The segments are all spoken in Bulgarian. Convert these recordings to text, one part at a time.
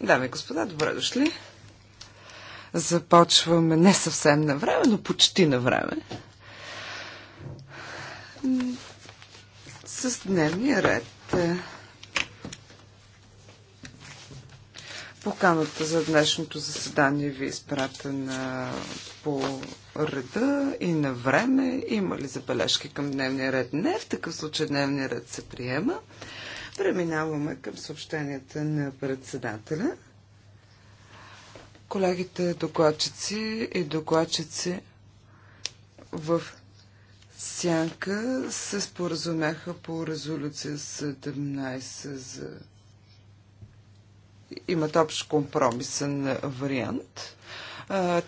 Дами и господа, добре дошли. Започваме не съвсем на време, но почти на време. С дневния ред. Е, поканата за днешното заседание ви е изпратена по реда и на време. Има ли забележки към дневния ред? Не, в такъв случай дневния ред се приема. Преминаваме към съобщенията на председателя. Колегите докладчици и докладчици в Сянка се споразумяха по резолюция 17 за имат общ компромисен вариант.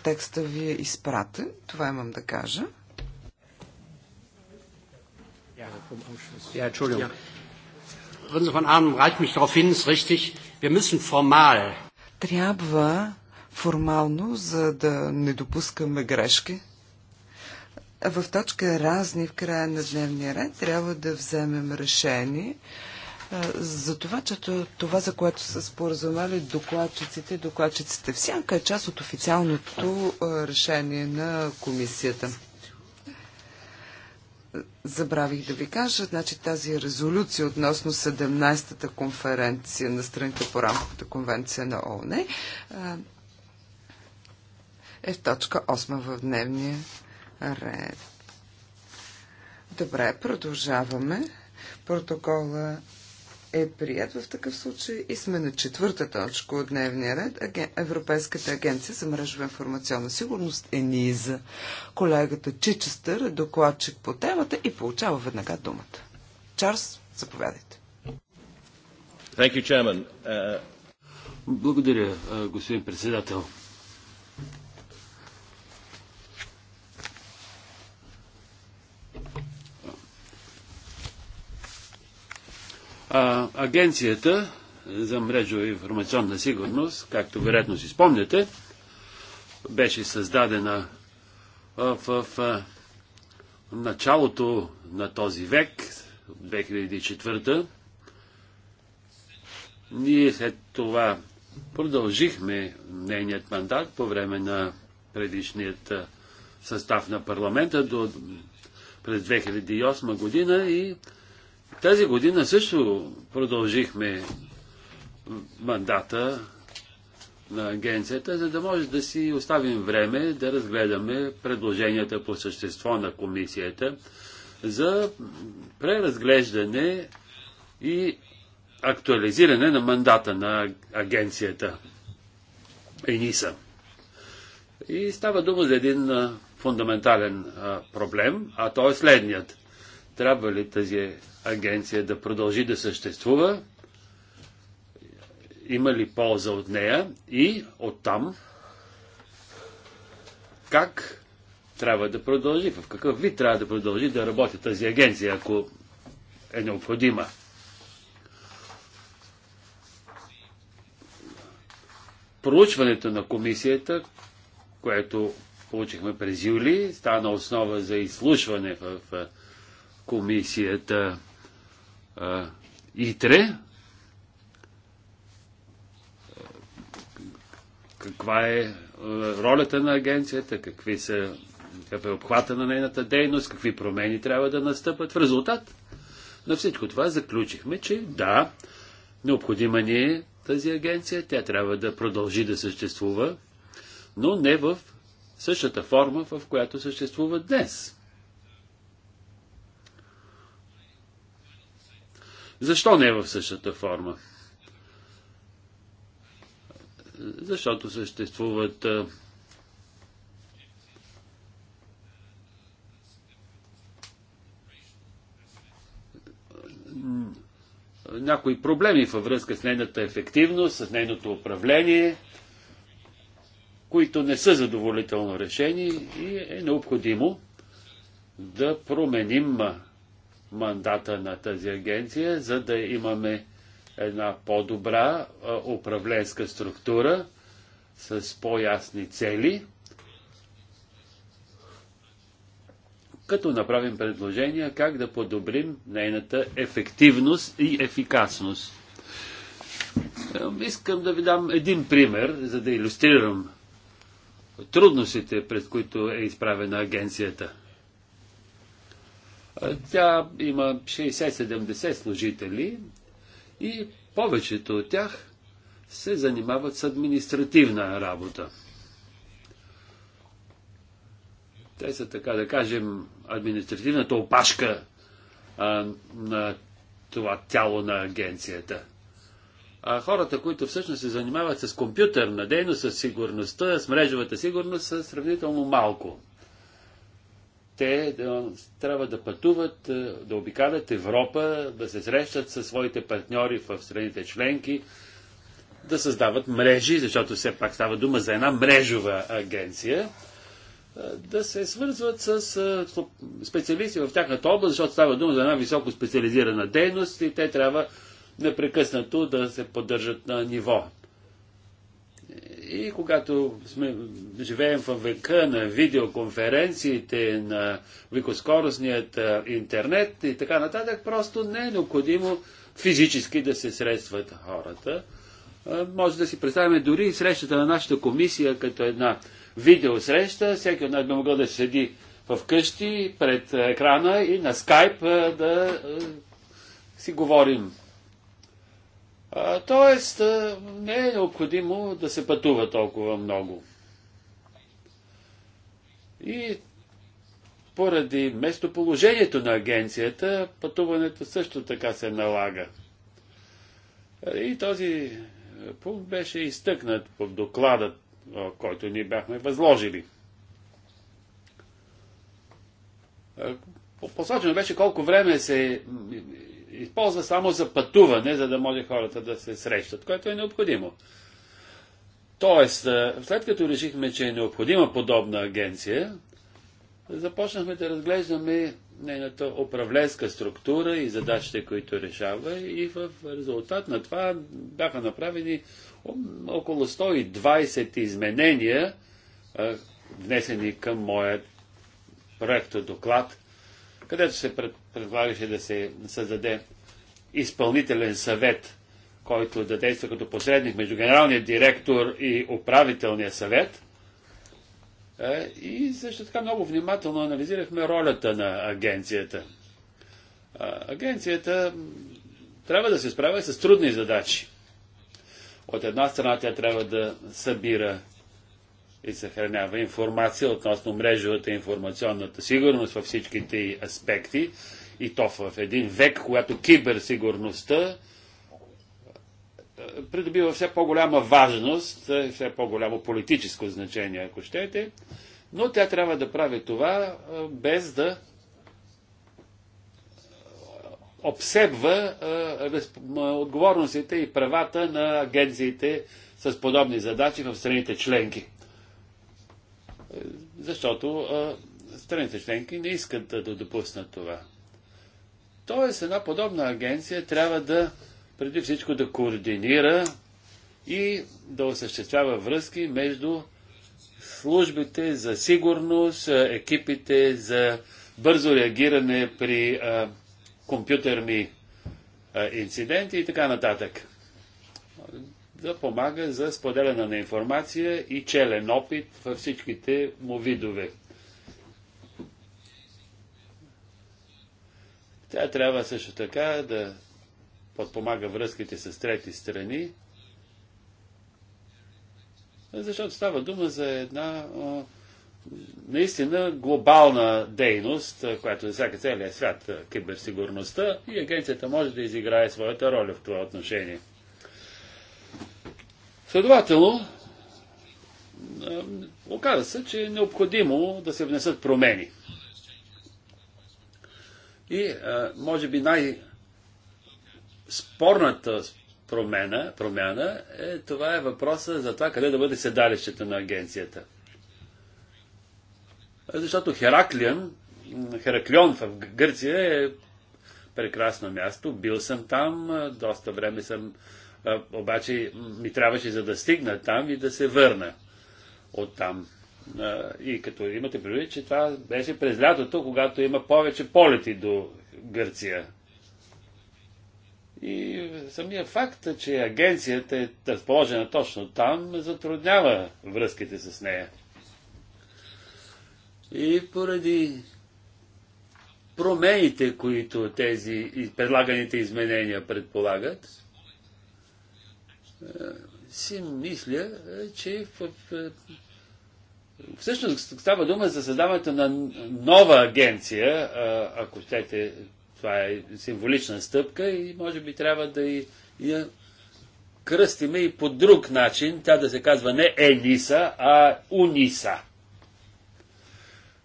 Текста ви е изпратен. Това имам да кажа. Трябва формално, за да не допускаме грешки, в точка разни в края на дневния ред трябва да вземем решение е, за това, че това, за което са споразумели докладчиците и докладчиците всяка е част от официалното е, решение на комисията забравих да ви кажа, значи тази резолюция относно 17-та конференция на страните по рамковата конвенция на ООН е в точка 8 в дневния ред. Добре, продължаваме. Протокола е прият в такъв случай и сме на четвърта точка от дневния ред. Европейската агенция за мрежова информационна сигурност е НИЗА. Колегата Чичестър е докладчик по темата и получава веднага думата. Чарс, заповядайте. You, uh... Благодаря, uh, господин председател. А, агенцията за мрежова информационна сигурност, както вероятно си спомняте, беше създадена в, в, в началото на този век, 2004. Ние след това продължихме нейният мандат по време на предишният състав на парламента до през 2008 година и тази година също продължихме мандата на агенцията, за да може да си оставим време да разгледаме предложенията по същество на комисията за преразглеждане и актуализиране на мандата на агенцията ЕНИСА. И става дума за един фундаментален проблем, а то е следният трябва ли тази агенция да продължи да съществува, има ли полза от нея и оттам как трябва да продължи, в какъв вид трябва да продължи да работи тази агенция, ако е необходима. Проучването на комисията, което получихме през юли, стана основа за изслушване в, в комисията а, ИТРЕ. Каква е ролята на агенцията, какви са, какъв е обхвата на нейната дейност, какви промени трябва да настъпат. В резултат на всичко това заключихме, че да, необходима ни е тази агенция, тя трябва да продължи да съществува, но не в същата форма, в която съществува днес. Защо не е в същата форма? Защото съществуват някои проблеми във връзка с нейната ефективност, с нейното управление, които не са задоволително решени и е необходимо да променим мандата на тази агенция, за да имаме една по-добра управленска структура с по-ясни цели, като направим предложения как да подобрим нейната ефективност и ефикасност. Е, искам да ви дам един пример, за да иллюстрирам трудностите, пред които е изправена агенцията – тя има 60-70 служители и повечето от тях се занимават с административна работа. Те са, така да кажем, административната опашка а, на това тяло на агенцията. А хората, които всъщност се занимават с компютърна дейност, с сигурността, с мрежовата сигурност, са сравнително малко те трябва да пътуват, е, да обикалят Европа, да се срещат със своите партньори в страните членки, да създават мрежи, защото все пак става дума за една мрежова агенция, е, да се свързват е, с специалисти в тяхната област, защото става дума за една високо специализирана дейност и те трябва непрекъснато да се поддържат на ниво. И когато сме, живеем в века на видеоконференциите, на високоскоростният интернет и така нататък, просто не е необходимо физически да се средстват хората. Може да си представим дори срещата на нашата комисия като една видеосреща. Всеки от нас би могъл да седи в къщи пред екрана и на скайп да си говорим Тоест, не е необходимо да се пътува толкова много. И поради местоположението на агенцията, пътуването също така се налага. И този пункт беше изтъкнат в доклада, който ни бяхме възложили. Посочено беше колко време се използва само за пътуване, за да може хората да се срещат, което е необходимо. Тоест, е, след като решихме, че е необходима подобна агенция, започнахме да разглеждаме нейната управленска структура и задачите, които решава и в резултат на това бяха направени около 120 изменения, е, внесени към моят проекто доклад, където се предлагаше да се създаде изпълнителен съвет, който да действа като посредник между генералния директор и управителния съвет. Е, и също така много внимателно анализирахме ролята на агенцията. Агенцията трябва да се справя с трудни задачи. От една страна тя трябва да събира и съхранява информация относно мрежовата информационната сигурност във всичките аспекти и то в един век, когато киберсигурността е, придобива все по-голяма важност, е, все по-голямо политическо значение, ако щете, но тя трябва да прави това е, без да обсебва отговорностите и правата на агенциите с подобни задачи в страните членки защото страните членки не искат да допуснат това. Тоест, една подобна агенция трябва да, преди всичко, да координира и да осъществява връзки между службите за сигурност, екипите за бързо реагиране при а, компютърни а, инциденти и така нататък да помага за споделяне на информация и челен опит във всичките му видове. Тя трябва също така да подпомага връзките с трети страни, защото става дума за една наистина глобална дейност, която засяга целия свят, киберсигурността и агенцията може да изиграе своята роля в това отношение. Следователно, оказа се, че е необходимо да се внесат промени. И може би най-спорната промена, промяна е това е въпроса за това къде да бъде седалището на агенцията. Защото Хераклион, Хераклион в Гърция е прекрасно място. Бил съм там, доста време съм а, обаче ми трябваше за да стигна там и да се върна от там. А, и като имате предвид, че това беше през лятото, когато има повече полети до Гърция. И самия факт, че агенцията е разположена точно там, затруднява връзките с нея. И поради промените, които тези предлаганите изменения предполагат, е, си мисля, е, че в, в, е, всъщност става дума за създаването на нова агенция, ако щете, това е символична стъпка и може би трябва да и, я кръстиме и по друг начин, тя да се казва не Ениса, а Униса.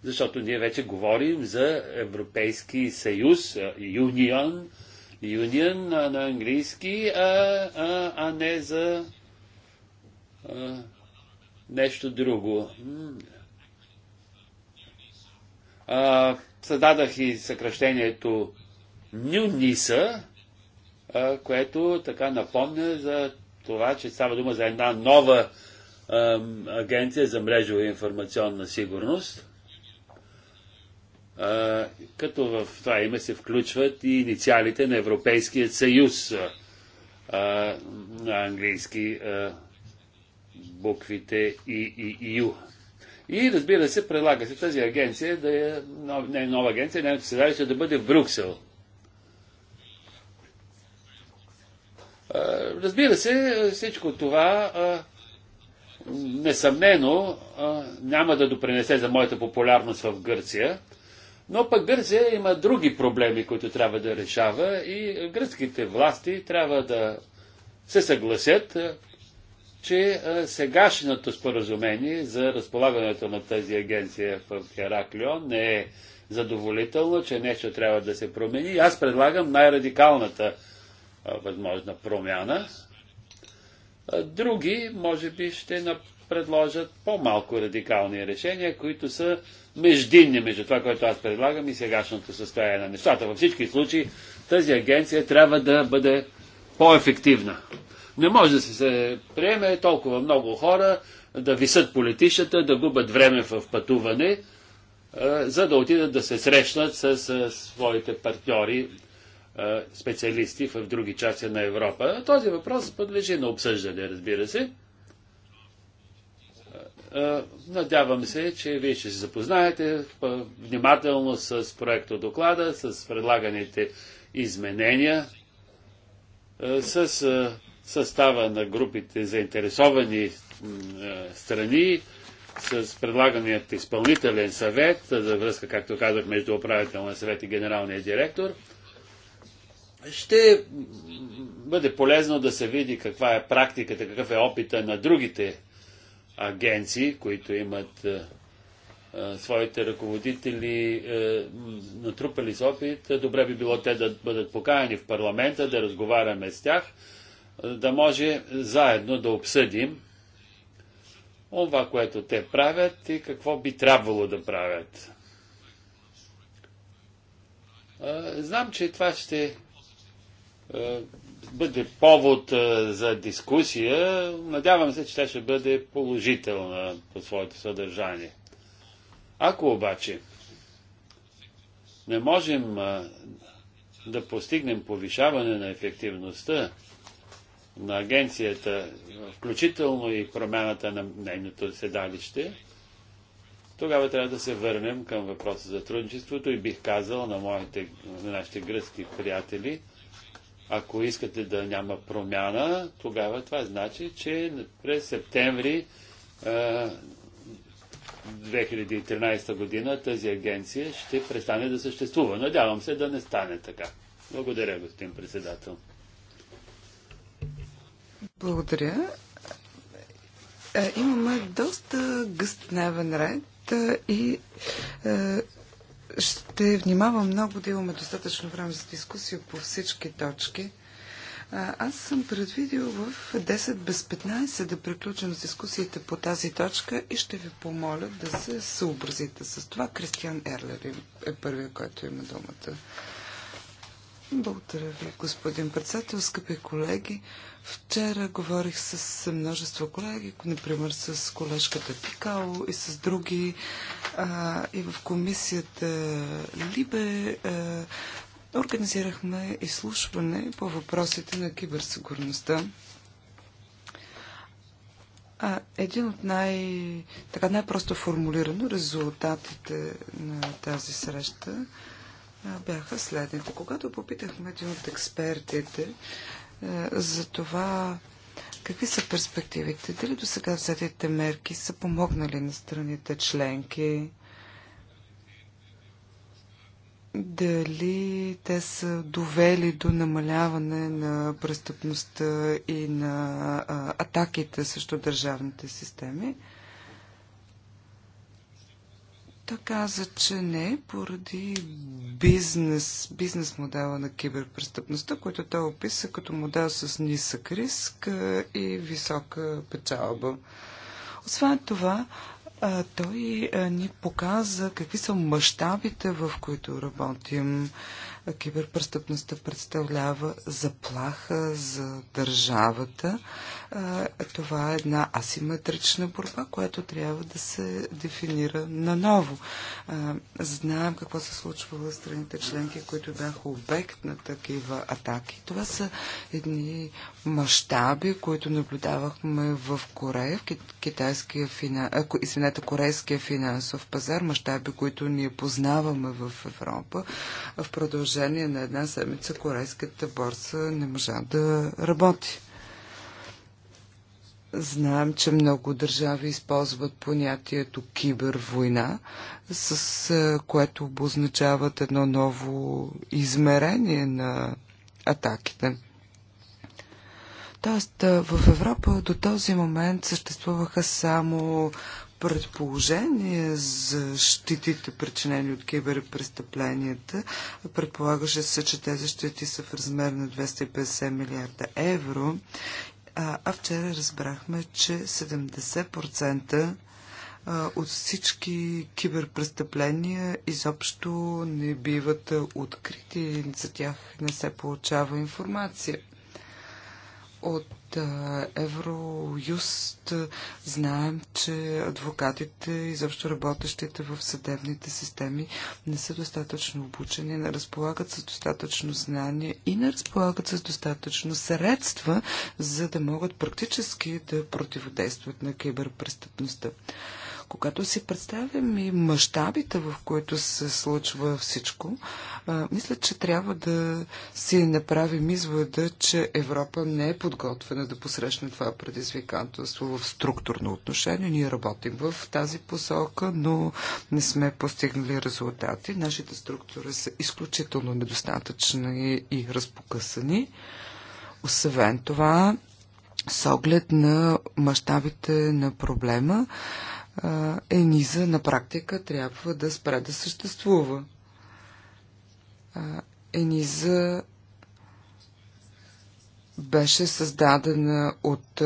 Защото ние вече говорим за Европейски съюз, Юнион, Union на английски, а, а, а не за а, нещо друго. А, създадах и съкръщението Нюниса, а, което така напомня за това, че става дума за една нова а, агенция за мрежова информационна сигурност като в това име се включват и инициалите на Европейския съюз на английски буквите И и Ю. И разбира се, предлага се тази агенция да е, не е нова агенция, нейното е седалище да бъде в Брюксел. Разбира се, всичко това несъмнено няма да допринесе за моята популярност в Гърция, но пък Гърция има други проблеми, които трябва да решава и гръцките власти трябва да се съгласят, че сегашното споразумение за разполагането на тази агенция в Хераклион не е задоволително, че нещо трябва да се промени. Аз предлагам най-радикалната възможна промяна. Други, може би, ще предложат по-малко радикални решения, които са междинни между това, което аз предлагам и сегашното състояние на нещата. Във всички случаи тази агенция трябва да бъде по-ефективна. Не може да се приеме толкова много хора да висат по летищата, да губят време в пътуване, е, за да отидат да се срещнат с е, своите партньори, е, специалисти в други части на Европа. Този въпрос подлежи на обсъждане, разбира се. Е, надявам се, че вие ще се запознаете внимателно с проекта доклада, с предлаганите изменения, е, с е, състава на групите заинтересовани страни, с предлаганият изпълнителен съвет за връзка, както казах, между управителния съвет и генералния директор, ще бъде полезно да се види каква е практиката, какъв е опита на другите агенции, които имат е, е, своите ръководители е, натрупали с опит, добре би било те да бъдат покаяни в парламента, да разговаряме с тях, да може заедно да обсъдим това, което те правят и какво би трябвало да правят. Знам, че това ще бъде повод за дискусия. Надявам се, че тя ще бъде положителна по своето съдържание. Ако обаче не можем да постигнем повишаване на ефективността на агенцията, включително и промяната на нейното седалище, тогава трябва да се върнем към въпроса за трудничеството и бих казал на, моите, на нашите гръцки приятели, ако искате да няма промяна, тогава това значи, че през септември 2013 година тази агенция ще престане да съществува. Надявам се да не стане така. Благодаря, господин председател. Благодаря. Е, имаме доста гъст дневен ред е, и е, ще внимавам много да имаме достатъчно време за дискусия по всички точки. Аз съм предвидил в 10 без 15 да приключим с дискусията по тази точка и ще ви помоля да се съобразите с това. Кристиан Ерлер е първият, който има думата. Благодаря ви, господин председател, скъпи колеги. Вчера говорих с множество колеги, например с колежката Пикао и с други а, и в комисията Либе а, организирахме изслушване по въпросите на киберсигурността. А, един от най, така най-просто формулирано резултатите на тази среща бяха следните. Когато попитахме един от експертите е, за това какви са перспективите? Дали до сега взетите мерки са помогнали на страните членки? Дали те са довели до намаляване на престъпността и на а, атаките срещу държавните системи? Той каза, че не, поради бизнес, бизнес модела на киберпрестъпността, който той описа като модел с нисък риск и висока печалба. Освен това, той ни показа какви са мащабите, в които работим. Киберпрестъпността представлява заплаха за държавата, това е една асиметрична борба, която трябва да се дефинира наново. Знаем какво се случва в страните членки, които бяха обект на такива атаки. Това са едни мащаби, които наблюдавахме в Корея, в китайския финанс... извинете, корейския финансов пазар, мащаби, които ние познаваме в Европа. В продължение на една седмица корейската борса не можа да работи. Знаем, че много държави използват понятието кибервойна, с което обозначават едно ново измерение на атаките. Тоест, в Европа до този момент съществуваха само предположения за щитите, причинени от киберпрестъпленията. Предполагаше се, че тези щити са в размер на 250 милиарда евро а, а вчера разбрахме, че 70% от всички киберпрестъпления изобщо не биват открити, за тях не се получава информация. От от Евроюст знаем, че адвокатите и заобщо работещите в съдебните системи не са достатъчно обучени, не разполагат с достатъчно знания и не разполагат с достатъчно средства, за да могат практически да противодействат на киберпрестъпността. Когато си представим и мащабите, в които се случва всичко, а, мисля, че трябва да си направим извода, че Европа не е подготвена да посрещне това предизвикателство в структурно отношение. Ние работим в тази посока, но не сме постигнали резултати. Нашите структури са изключително недостатъчни и разпокъсани. Освен това, с оглед на мащабите на проблема, Ениза на практика трябва да спре да съществува. Ениза беше създадена от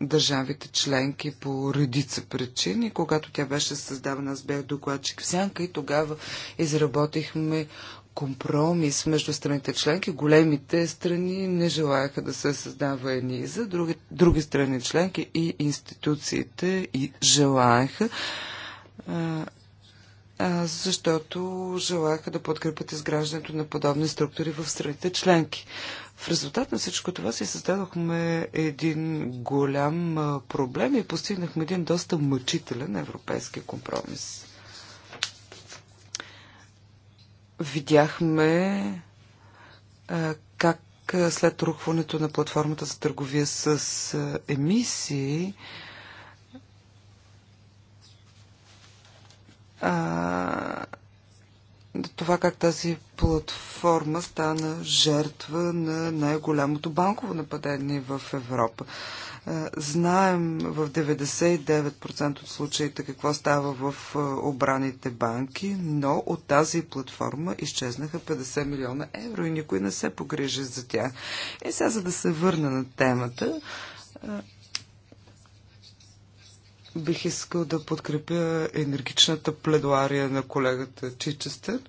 държавите членки по редица причини. Когато тя беше създавана, аз бях докладчик в Сянка и тогава изработихме компромис между страните членки. Големите страни не желаяха да се създава едни за други, други страни членки и институциите и желаяха, защото желаяха да подкрепят изграждането на подобни структури в страните членки. В резултат на всичко това си създадохме един голям проблем и постигнахме един доста мъчителен европейски компромис. видяхме как след рухването на платформата за търговия с емисии, а, това как тази платформа стана жертва на най-голямото банково нападение в Европа. Знаем в 99% от случаите какво става в обраните банки, но от тази платформа изчезнаха 50 милиона евро и никой не се погрижи за тях. И е, сега, за да се върна на темата, Бих искал да подкрепя енергичната пледуария на колегата Чичестен.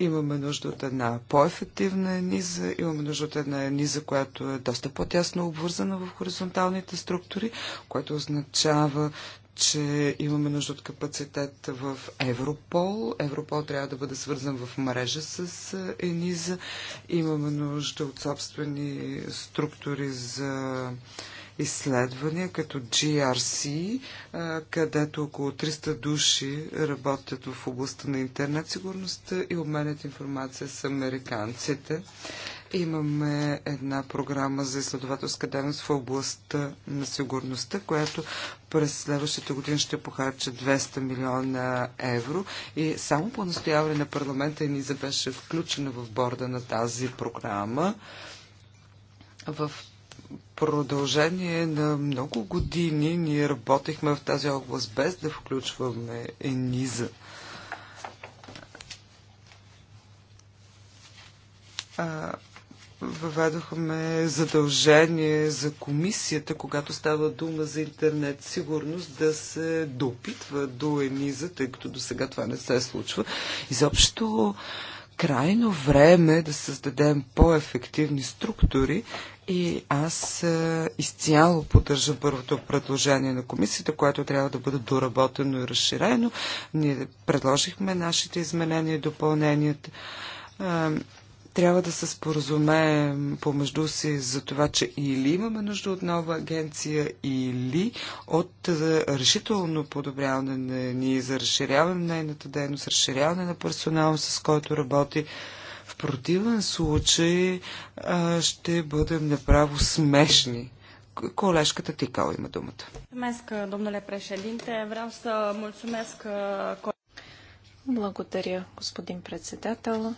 Имаме нужда от една по-ефективна низа, имаме нужда от една низа, която е доста по-тясно обвързана в хоризонталните структури, което означава, че имаме нужда от капацитет в Европол. Европол трябва да бъде свързан в мрежа с ЕНИЗА. Имаме нужда от собствени структури за изследвания като GRC, където около 300 души работят в областта на интернет сигурността и обменят информация с американците. Имаме една програма за изследователска дейност в областта на сигурността, която през следващата година ще похарча 200 милиона евро и само по настояване на парламента ни беше включена в борда на тази програма. В продължение на много години ние работихме в тази област без да включваме ЕНИЗА. А, въведохме задължение за комисията, когато става дума за интернет сигурност, да се допитва до ЕНИЗА, тъй като до сега това не се случва. Изобщо крайно време е да създадем по-ефективни структури, и аз е, изцяло поддържам първото предложение на комисията, което трябва да бъде доработено и разширено. Ние предложихме нашите изменения и допълненията е, трябва да се споразумеем помежду си за това, че или имаме нужда от нова агенция, или от е, решително подобряване на ние за разширяване на нейната дейност, разширяване на персонала, с който работи. В противен случай а, ще бъдем направо смешни. Колешката ти кала има думата. să mulțumesc... Благодаря, господин председател.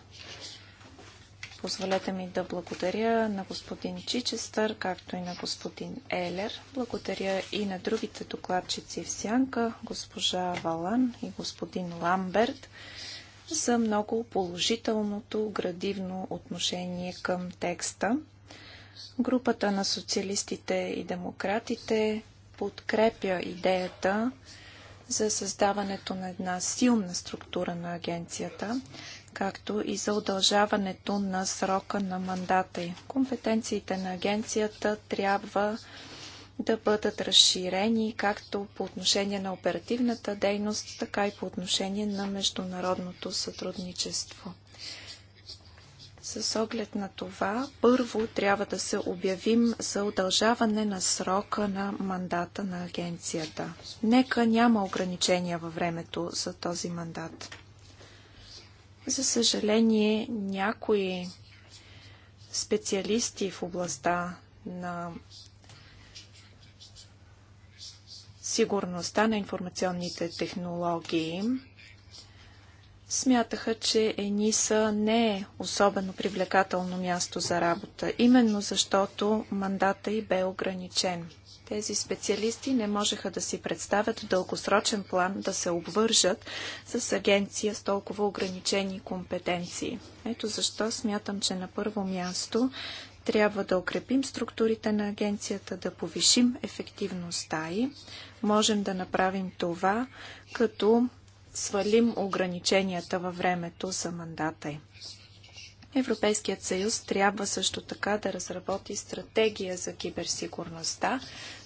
Позволете ми да благодаря на господин Чичестър, както и на господин Елер. Благодаря и на другите докладчици в Сянка, госпожа Валан и господин Ламберт за много положителното градивно отношение към текста. Групата на социалистите и демократите подкрепя идеята за създаването на една силна структура на агенцията, както и за удължаването на срока на мандата й. Компетенциите на агенцията трябва да бъдат разширени както по отношение на оперативната дейност, така и по отношение на международното сътрудничество. С оглед на това, първо трябва да се обявим за удължаване на срока на мандата на агенцията. Нека няма ограничения във времето за този мандат. За съжаление, някои специалисти в областта на сигурността на информационните технологии смятаха, че ЕНИСА не е особено привлекателно място за работа, именно защото мандата й бе ограничен. Тези специалисти не можеха да си представят в дългосрочен план да се обвържат с агенция с толкова ограничени компетенции. Ето защо смятам, че на първо място трябва да укрепим структурите на агенцията, да повишим ефективността й, Можем да направим това, като свалим ограниченията във времето за мандата им. Европейският съюз трябва също така да разработи стратегия за киберсигурността.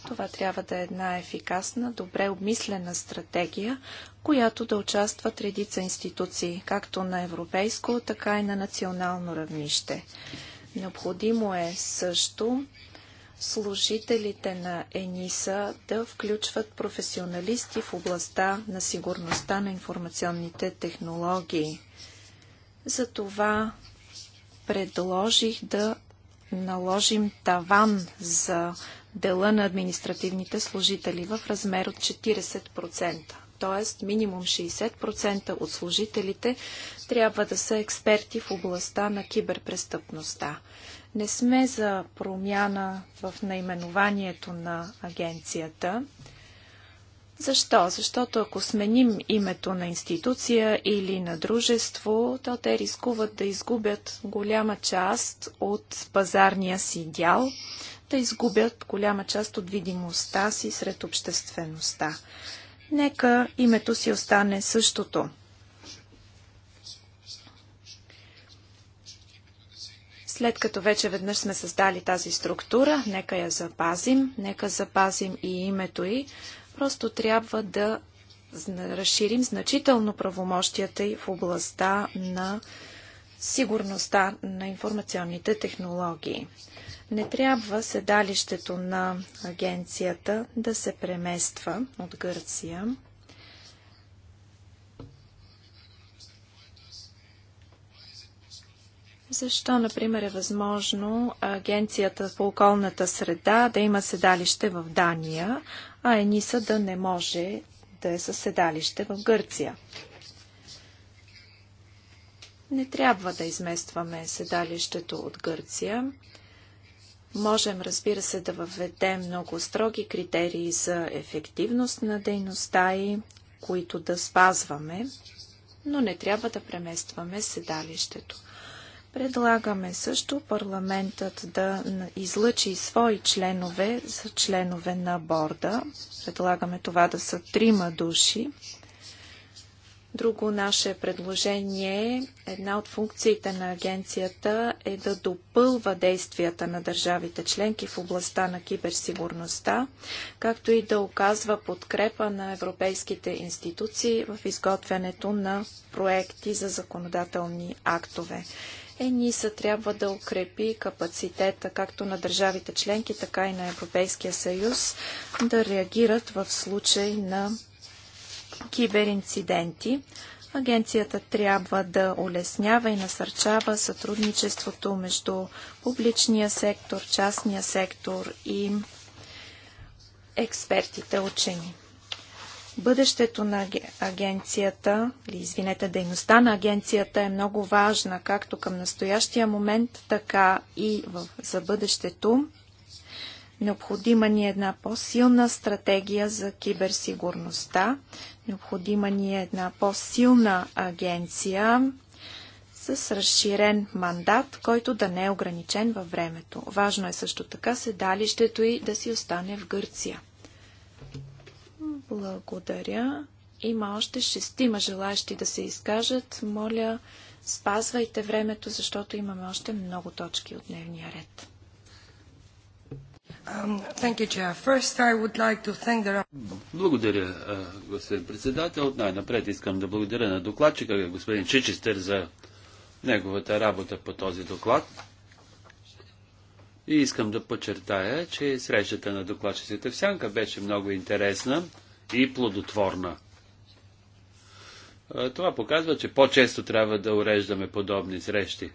Това трябва да е една ефикасна, добре обмислена стратегия, която да участват редица институции, както на европейско, така и на национално равнище. Необходимо е също служителите на ЕНИСА да включват професионалисти в областта на сигурността на информационните технологии. Затова предложих да наложим таван за дела на административните служители в размер от 40%. Тоест минимум 60% от служителите трябва да са експерти в областта на киберпрестъпността. Не сме за промяна в наименованието на агенцията. Защо? Защото ако сменим името на институция или на дружество, то те рискуват да изгубят голяма част от пазарния си дял, да изгубят голяма част от видимостта си сред обществеността. Нека името си остане същото. След като вече веднъж сме създали тази структура, нека я запазим, нека запазим и името й. Просто трябва да разширим значително правомощията й в областта на сигурността на информационните технологии. Не трябва седалището на агенцията да се премества от Гърция. Защо, например, е възможно Агенцията по околната среда да има седалище в Дания, а ЕНИСА да не може да е със седалище в Гърция? Не трябва да изместваме седалището от Гърция. Можем, разбира се, да въведем много строги критерии за ефективност на дейността и които да спазваме, но не трябва да преместваме седалището. Предлагаме също парламентът да излъчи свои членове за членове на борда. Предлагаме това да са трима души. Друго наше предложение е една от функциите на агенцията е да допълва действията на държавите членки в областта на киберсигурността, както и да оказва подкрепа на европейските институции в изготвянето на проекти за законодателни актове. ЕНИСА трябва да укрепи капацитета както на държавите членки, така и на Европейския съюз да реагират в случай на киберинциденти. Агенцията трябва да улеснява и насърчава сътрудничеството между публичния сектор, частния сектор и експертите учени. Бъдещето на агенцията, или извинете, дейността на агенцията е много важна, както към настоящия момент, така и в, за бъдещето. Необходима ни е една по-силна стратегия за киберсигурността. Необходима ни е една по-силна агенция с разширен мандат, който да не е ограничен във времето. Важно е също така седалището и да си остане в Гърция. Благодаря. Има още шестима желаящи да се изкажат. Моля, спазвайте времето, защото имаме още много точки от дневния ред. Um, благодаря, господин председател. Най-напред искам да благодаря на докладчика, господин Чичестер, за неговата работа по този доклад. И искам да подчертая, че срещата на докладчиците в Сянка беше много интересна и плодотворна. Това показва, че по-често трябва да уреждаме подобни срещи,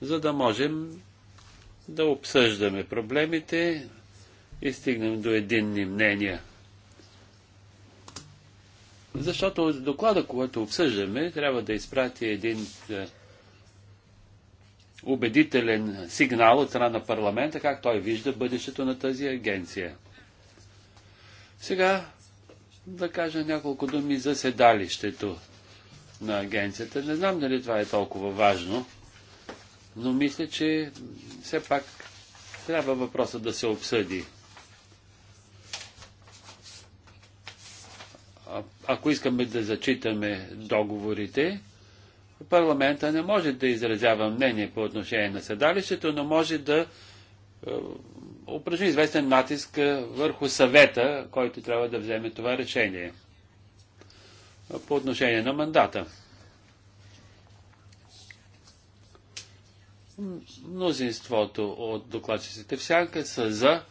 за да можем да обсъждаме проблемите и стигнем до единни мнения. Защото доклада, който обсъждаме, трябва да изпрати един е, убедителен сигнал от страна на парламента, как той вижда бъдещето на тази агенция. Сега да кажа няколко думи за седалището на агенцията. Не знам дали това е толкова важно, но мисля, че все пак трябва въпроса да се обсъди. А, ако искаме да зачитаме договорите, парламента не може да изразява мнение по отношение на седалището, но може да е, упражни известен натиск върху съвета, който трябва да вземе това решение по отношение на мандата. Мнозинството от докладчиците всяка са за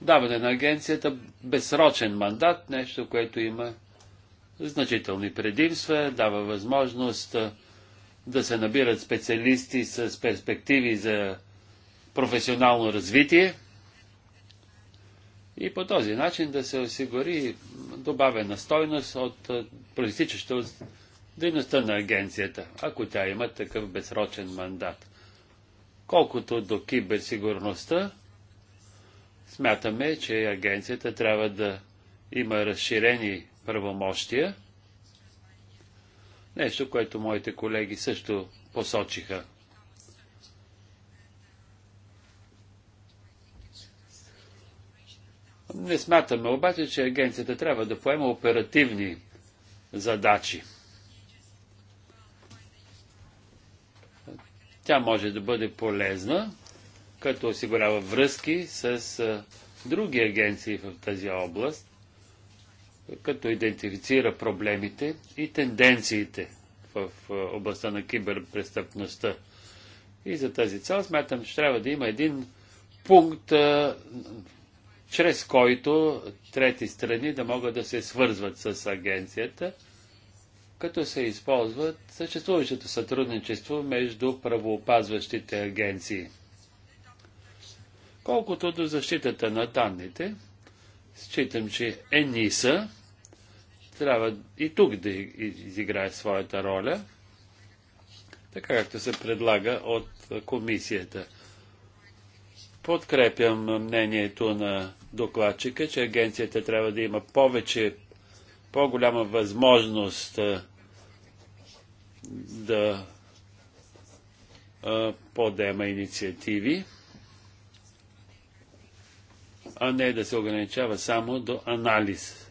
даване на агенцията безсрочен мандат, нещо, което има значителни предимства, дава възможност да се набират специалисти с перспективи за професионално развитие и по този начин да се осигури добавена стойност от проистичащо от дейността на агенцията, ако тя има такъв безсрочен мандат. Колкото до киберсигурността, смятаме, че агенцията трябва да има разширени правомощия, нещо, което моите колеги също посочиха. Не смятаме обаче, че агенцията трябва да поема оперативни задачи. Тя може да бъде полезна, като осигурява връзки с други агенции в тази област, като идентифицира проблемите и тенденциите в областта на киберпрестъпността. И за тази цел смятам, че трябва да има един пункт чрез който трети страни да могат да се свързват с агенцията, като се използват съществуващото сътрудничество между правоопазващите агенции. Колкото до защитата на данните, считам, че ЕНИСА трябва и тук да изиграе своята роля, така както се предлага от комисията. Подкрепям мнението на докладчика, че агенцията трябва да има повече, по-голяма възможност да подема инициативи, а не да се ограничава само до анализ.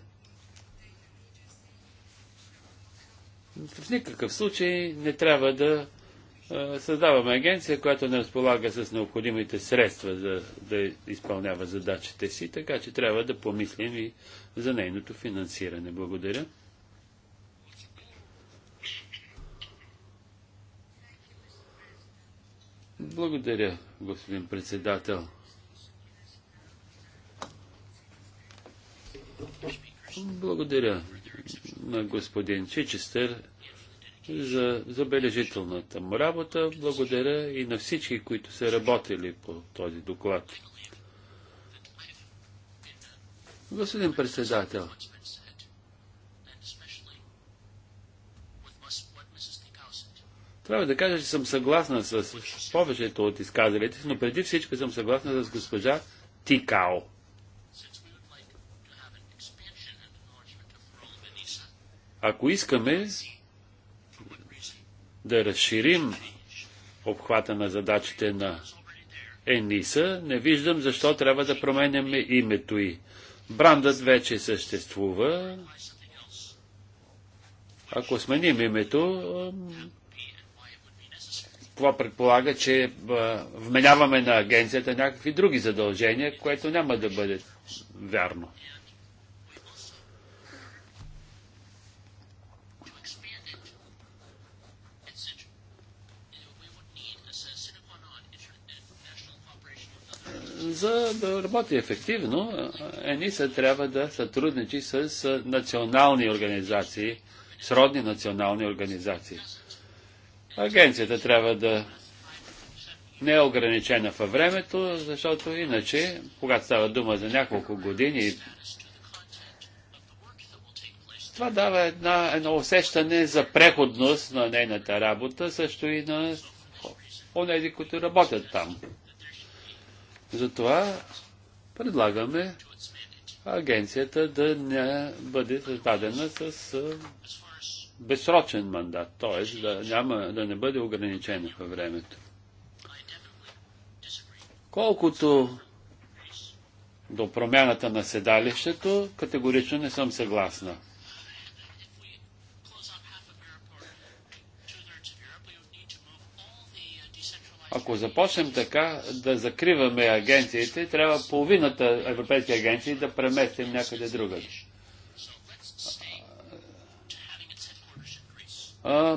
В никакъв случай не трябва да е, създаваме агенция, която не разполага с необходимите средства за да изпълнява задачите си, така че трябва да помислим и за нейното финансиране. Благодаря. Благодаря, господин председател. Благодаря на господин Чичестър за забележителната му работа. Благодаря и на всички, които са работили по този доклад. Господин председател, трябва да кажа, че съм съгласна с повечето от изказалите, но преди всичко съм съгласна с госпожа Тикао. Ако искаме да разширим обхвата на задачите на ЕНИСА, не виждам защо трябва да променяме името й. Брандът вече съществува. Ако сменим името, това предполага, че вменяваме на агенцията някакви други задължения, което няма да бъде вярно. за да работи ефективно, е, ЕНИСА трябва да сътрудничи с национални организации, сродни национални организации. Агенцията трябва да не е ограничена във времето, защото иначе, когато става дума за няколко години, това дава една, едно усещане за преходност на нейната работа, също и на онези, които работят там. Затова предлагаме агенцията да не бъде създадена с безсрочен мандат, т.е. Да, няма, да не бъде ограничена във времето. Колкото до промяната на седалището, категорично не съм съгласна. Ако започнем така да закриваме агенциите, трябва половината европейски агенции да преместим някъде другаде.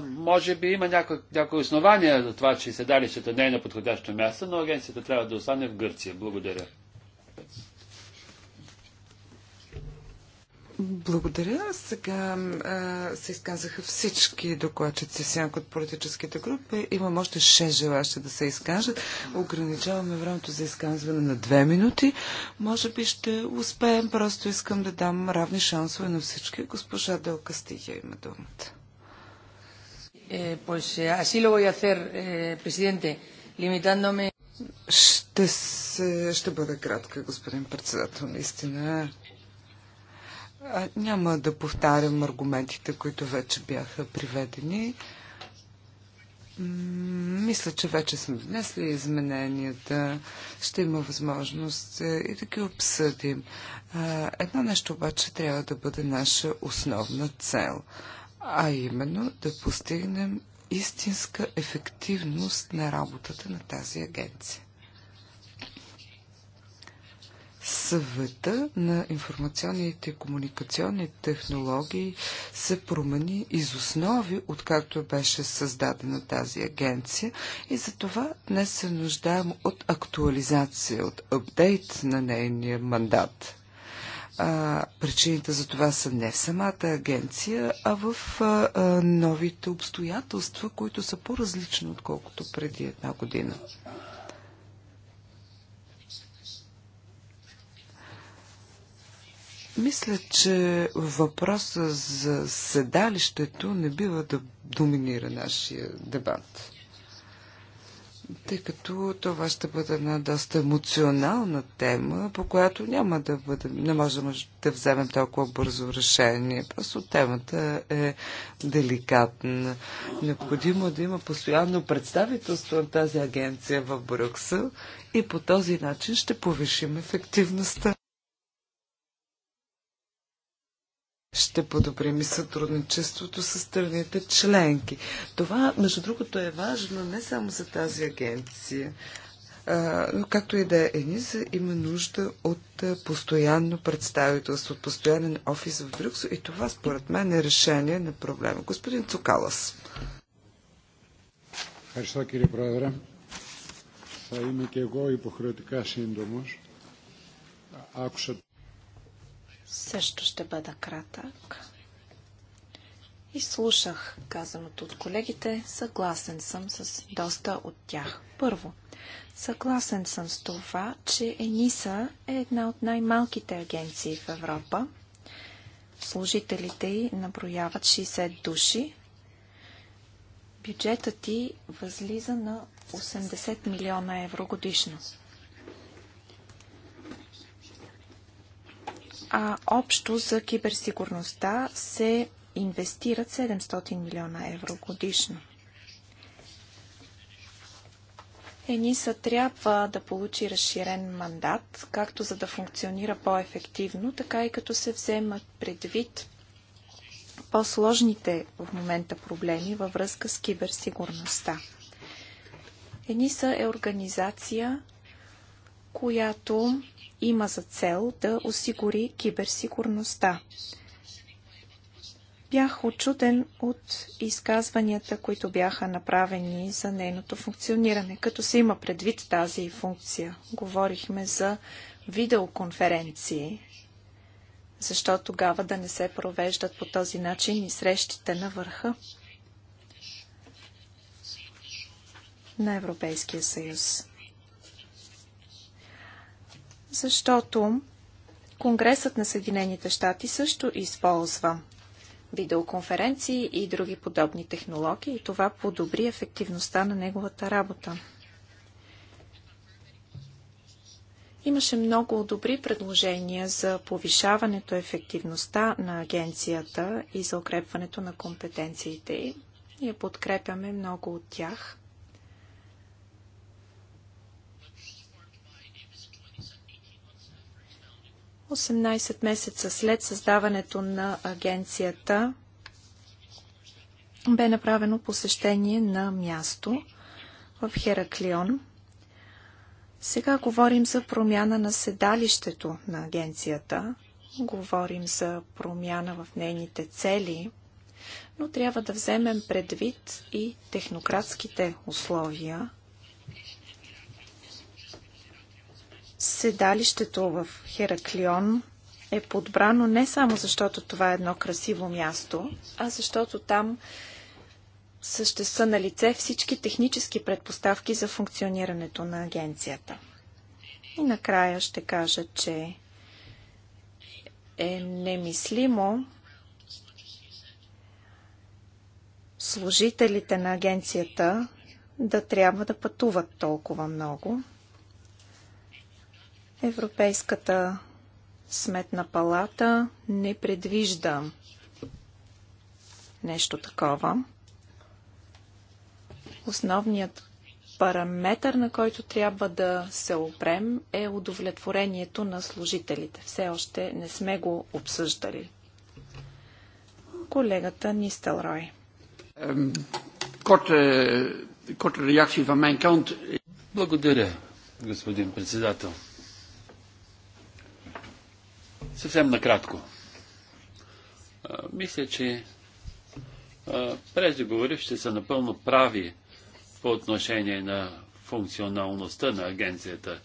може би има някои, някои основания за това, че седалището не е на подходящо място, но агенцията трябва да остане в Гърция. Благодаря. Благодаря. Сега а, се изказаха всички докладчици сянка от политическите групи. Имам още 6 желащи да се изкажат. Ограничаваме времето за изказване на 2 минути. Може би ще успеем. Просто искам да дам равни шансове на всички. Госпожа Делка Стихия има думата. Е, е, е, ще, се, ще бъда кратка, господин председател, наистина. Няма да повтарям аргументите, които вече бяха приведени. Мисля, че вече сме внесли измененията. Ще има възможност е, и да ги обсъдим. Едно нещо обаче трябва да бъде наша основна цел, а именно да постигнем истинска ефективност на работата на тази агенция. Съвета на информационните и комуникационни технологии се промени из основи, откакто беше създадена тази агенция и за това днес се нуждаем от актуализация, от апдейт на нейния мандат. А, причините за това са не в самата агенция, а в а, а, новите обстоятелства, които са по-различни, отколкото преди една година. Мисля, че въпроса за седалището не бива да доминира нашия дебат. Тъй като това ще бъде една доста емоционална тема, по която няма да бъде. не можем да вземем толкова бързо решение. Просто темата е деликатна. Необходимо е да има постоянно представителство на тази агенция в Брюксел и по този начин ще повишим ефективността. ще подобрим и сътрудничеството с страните членки. Това, между другото, е важно не само за тази агенция, но както и да е, Ениза има нужда от постоянно представителство, от постоянен офис в Брюксел и това според мен е решение на проблема. Господин Цукалас. Ευχαριστώ κύριε Са Θα είμαι και εγώ υποχρεωτικά Ако ще... Също ще бъда кратък. И слушах казаното от колегите. Съгласен съм с доста от тях. Първо, съгласен съм с това, че ЕНИСА е една от най-малките агенции в Европа. Служителите й наброяват 60 души. Бюджетът ти възлиза на 80 милиона евро годишно. а общо за киберсигурността се инвестират 700 милиона евро годишно. ЕНИСА трябва да получи разширен мандат, както за да функционира по-ефективно, така и като се вземат предвид по-сложните в момента проблеми във връзка с киберсигурността. ЕНИСА е организация, която има за цел да осигури киберсигурността. Бях очуден от изказванията, които бяха направени за нейното функциониране, като се има предвид тази функция. Говорихме за видеоконференции, защо тогава да не се провеждат по този начин и срещите на върха на Европейския съюз защото Конгресът на Съединените щати също използва видеоконференции и други подобни технологии и това подобри ефективността на неговата работа. Имаше много добри предложения за повишаването ефективността на агенцията и за укрепването на компетенциите Ние подкрепяме много от тях. 18 месеца след създаването на агенцията бе направено посещение на място в Хераклион. Сега говорим за промяна на седалището на агенцията, говорим за промяна в нейните цели, но трябва да вземем предвид и технократските условия – Седалището в Хераклион е подбрано не само защото това е едно красиво място, а защото там също са на лице всички технически предпоставки за функционирането на агенцията. И накрая ще кажа, че е немислимо служителите на агенцията да трябва да пътуват толкова много. Европейската сметна палата не предвижда нещо такова. Основният параметър, на който трябва да се опрем, е удовлетворението на служителите. Все още не сме го обсъждали. Колегата Нистелрой. Благодаря, господин председател. Съвсем накратко. Мисля, че преждеговорившите са напълно прави по отношение на функционалността на агенцията.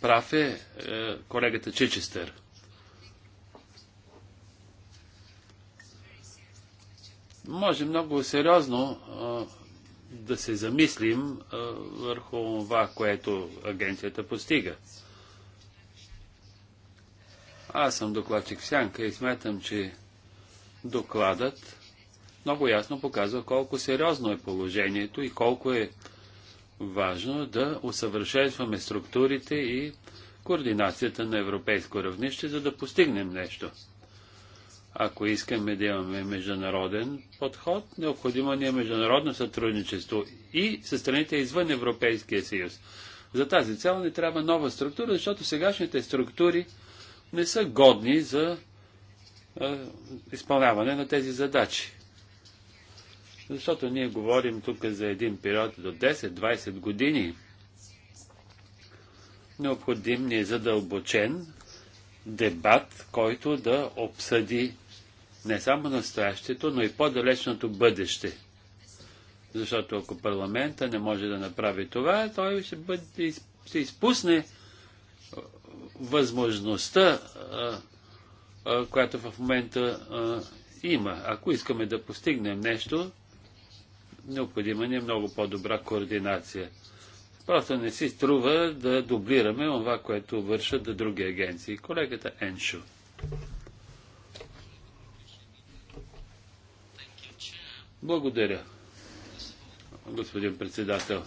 Прав е, е колегата Чичестър. Може много сериозно да се замислим върху това, което агенцията постига. Аз съм докладчик Сянка и смятам, че докладът много ясно показва колко сериозно е положението и колко е важно да усъвършенстваме структурите и координацията на европейско равнище, за да постигнем нещо. Ако искаме да имаме международен подход, необходимо ни е международно сътрудничество и със страните извън Европейския съюз. За тази цел ни трябва нова структура, защото сегашните структури не са годни за а, изпълняване на тези задачи. Защото ние говорим тук за един период до 10-20 години. Необходим ни е задълбочен дебат, който да обсъди не само настоящето, но и по-далечното бъдеще. Защото ако парламента не може да направи това, той ще, бъде, ще изпусне възможността, която в момента има. Ако искаме да постигнем нещо, необходима ни е много по-добра координация. Просто не си струва да дублираме това, което вършат други агенции. Колегата Еншо. Благодаря, господин председател.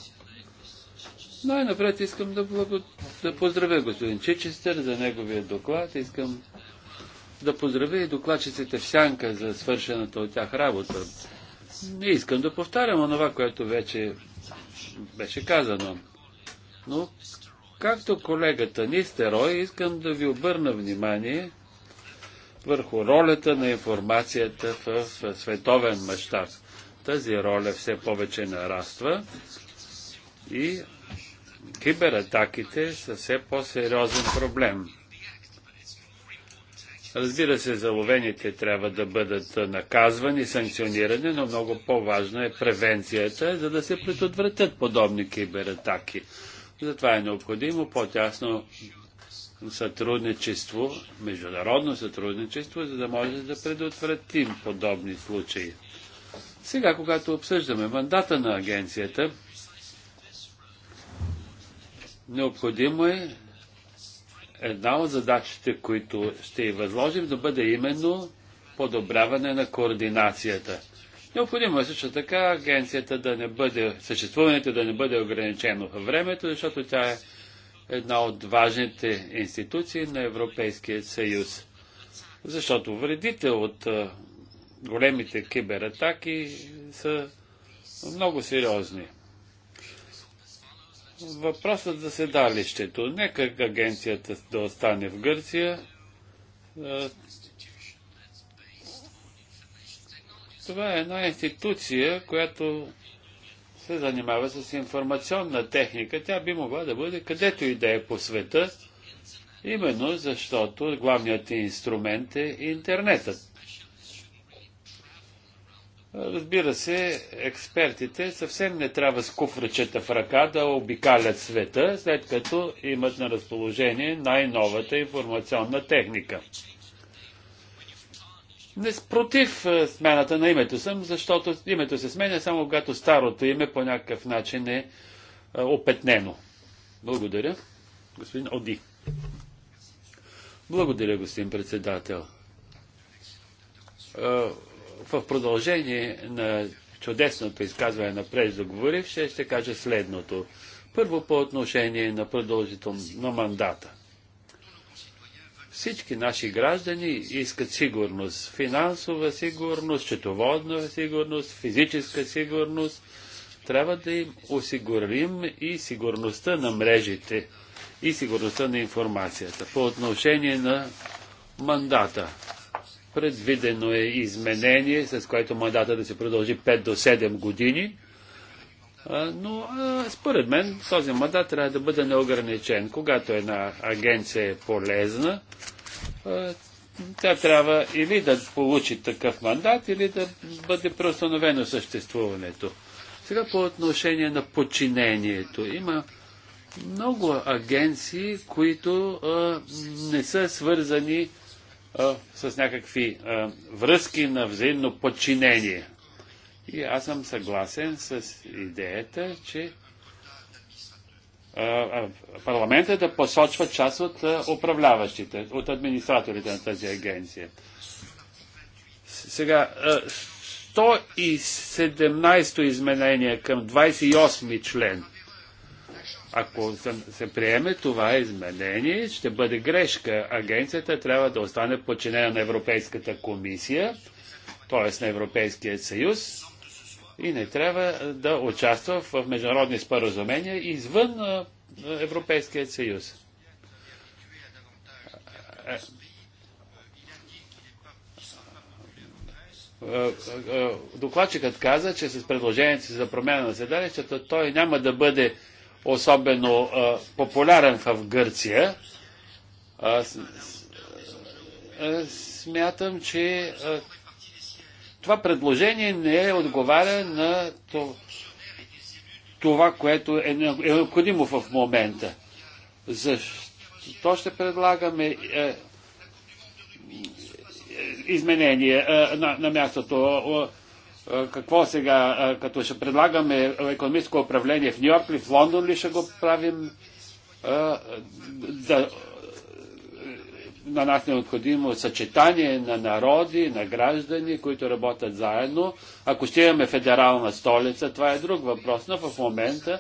Най-напред искам да, благо... да поздравя господин Чичестър за неговия доклад. Искам да поздравя и докладчиците в Сянка за свършената от тях работа. Не искам да повтарям онова, което вече беше казано. Но, както колегата Нистерой, искам да ви обърна внимание върху ролята на информацията в, в световен мащаб. Тази роля все повече нараства и кибератаките са все по-сериозен проблем. Разбира се, заловените трябва да бъдат наказвани, санкционирани, но много по-важна е превенцията, за да се предотвратят подобни кибератаки. Затова е необходимо по-тясно сътрудничество, международно сътрудничество, за да може да предотвратим подобни случаи. Сега, когато обсъждаме мандата на агенцията, Необходимо е една от задачите, които ще й възложим, да бъде именно подобряване на координацията. Необходимо е също така агенцията да не бъде, съществуването да не бъде ограничено във времето, защото тя е една от важните институции на Европейския съюз. Защото вредите от големите кибератаки са много сериозни въпросът за седалището. Нека агенцията да остане в Гърция. Това е една институция, която се занимава с информационна техника. Тя би могла да бъде където и да е по света, именно защото главният инструмент е интернетът. Разбира се, експертите съвсем не трябва с куфрачета в ръка да обикалят света, след като имат на разположение най-новата информационна техника. Не против е, смената на името съм, защото името се сменя само когато старото име по някакъв начин е, е опетнено. Благодаря. Господин Оди. Благодаря, господин председател е, в продължение на чудесното изказване на преждоговорившия ще кажа следното. Първо по отношение на продължителност на мандата. Всички наши граждани искат сигурност. Финансова сигурност, счетоводна сигурност, физическа сигурност. Трябва да им осигурим и сигурността на мрежите и сигурността на информацията. По отношение на мандата. Предвидено е изменение, с което мандата да се продължи 5 до 7 години. Но според мен този мандат трябва да бъде неограничен. Когато една агенция е полезна, тя трябва или да получи такъв мандат, или да бъде преустановено съществуването. Сега по отношение на подчинението. Има много агенции, които а, не са свързани а, с някакви а, връзки на взаимно подчинение. И аз съм съгласен с идеята, че парламентът да посочва част от управляващите, от администраторите на тази агенция. Сега, 117-то изменение към 28-ми член. Ако се приеме това изменение, ще бъде грешка. Агенцията трябва да остане подчинена на Европейската комисия, т.е. на Европейския съюз и не трябва да участва в международни споразумения извън Европейския съюз. Е, е, е, докладчикът каза, че с предложението си за промяна на седалището той няма да бъде особено а, популярен в Гърция, а, с, а, смятам, че а, това предложение не е отговаря на то, това, което е, е необходимо в момента. Защо ще предлагаме а, изменение а, на, на мястото какво сега, като ще предлагаме економическо управление в Нью-Йорк ли, в Лондон ли ще го правим? Да, на нас необходимо съчетание на народи, на граждани, които работят заедно. Ако ще имаме федерална столица, това е друг въпрос, но в момента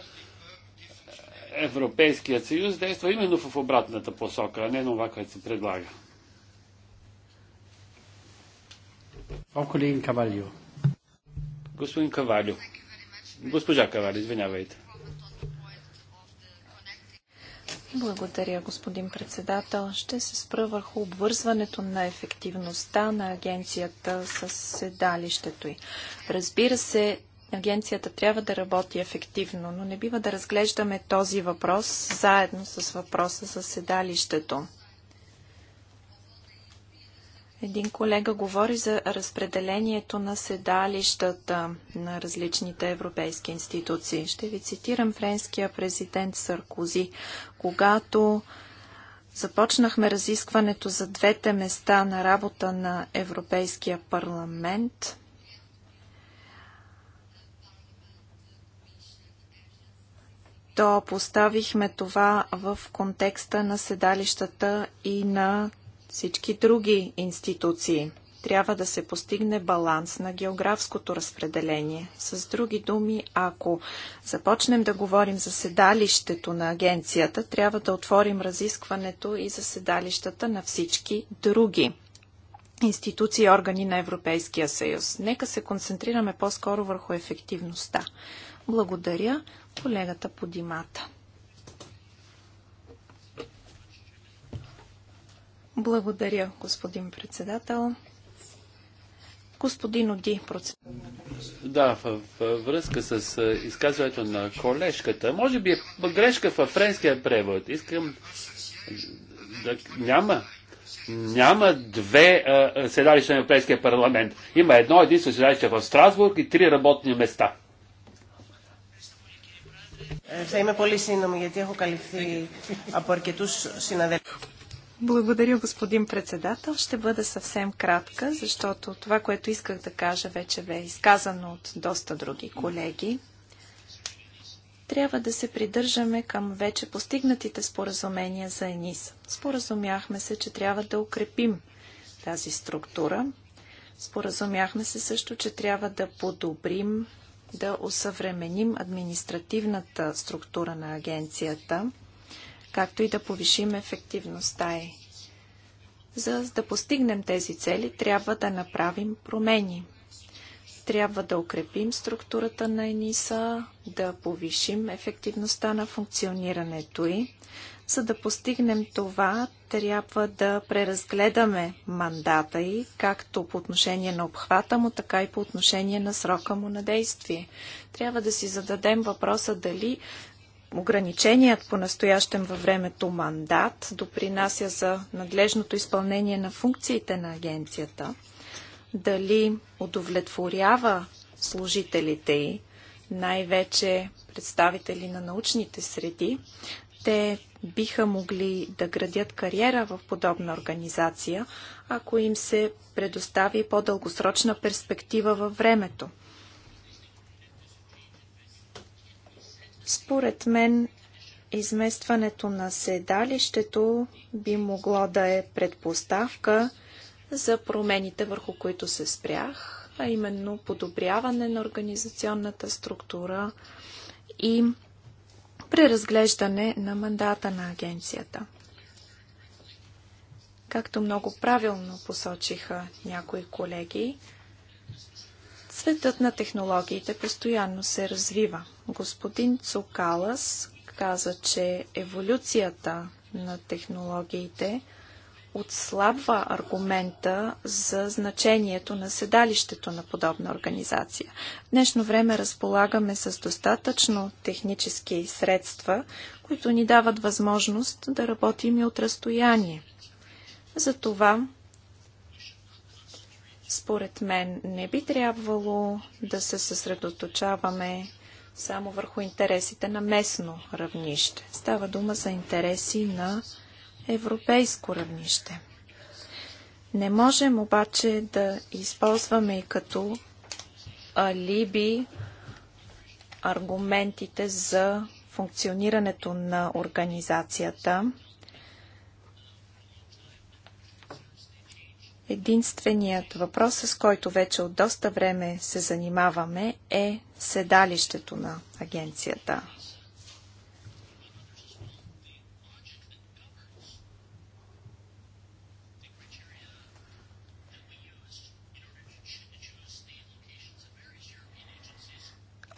Европейският съюз действа именно в обратната посока, а не на това, което се предлага. Frau Kollegin Cavallio. Господин Кавалю. Госпожа Кавалю, извинявайте. Благодаря, господин председател. Ще се спра върху обвързването на ефективността на агенцията с седалището й. Разбира се, агенцията трябва да работи ефективно, но не бива да разглеждаме този въпрос заедно с въпроса за седалището. Един колега говори за разпределението на седалищата на различните европейски институции. Ще ви цитирам френския президент Саркози. Когато започнахме разискването за двете места на работа на Европейския парламент, то поставихме това в контекста на седалищата и на всички други институции. Трябва да се постигне баланс на географското разпределение. С други думи, ако започнем да говорим за седалището на агенцията, трябва да отворим разискването и за седалищата на всички други институции и органи на Европейския съюз. Нека се концентрираме по-скоро върху ефективността. Благодаря колегата Подимата. Благодаря, господин председател. Господин Оди, процедура. Да, във връзка с изказването на колежката, може би е грешка във френския превод. Искам да няма. Няма две седалища на Европейския парламент. Има едно единствено седалище в Страсбург и три работни места. Θα είμαι πολύ σύντομη γιατί έχω καλυφθεί από αρκετούς συναδέλφους. Благодаря, господин председател. Ще бъда съвсем кратка, защото това, което исках да кажа, вече бе изказано от доста други колеги. Трябва да се придържаме към вече постигнатите споразумения за ЕНИС. Споразумяхме се, че трябва да укрепим тази структура. Споразумяхме се също, че трябва да подобрим, да усъвременим административната структура на агенцията – както и да повишим ефективността й. За да постигнем тези цели, трябва да направим промени. Трябва да укрепим структурата на ЕНИСА, да повишим ефективността на функционирането й. За да постигнем това, трябва да преразгледаме мандата й, както по отношение на обхвата му, така и по отношение на срока му на действие. Трябва да си зададем въпроса дали ограниченият по настоящем във времето мандат допринася за надлежното изпълнение на функциите на агенцията, дали удовлетворява служителите й, най-вече представители на научните среди, те биха могли да градят кариера в подобна организация, ако им се предостави по-дългосрочна перспектива във времето. Според мен изместването на седалището би могло да е предпоставка за промените, върху които се спрях, а именно подобряване на организационната структура и преразглеждане на мандата на агенцията. Както много правилно посочиха някои колеги, Светът на технологиите постоянно се развива. Господин Цукалас каза, че еволюцията на технологиите отслабва аргумента за значението на седалището на подобна организация. В днешно време разполагаме с достатъчно технически средства, които ни дават възможност да работим и от разстояние. Затова според мен не би трябвало да се съсредоточаваме само върху интересите на местно равнище. Става дума за интереси на европейско равнище. Не можем обаче да използваме и като алиби аргументите за функционирането на организацията – Единственият въпрос, с който вече от доста време се занимаваме, е седалището на агенцията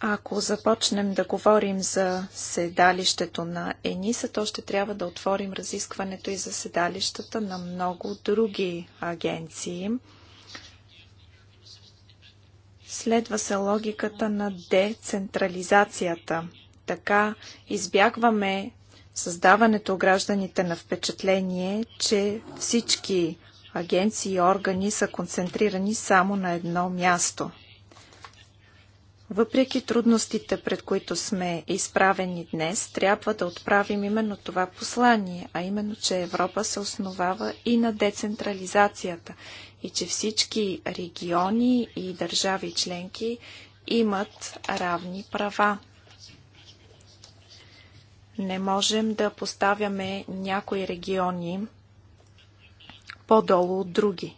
Ако започнем да говорим за седалището на ЕНИСА, то ще трябва да отворим разискването и за седалищата на много други агенции. Следва се логиката на децентрализацията. Така избягваме създаването у гражданите на впечатление, че всички агенции и органи са концентрирани само на едно място. Въпреки трудностите, пред които сме изправени днес, трябва да отправим именно това послание, а именно, че Европа се основава и на децентрализацията и че всички региони и държави членки имат равни права. Не можем да поставяме някои региони по-долу от други.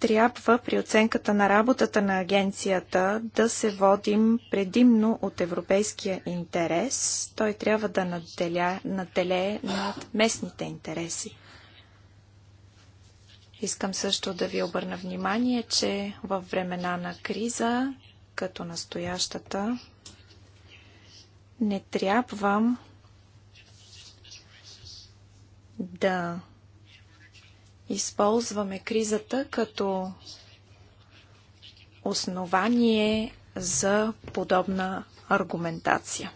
трябва при оценката на работата на агенцията да се водим предимно от европейския интерес. Той трябва да надделя, наделее над местните интереси. Искам също да ви обърна внимание, че във времена на криза, като настоящата, не трябва да използваме кризата като основание за подобна аргументация.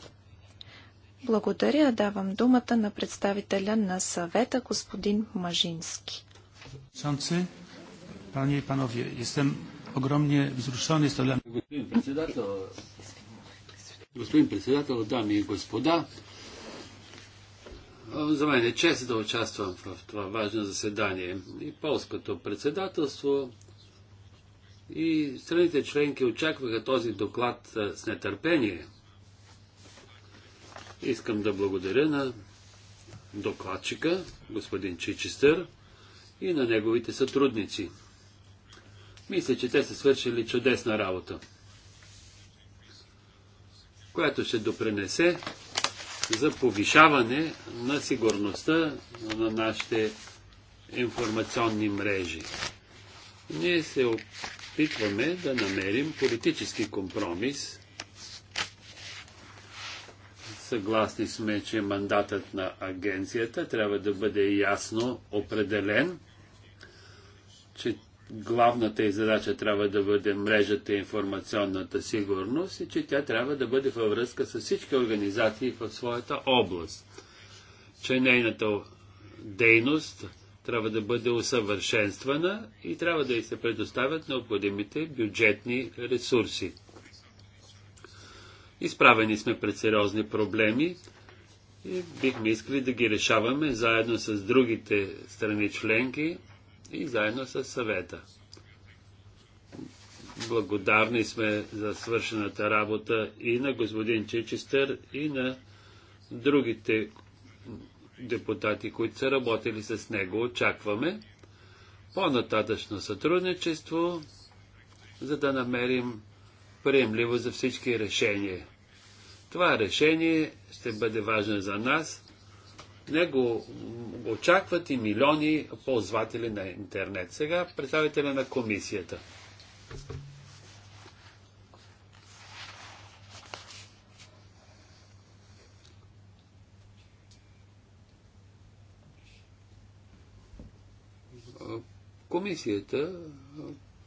Благодаря. Давам думата на представителя на съвета, господин Мажински. Panie пани и панове, ogromnie wzruszony. Jest to dla Господин председател, дами и господа, за мен е чест да участвам в това важно заседание. И полското председателство, и страните членки очакваха този доклад с нетърпение. Искам да благодаря на докладчика, господин Чичестър, и на неговите сътрудници. Мисля, че те са свършили чудесна работа, която ще допренесе за повишаване на сигурността на нашите информационни мрежи. Ние се опитваме да намерим политически компромис. Съгласни сме, че мандатът на агенцията трябва да бъде ясно определен, че главната и задача трябва да бъде мрежата и информационната сигурност и че тя трябва да бъде във връзка с всички организации в своята област. Че нейната дейност трябва да бъде усъвършенствана и трябва да й се предоставят необходимите бюджетни ресурси. Изправени сме пред сериозни проблеми и бихме искали да ги решаваме заедно с другите страни членки, и заедно с съвета. Благодарни сме за свършената работа и на господин Чичестър, и на другите депутати, които са работили с него. Очакваме по-нататъчно сътрудничество, за да намерим приемливо за всички решения. Това решение ще бъде важно за нас него го очакват и милиони ползватели на интернет. Сега представителя на комисията. Комисията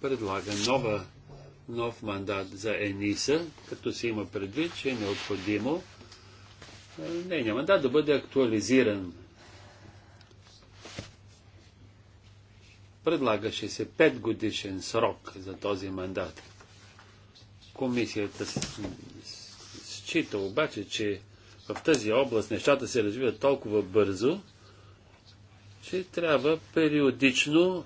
предлага нова, нов мандат за ЕНИСА, като се има предвид, че е необходимо нейният мандат да бъде актуализиран. Предлагаше се 5 годишен срок за този мандат. Комисията счита обаче, че в тази област нещата се развиват толкова бързо, че трябва периодично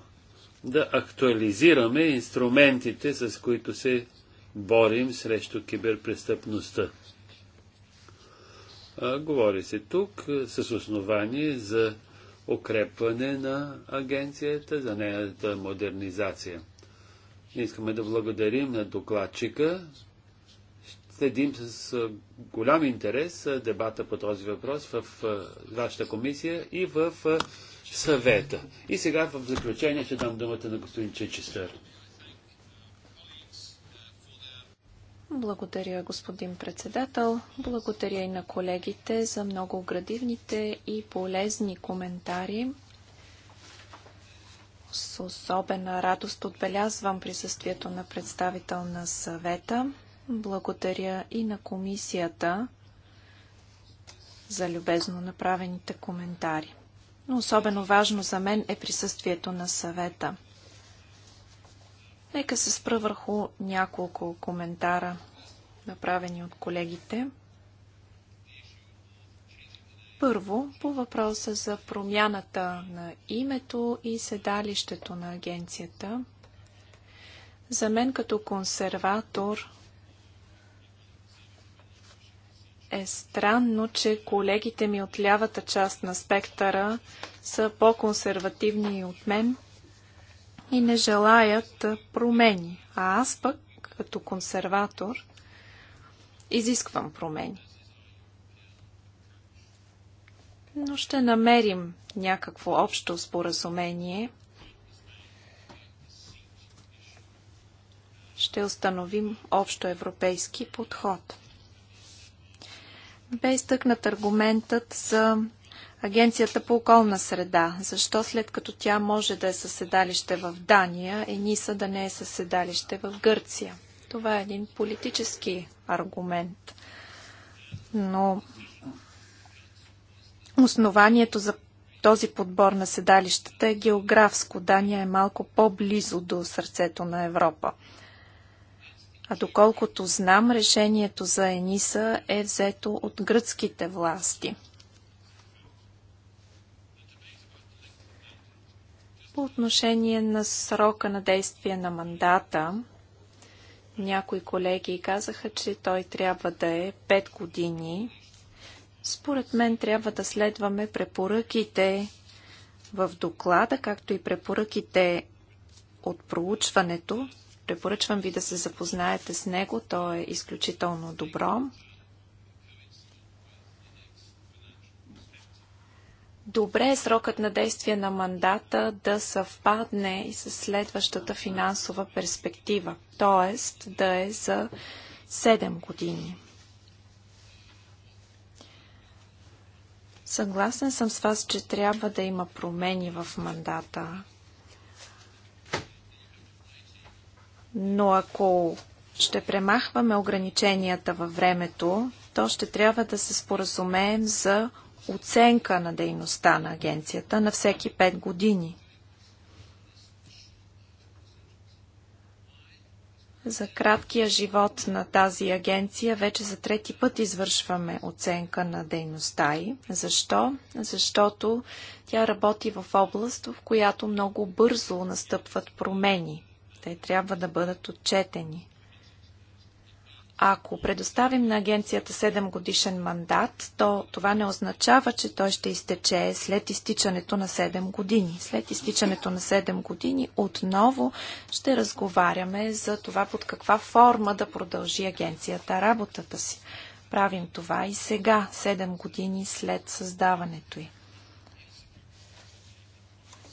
да актуализираме инструментите, с които се борим срещу киберпрестъпността. Говори се тук с основание за укрепване на агенцията, за нейната модернизация. Искаме да благодарим на докладчика. Следим с голям интерес дебата по този въпрос в вашата комисия и в съвета. И сега в заключение ще дам думата на господин Чичестър. Благодаря, господин председател. Благодаря и на колегите за много градивните и полезни коментари. С особена радост отбелязвам присъствието на представител на съвета. Благодаря и на комисията за любезно направените коментари. Но особено важно за мен е присъствието на съвета – Нека се спра върху няколко коментара, направени от колегите. Първо, по въпроса за промяната на името и седалището на агенцията. За мен като консерватор е странно, че колегите ми от лявата част на спектъра са по-консервативни от мен – и не желаят промени. А аз пък, като консерватор, изисквам промени. Но ще намерим някакво общо споразумение. Ще установим общо европейски подход. Бе изтъкнат аргументът за Агенцията по околна среда. Защо след като тя може да е със седалище в Дания, ЕНИСА да не е със седалище в Гърция? Това е един политически аргумент. Но основанието за този подбор на седалищата е географско. Дания е малко по-близо до сърцето на Европа. А доколкото знам, решението за Ениса е взето от гръцките власти – По отношение на срока на действие на мандата, някои колеги казаха, че той трябва да е 5 години. Според мен трябва да следваме препоръките в доклада, както и препоръките от проучването. Препоръчвам ви да се запознаете с него, то е изключително добро. Добре е срокът на действие на мандата да съвпадне и с следващата финансова перспектива, т.е. да е за 7 години. Съгласен съм с вас, че трябва да има промени в мандата. Но ако ще премахваме ограниченията във времето, то ще трябва да се споразумеем за оценка на дейността на агенцията на всеки 5 години. За краткия живот на тази агенция вече за трети път извършваме оценка на дейността й. Защо? Защото тя работи в област, в която много бързо настъпват промени. Те трябва да бъдат отчетени. Ако предоставим на агенцията 7 годишен мандат, то това не означава, че той ще изтече след изтичането на 7 години. След изтичането на 7 години отново ще разговаряме за това под каква форма да продължи агенцията работата си. Правим това и сега, 7 години след създаването й.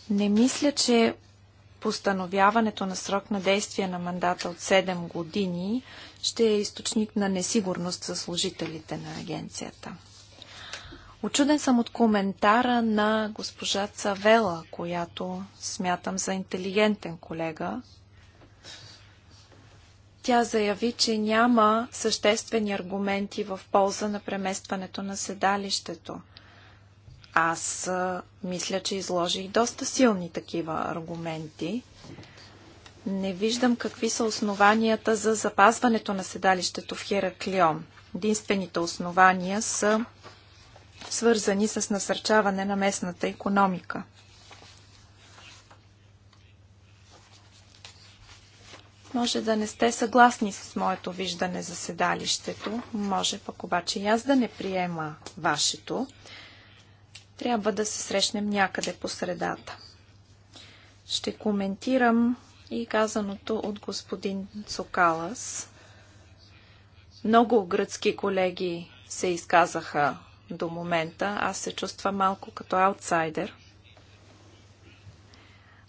Не мисля, че постановяването на срок на действие на мандата от 7 години ще е източник на несигурност за служителите на агенцията. Очуден съм от коментара на госпожа Цавела, която смятам за интелигентен колега. Тя заяви, че няма съществени аргументи в полза на преместването на седалището. Аз мисля, че изложих доста силни такива аргументи – не виждам какви са основанията за запазването на седалището в Хераклион. Единствените основания са свързани с насърчаване на местната економика. Може да не сте съгласни с моето виждане за седалището, може пък обаче и аз да не приема вашето. Трябва да се срещнем някъде по средата. Ще коментирам и казаното от господин Цокалас. Много гръцки колеги се изказаха до момента. Аз се чувствам малко като аутсайдер.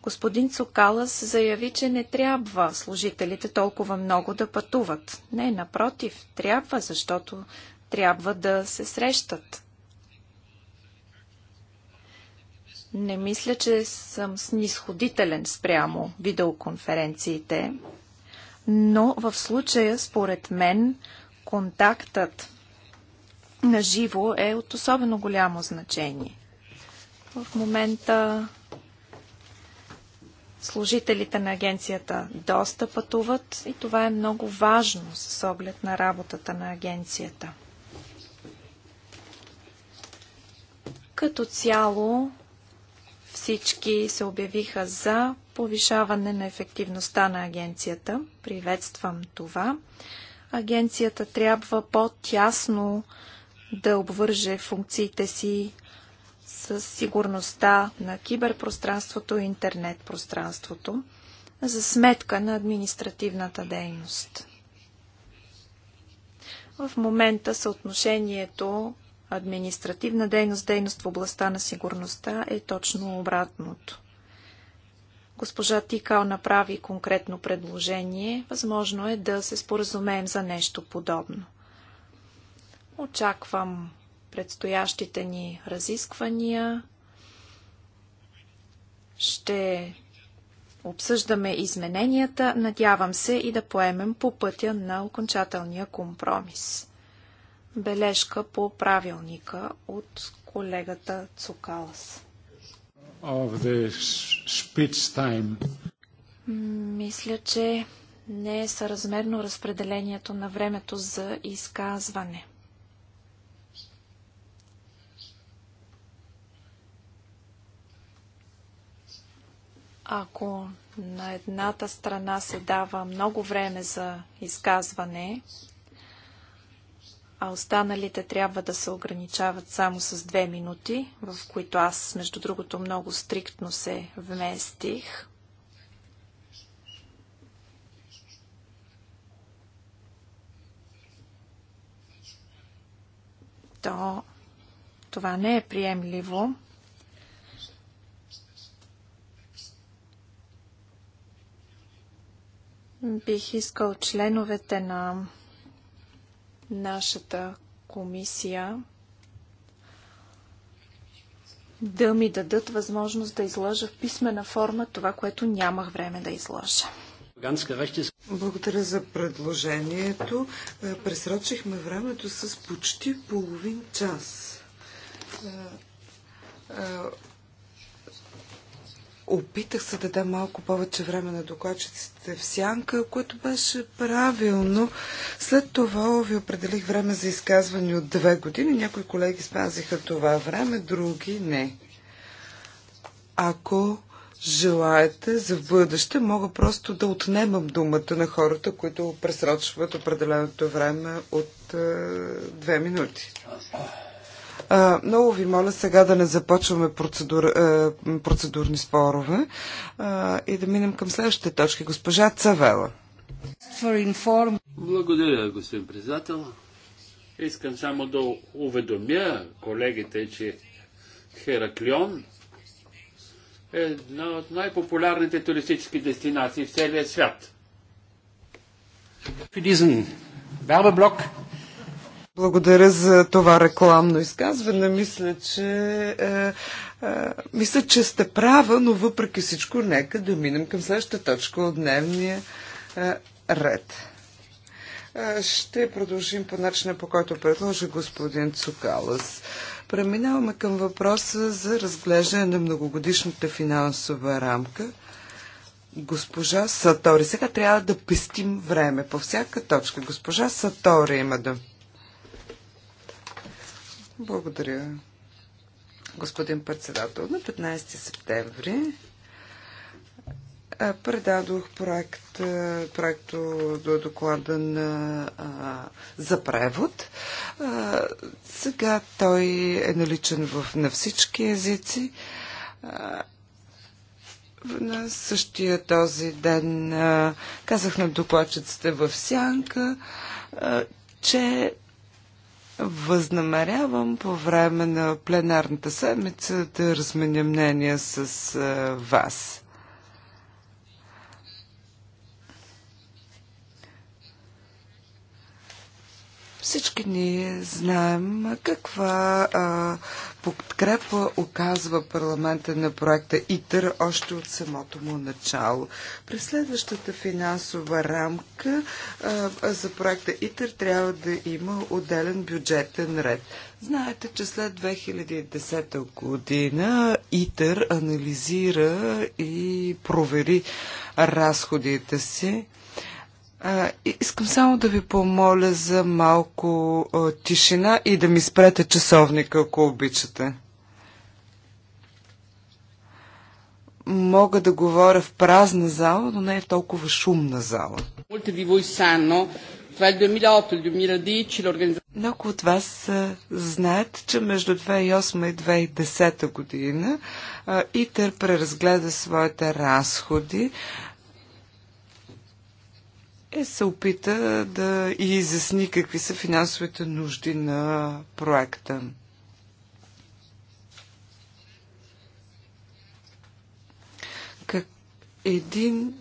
Господин Цокалас заяви, че не трябва служителите толкова много да пътуват. Не, напротив, трябва, защото трябва да се срещат. Не мисля, че съм снисходителен спрямо видеоконференциите, но в случая, според мен, контактът на живо е от особено голямо значение. В момента служителите на агенцията доста пътуват и това е много важно с оглед на работата на агенцията. Като цяло всички се обявиха за повишаване на ефективността на агенцията. Приветствам това. Агенцията трябва по-тясно да обвърже функциите си с сигурността на киберпространството и интернет пространството за сметка на административната дейност. В момента съотношението административна дейност, дейност в областта на сигурността е точно обратното. Госпожа Тикал направи конкретно предложение. Възможно е да се споразумеем за нещо подобно. Очаквам предстоящите ни разисквания. Ще обсъждаме измененията, надявам се и да поемем по пътя на окончателния компромис бележка по правилника от колегата Цукалас. Мисля, че не е съразмерно разпределението на времето за изказване. Ако на едната страна се дава много време за изказване, а останалите трябва да се ограничават само с две минути, в които аз, между другото, много стриктно се вместих. То това не е приемливо. Бих искал членовете на нашата комисия да ми дадат възможност да изложа в писмена форма това, което нямах време да изложа. Благодаря за предложението. Е, пресрочихме времето с почти половин час. Е, е, Опитах се да дам малко повече време на докладчиците в сянка, което беше правилно. След това ви определих време за изказване от две години. Някои колеги спазиха това време, други не. Ако желаете за в бъдеще, мога просто да отнемам думата на хората, които пресрочват определеното време от е, две минути. А, много ви моля сега да не започваме процедур, а, процедурни спорове а, и да минем към следващите точки. Госпожа Цавела. Благодаря, господин председател. Искам само да уведомя колегите, че Хераклион е една от най-популярните туристически дестинации в целия свят. Für diesen благодаря за това рекламно изказване. Мисля, че, е, е, мисля, че сте права, но въпреки всичко, нека да минем към следващата точка от дневния е, ред. Е, ще продължим по начина, по който предложи господин Цукалас. Преминаваме към въпроса за разглеждане на многогодишната финансова рамка госпожа Сатори. Сега трябва да пестим време по всяка точка. Госпожа Сатори има да. Благодаря, господин председател. На 15 септември предадох проект, проекто до доклада на, а, за превод. А, сега той е наличен в, на всички езици. А, на същия този ден а, казах на докладчиците в Сянка, а, че Възнамерявам по време на пленарната седмица да разменя мнение с вас. Всички ние знаем каква а, подкрепа оказва парламента на проекта ИТР още от самото му начало. През следващата финансова рамка а, за проекта ИТР трябва да има отделен бюджетен ред. Знаете, че след 2010 година ИТР анализира и провери разходите си а, искам само да ви помоля за малко а, тишина и да ми спрете часовника, ако обичате. Мога да говоря в празна зала, но не е в толкова шумна зала. E Много от вас знаят, че между 2008 и 2010 година ИТЕР преразгледа своите разходи е, се опита да изясни какви са финансовите нужди на проекта. Как един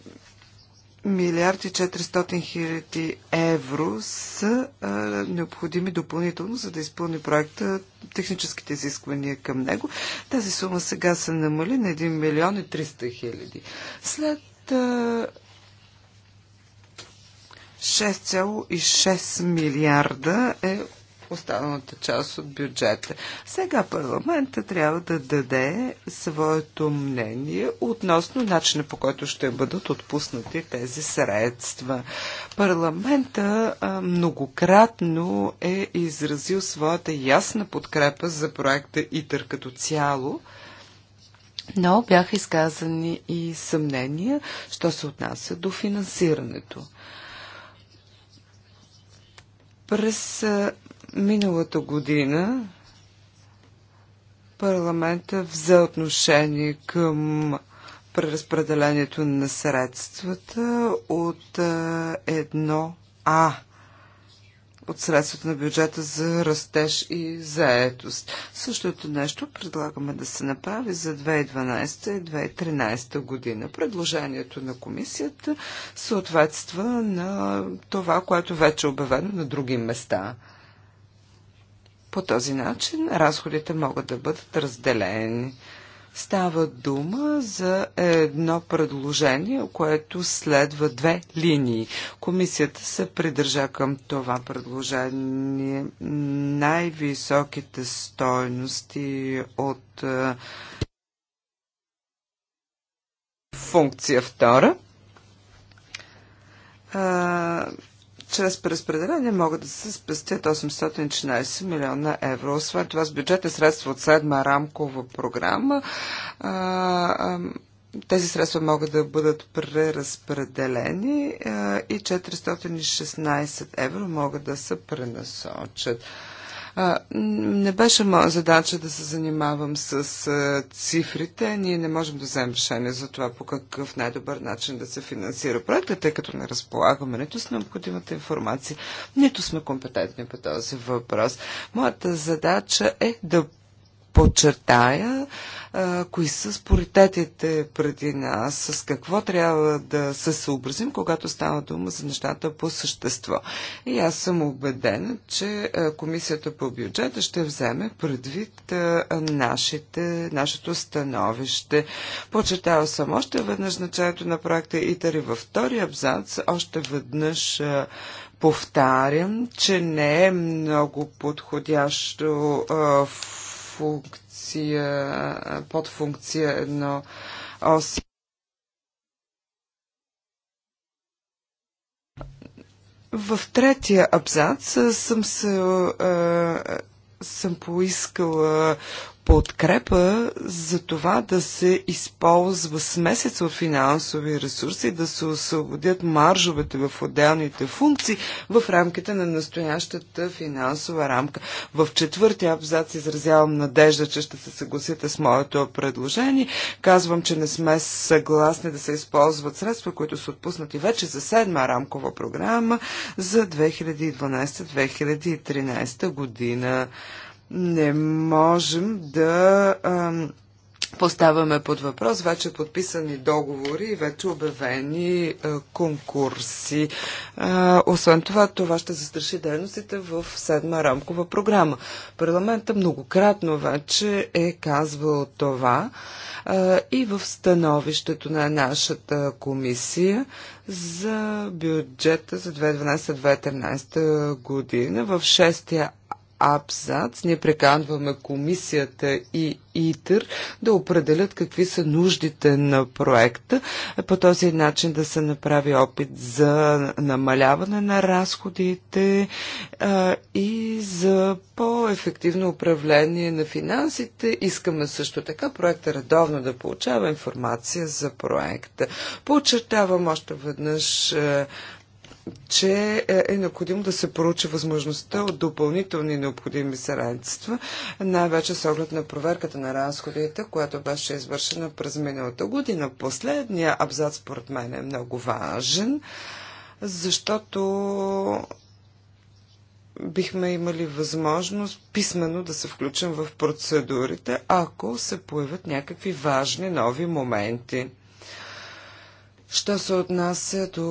милиард и 400 хиляди евро са а, необходими допълнително, за да изпълни проекта техническите изисквания към него. Тази сума сега се намали на 1 милион и 300 хиляди. След а, 6,6 милиарда е останалата част от бюджета. Сега парламента трябва да даде своето мнение относно начина по който ще бъдат отпуснати тези средства. Парламента а, многократно е изразил своята ясна подкрепа за проекта ИТР като цяло. Но бяха изказани и съмнения, що се отнася до финансирането. През миналата година парламента взе отношение към преразпределението на средствата от едно А от средството на бюджета за растеж и заетост. Същото нещо предлагаме да се направи за 2012 и 2013 година. Предложението на комисията съответства на това, което вече е обявено на други места. По този начин разходите могат да бъдат разделени. Става дума за едно предложение, което следва две линии. Комисията се придържа към това предложение. Най-високите стойности от е, функция втора е, чрез преразпределение могат да се спестят 814 милиона евро. Освен това с бюджетни е средства от седма рамкова програма тези средства могат да бъдат преразпределени и 416 евро могат да се пренасочат. Не беше моя задача да се занимавам с цифрите. Ние не можем да вземем решение за това по какъв най-добър начин да се финансира проекта, тъй като не разполагаме нито с необходимата информация, нито сме компетентни по този въпрос. Моята задача е да подчертая кои са споритетите преди нас, с какво трябва да се съобразим, когато става дума за нещата по същество. И аз съм убедена, че Комисията по бюджета ще вземе предвид нашите, нашето становище. Почетава съм още веднъж началото на проекта и във втори абзац, още веднъж повтарям, че не е много подходящо в функция, подфункция оси. В третия абзац съм се е, е, съм поискала подкрепа за това да се използва смесец от финансови ресурси, да се освободят маржовете в отделните функции в рамките на настоящата финансова рамка. В четвъртия абзац изразявам надежда, че ще се съгласите с моето предложение. Казвам, че не сме съгласни да се използват средства, които са отпуснати вече за седма рамкова програма за 2012-2013 година не можем да ам, поставяме под въпрос вече подписани договори и вече обявени а, конкурси. А, освен това, това ще застраши дейностите в седма рамкова програма. Парламента многократно вече е казвал това а, и в становището на нашата комисия за бюджета за 2012-2013 година в шестия абзац ние приканваме комисията и ИТР да определят какви са нуждите на проекта, по този начин да се направи опит за намаляване на разходите а, и за по-ефективно управление на финансите. Искаме също така проекта редовно да получава информация за проекта. Поочертавам още веднъж а, че е, е необходимо да се проучи възможността от допълнителни необходими средства, най-вече с оглед на проверката на разходите, която беше извършена през миналата година. Последния абзац, според мен, е много важен, защото бихме имали възможност писменно да се включим в процедурите, ако се появят някакви важни нови моменти. Що се отнася до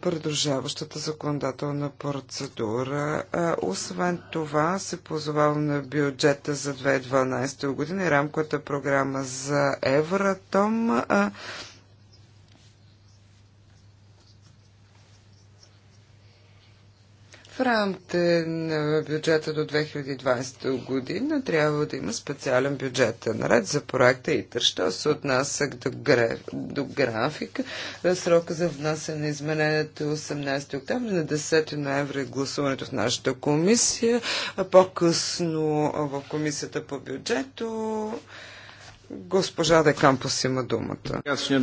продължаващата законодателна процедура, освен това се позовавам на бюджета за 2012 година и рамката програма за Евратом, В рамките на бюджета до 2020 година трябва да има специален бюджетен наред за проекта ИТР. Що се отнася до, греф, до графика, е, срока за внасяне на изменението е 18 октомври, на 10 ноември е гласуването в нашата комисия, а по-късно в комисията по бюджето Госпожа Де Кампус има думата. Е,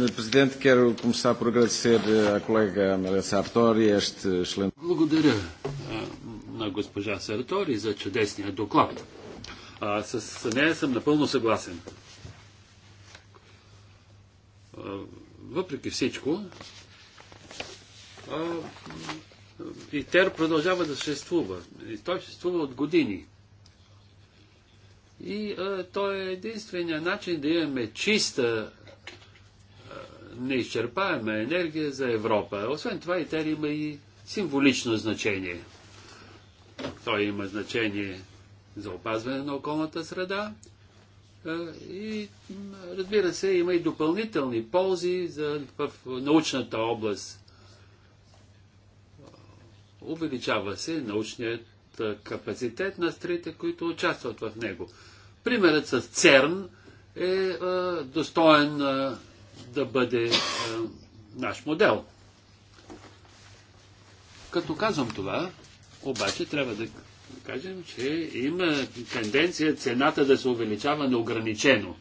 Благодаря на госпожа Сартори за чудесния доклад. с нея съм напълно съгласен. въпреки всичко, ИТЕР продължава да съществува. И той съществува от години. И а, той е единствения начин да имаме чиста, а, неизчерпаема енергия за Европа. Освен това, Итер има и символично значение. Той има значение за опазване на околната среда а, и разбира се, има и допълнителни ползи за, в научната област. Увеличава се научният капацитет на страните, които участват в него. Примерът с ЦЕРН е а, е, достоен а, е, да бъде а, е, наш модел. Като казвам това, обаче трябва да кажем, че има тенденция цената да се увеличава неограничено.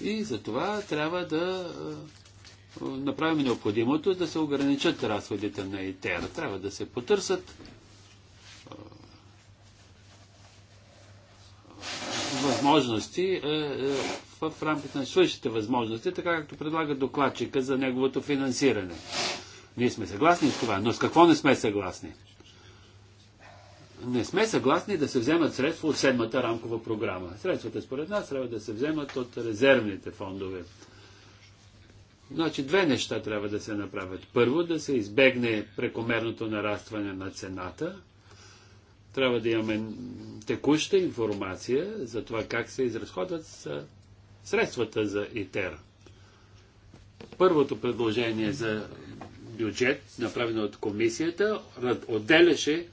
И за това трябва да направим необходимото да се ограничат разходите на ИТР. Трябва да се потърсят възможности е, е, в рамките на същите възможности, така както предлага докладчика за неговото финансиране. Ние сме съгласни с това, но с какво не сме съгласни? Не сме съгласни да се вземат средства от седмата рамкова програма. Средствата според нас трябва да се вземат от резервните фондове. Значи две неща трябва да се направят. Първо, да се избегне прекомерното нарастване на цената, трябва да имаме текуща информация за това как се изразходват средствата за ИТЕР. Първото предложение за бюджет, направено от комисията, отделяше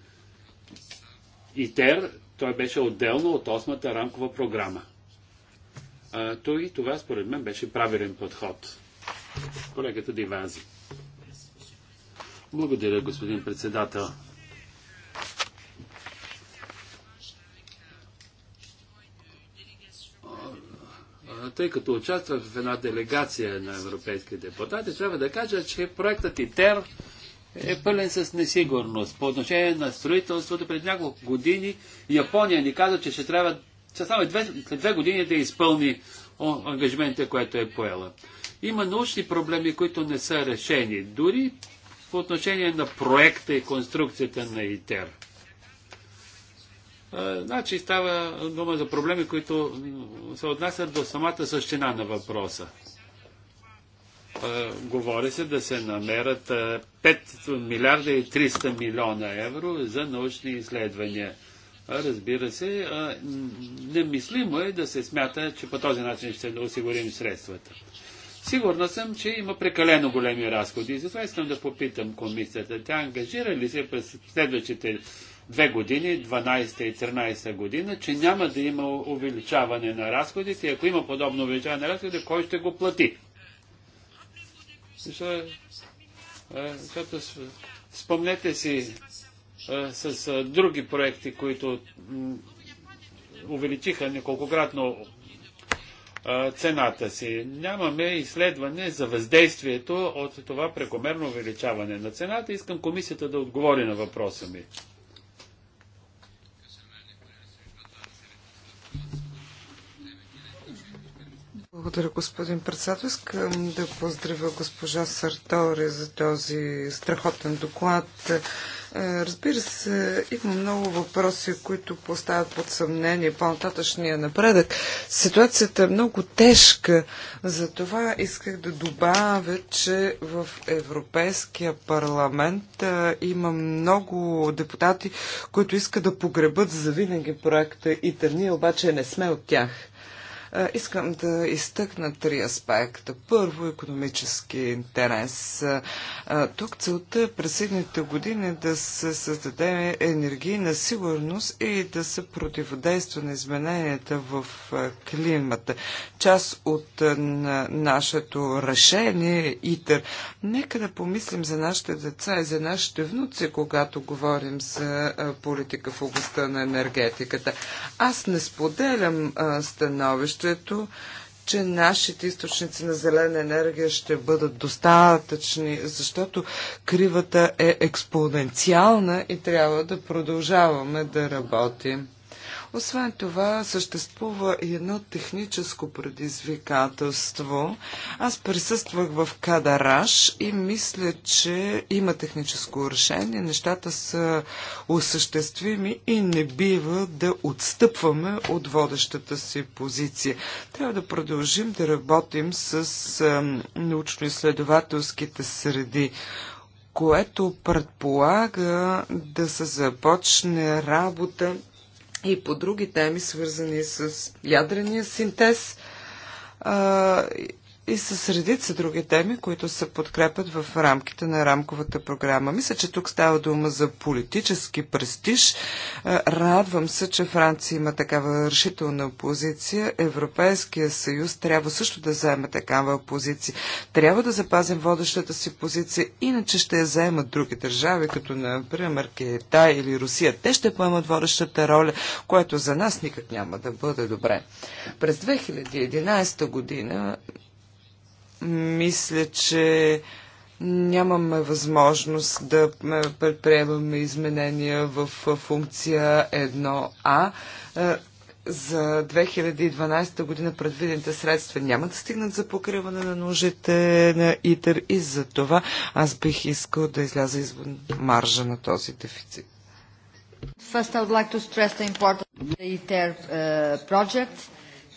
ИТЕР, той беше отделно от осмата рамкова програма. А, то и това според мен беше правилен подход. Колегата Дивази. Благодаря, господин председател. тъй като участвах в една делегация на европейски депутати, трябва да кажа, че проектът ИТЕР е пълен с несигурност. По отношение на строителството, пред няколко години Япония ни каза, че ще трябва че само две, след две години да изпълни ангажмента, което е поела. Има научни проблеми, които не са решени, дори по отношение на проекта и конструкцията на ИТЕР. Значи става дума за проблеми, които се отнасят до самата същина на въпроса. Говори се да се намерят 5 милиарда и 300 милиона евро за научни изследвания. Разбира се, немислимо е да се смята, че по този начин ще осигурим средствата. Сигурна съм, че има прекалено големи разходи. Затова искам да попитам комисията. Тя ангажира ли се през следващите две години, 12 и 13 година, че няма да има увеличаване на разходите и ако има подобно увеличаване на разходите, кой ще го плати? Защото, защото спомнете си с други проекти, които увеличиха неколкократно цената си. Нямаме изследване за въздействието от това прекомерно увеличаване на цената. Искам комисията да отговори на въпроса ми. Благодаря, господин председател. Искам да поздравя госпожа Сартори за този страхотен доклад. Е, разбира се, има много въпроси, които поставят под съмнение по-нататъчния напредък. Ситуацията е много тежка, затова исках да добавя, че в Европейския парламент е, има много депутати, които искат да погребат завинаги проекта и тър. ние обаче не сме от тях. Е, искам да изтъкна три аспекта. Първо, економически интерес. Е, е, тук целта е през едните години да се създаде енергийна сигурност и да се противодейства на измененията в климата. Част от нашето решение ИТЕР. Нека да помислим за нашите деца и за нашите внуци, когато говорим за политика в областта на енергетиката. Аз не споделям становище бъдещето, че нашите източници на зелена енергия ще бъдат достатъчни, защото кривата е експоненциална и трябва да продължаваме да работим. Освен това, съществува и едно техническо предизвикателство. Аз присъствах в Кадараш и мисля, че има техническо решение. Нещата са осъществими и не бива да отстъпваме от водещата си позиция. Трябва да продължим да работим с научно-изследователските среди което предполага да се започне работа и по други теми, свързани с ядрения синтез а, и с редица други теми, които се подкрепят в рамките на рамковата програма. Мисля, че тук става дума за политически престиж. Е, радвам се, че Франция има такава решителна позиция. Европейския съюз трябва също да заеме такава позиция. Трябва да запазим водещата си позиция, иначе ще я заемат други държави, като например Китай или Русия. Те ще поемат водещата роля, което за нас никак няма да бъде добре. През 2011 година мисля, че нямаме възможност да предприемаме изменения в функция 1А. Е, за 2012 година предвидените средства няма да стигнат за покриване на нуждите на ИТЕР и за това аз бих искал да изляза извън маржа на този дефицит. First, I would like to stress the importance of the ITER uh, е, project.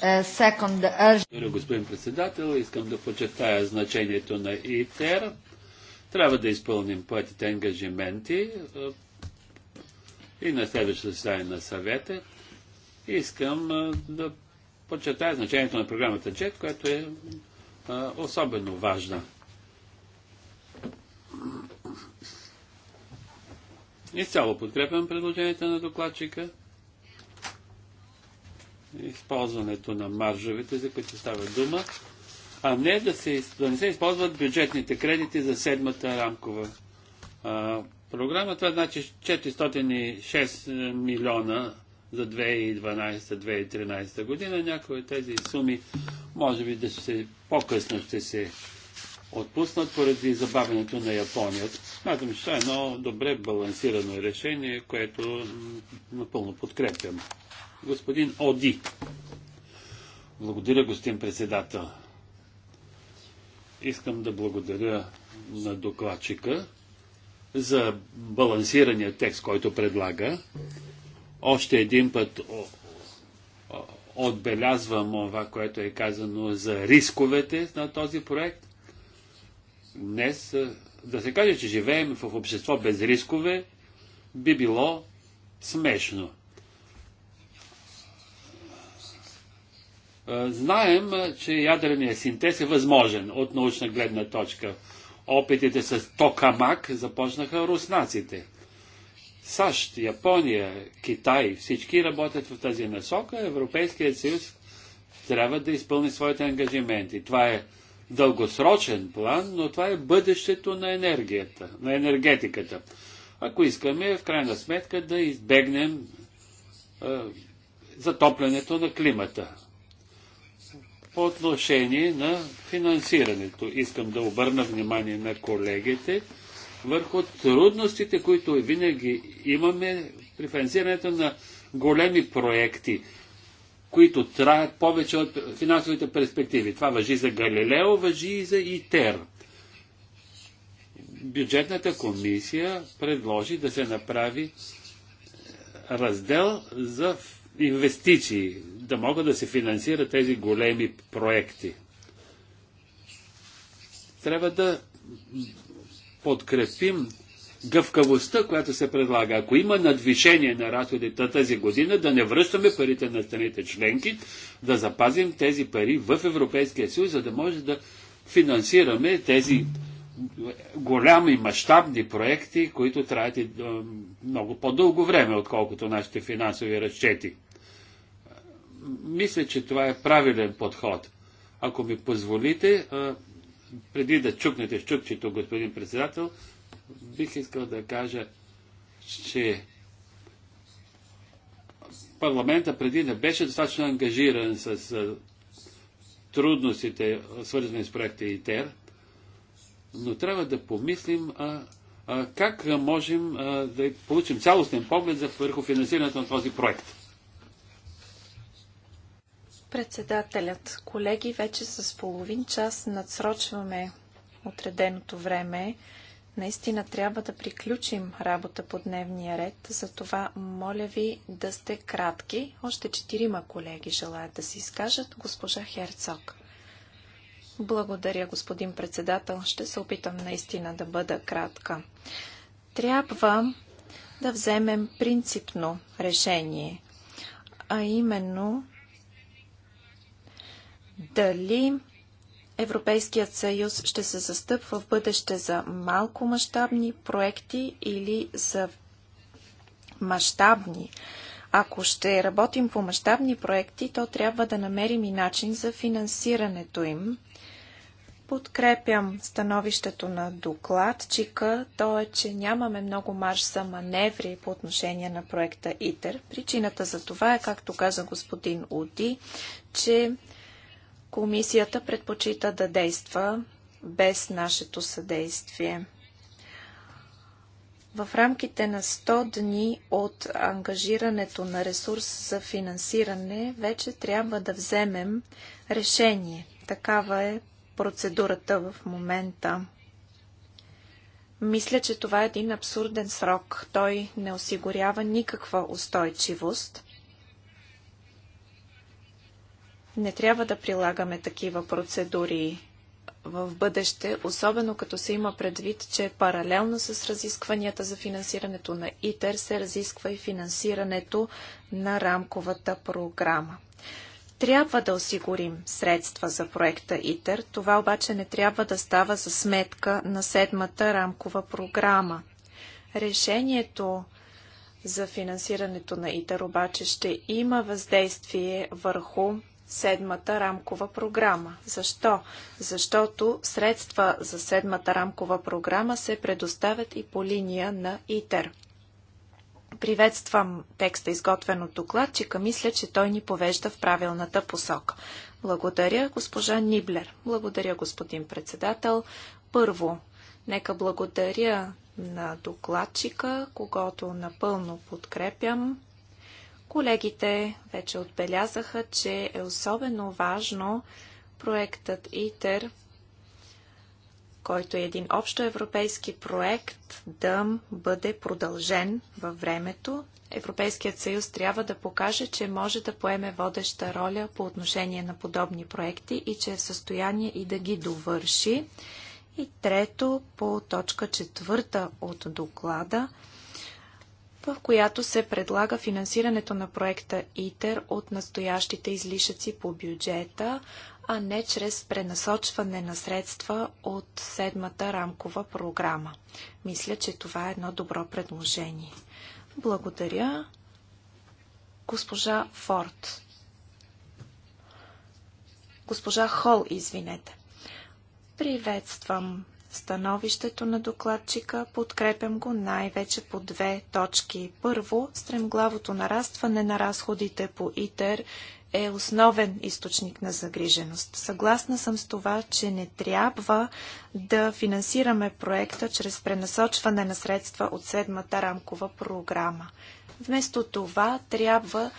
Е, second, господин председател, искам да почетая значението на ИТЕР. Трябва да изпълним поетите ангажименти е, и на следващото заседание на съвета. Искам е, да подчертая значението на програмата JET, която е особено важна. Изцяло подкрепям предложението на докладчика използването на маржовете, за които става дума, а не да, се, да не се използват бюджетните кредити за седмата рамкова а, програма. Това значи 406 е, милиона за 2012-2013 година. Някои от тези суми, може би, да ще по-късно ще се отпуснат поради забавянето на Япония. Смятам, че това е едно добре балансирано решение, което напълно подкрепям. Господин Оди. Благодаря, господин председател. Искам да благодаря на докладчика за балансирания текст, който предлага. Още един път отбелязвам това, което е казано за рисковете на този проект днес да се каже, че живеем в общество без рискове, би било смешно. Знаем, че ядреният синтез е възможен от научна гледна точка. Опитите с токамак започнаха руснаците. САЩ, Япония, Китай, всички работят в тази насока. Европейският съюз трябва да изпълни своите ангажименти. Това е дългосрочен план, но това е бъдещето на енергията, на енергетиката. Ако искаме, в крайна сметка, да избегнем е, затоплянето на климата. По отношение на финансирането, искам да обърна внимание на колегите върху трудностите, които винаги имаме при финансирането на големи проекти – които траят повече от финансовите перспективи. Това въжи за Галилео, въжи и за ИТЕР. Бюджетната комисия предложи да се направи е, раздел за инвестиции, да могат да се финансират тези големи проекти. Трябва да подкрепим гъвкавостта, която се предлага. Ако има надвишение на разходите тази година, да не връщаме парите на страните членки, да запазим тези пари в Европейския съюз, за да може да финансираме тези голями мащабни проекти, които траят и много по-дълго време, отколкото нашите финансови разчети. Мисля, че това е правилен подход. Ако ми позволите, преди да чукнете в чукчето, господин председател, бих искал да кажа, че парламента преди не беше достатъчно ангажиран с трудностите, свързани с проекта ИТЕР, но трябва да помислим а, а, как можем а, да получим цялостен поглед за върху финансирането на този проект. Председателят, колеги, вече с половин час надсрочваме отреденото време. Наистина трябва да приключим работа по дневния ред, затова моля ви да сте кратки. Още четирима колеги желаят да се изкажат. Госпожа Херцог. Благодаря, господин председател. Ще се опитам наистина да бъда кратка. Трябва да вземем принципно решение, а именно дали Европейският съюз ще се застъпва в бъдеще за малко мащабни проекти или за мащабни. Ако ще работим по мащабни проекти, то трябва да намерим и начин за финансирането им. Подкрепям становището на докладчика. То е, че нямаме много марш за маневри по отношение на проекта ИТЕР. Причината за това е, както каза господин Уди, че Комисията предпочита да действа без нашето съдействие. В рамките на 100 дни от ангажирането на ресурс за финансиране вече трябва да вземем решение. Такава е процедурата в момента. Мисля, че това е един абсурден срок. Той не осигурява никаква устойчивост. Не трябва да прилагаме такива процедури в бъдеще, особено като се има предвид, че паралелно с разискванията за финансирането на ИТЕР се разисква и финансирането на рамковата програма. Трябва да осигурим средства за проекта ИТЕР, това обаче не трябва да става за сметка на седмата рамкова програма. Решението за финансирането на ИТЕР обаче ще има въздействие върху седмата рамкова програма. Защо? Защото средства за седмата рамкова програма се предоставят и по линия на ИТЕР. Приветствам текста, изготвен от докладчика. Мисля, че той ни повежда в правилната посока. Благодаря, госпожа Ниблер. Благодаря, господин председател. Първо, нека благодаря на докладчика, когато напълно подкрепям. Колегите вече отбелязаха, че е особено важно проектът ИТЕР, който е един общоевропейски проект, да бъде продължен във времето. Европейският съюз трябва да покаже, че може да поеме водеща роля по отношение на подобни проекти и че е в състояние и да ги довърши. И трето, по точка четвърта от доклада – в която се предлага финансирането на проекта ИТЕР от настоящите излишъци по бюджета, а не чрез пренасочване на средства от седмата рамкова програма. Мисля, че това е едно добро предложение. Благодаря. Госпожа Форд. Госпожа Хол, извинете. Приветствам становището на докладчика. Подкрепям го най-вече по две точки. Първо, стремглавото нарастване на разходите по ИТЕР е основен източник на загриженост. Съгласна съм с това, че не трябва да финансираме проекта чрез пренасочване на средства от седмата рамкова програма. Вместо това трябва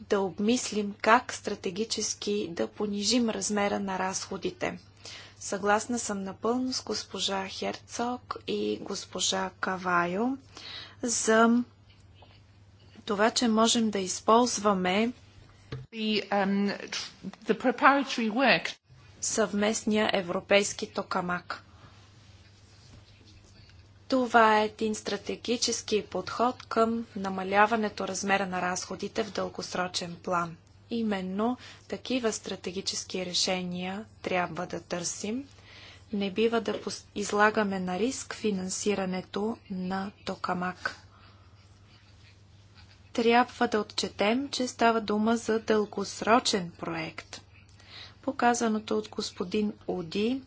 да обмислим как стратегически да понижим размера на разходите. Съгласна съм напълно с госпожа Херцог и госпожа Кавайо за това, че можем да използваме the, um, the съвместния европейски токамак. Това е един стратегически подход към намаляването размера на разходите в дългосрочен план. Именно такива стратегически решения трябва да търсим. Не бива да излагаме на риск финансирането на токамак. Трябва да отчетем, че става дума за дългосрочен проект. Показаното от господин Уди,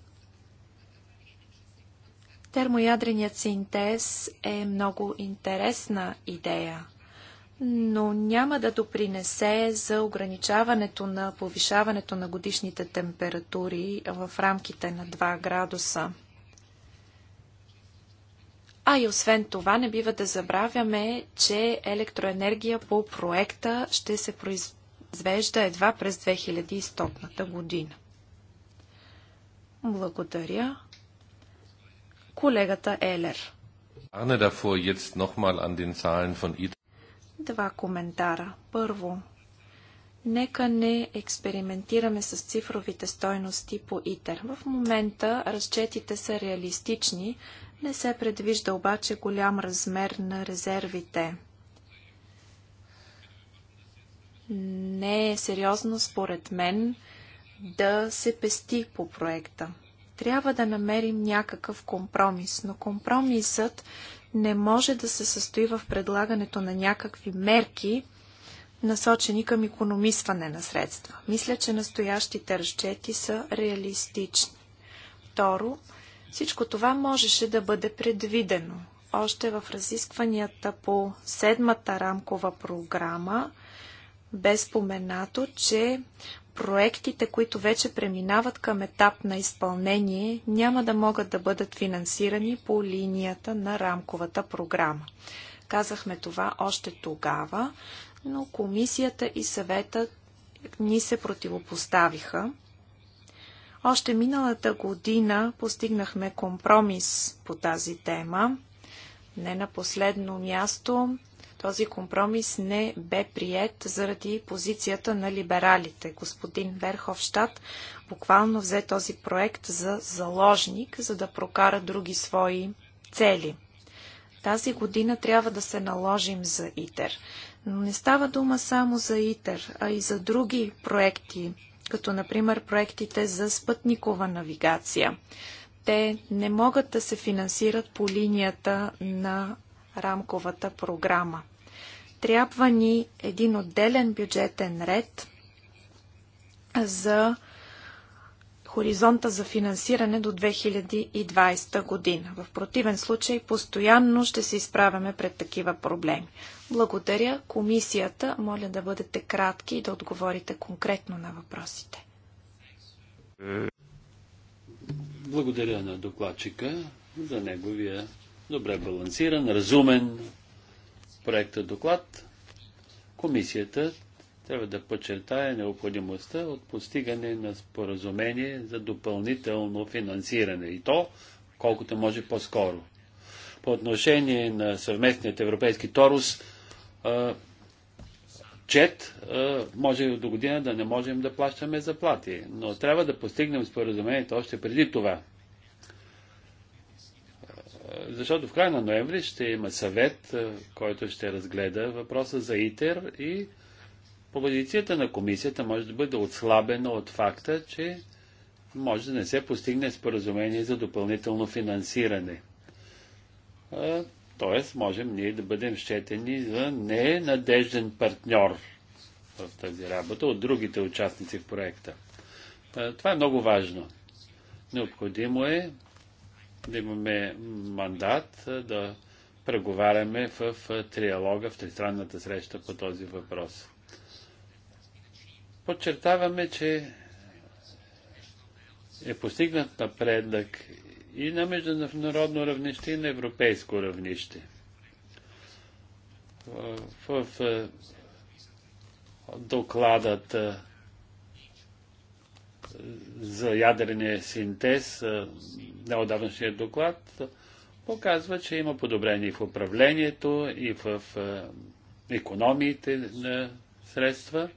термоядреният синтез е много интересна идея – но няма да допринесе за ограничаването на повишаването на годишните температури в рамките на 2 градуса. А и освен това, не бива да забравяме, че електроенергия по проекта ще се произвежда едва през 2100 година. Благодаря. Колегата Елер. Arne davor, jetzt nochmal an den Zahlen von Два коментара. Първо, нека не експериментираме с цифровите стойности по ИТЕР. В момента разчетите са реалистични, не се предвижда обаче голям размер на резервите. Не е сериозно, според мен, да се пести по проекта. Трябва да намерим някакъв компромис, но компромисът не може да се състои в предлагането на някакви мерки, насочени към економисване на средства. Мисля, че настоящите разчети са реалистични. Второ, всичко това можеше да бъде предвидено. Още в разискванията по седмата рамкова програма бе споменато, че проектите, които вече преминават към етап на изпълнение, няма да могат да бъдат финансирани по линията на рамковата програма. Казахме това още тогава, но комисията и съвета ни се противопоставиха. Още миналата година постигнахме компромис по тази тема. Не на последно място този компромис не бе прият заради позицията на либералите. Господин Верховщад буквално взе този проект за заложник, за да прокара други свои цели. Тази година трябва да се наложим за ИТЕР. Но не става дума само за ИТЕР, а и за други проекти, като например проектите за спътникова навигация. Те не могат да се финансират по линията на рамковата програма. Трябва ни един отделен бюджетен ред за хоризонта за финансиране до 2020 година. В противен случай постоянно ще се изправяме пред такива проблеми. Благодаря комисията. Моля да бъдете кратки и да отговорите конкретно на въпросите. Благодаря на докладчика за неговия добре балансиран, разумен проектът е доклад. Комисията трябва да подчертае необходимостта от постигане на споразумение за допълнително финансиране и то колкото може по-скоро. По отношение на съвместният европейски торус, чет, може и до година да не можем да плащаме заплати, но трябва да постигнем споразумението още преди това. Защото в края на ноември ще има съвет, който ще разгледа въпроса за ИТЕР и позицията на комисията може да бъде отслабена от факта, че може да не се постигне споразумение за допълнително финансиране. Тоест, можем ние да бъдем щетени за ненадежден партньор в тази работа от другите участници в проекта. Това е много важно. Необходимо е да имаме мандат да преговаряме в триалога, в тристранната среща по този въпрос. Подчертаваме, че е постигнат напредък и на международно равнище, и на европейско равнище. В докладът за ядрения синтез, е, неодавнашният доклад, показва, че има подобрение в управлението и в е, економиите на средства.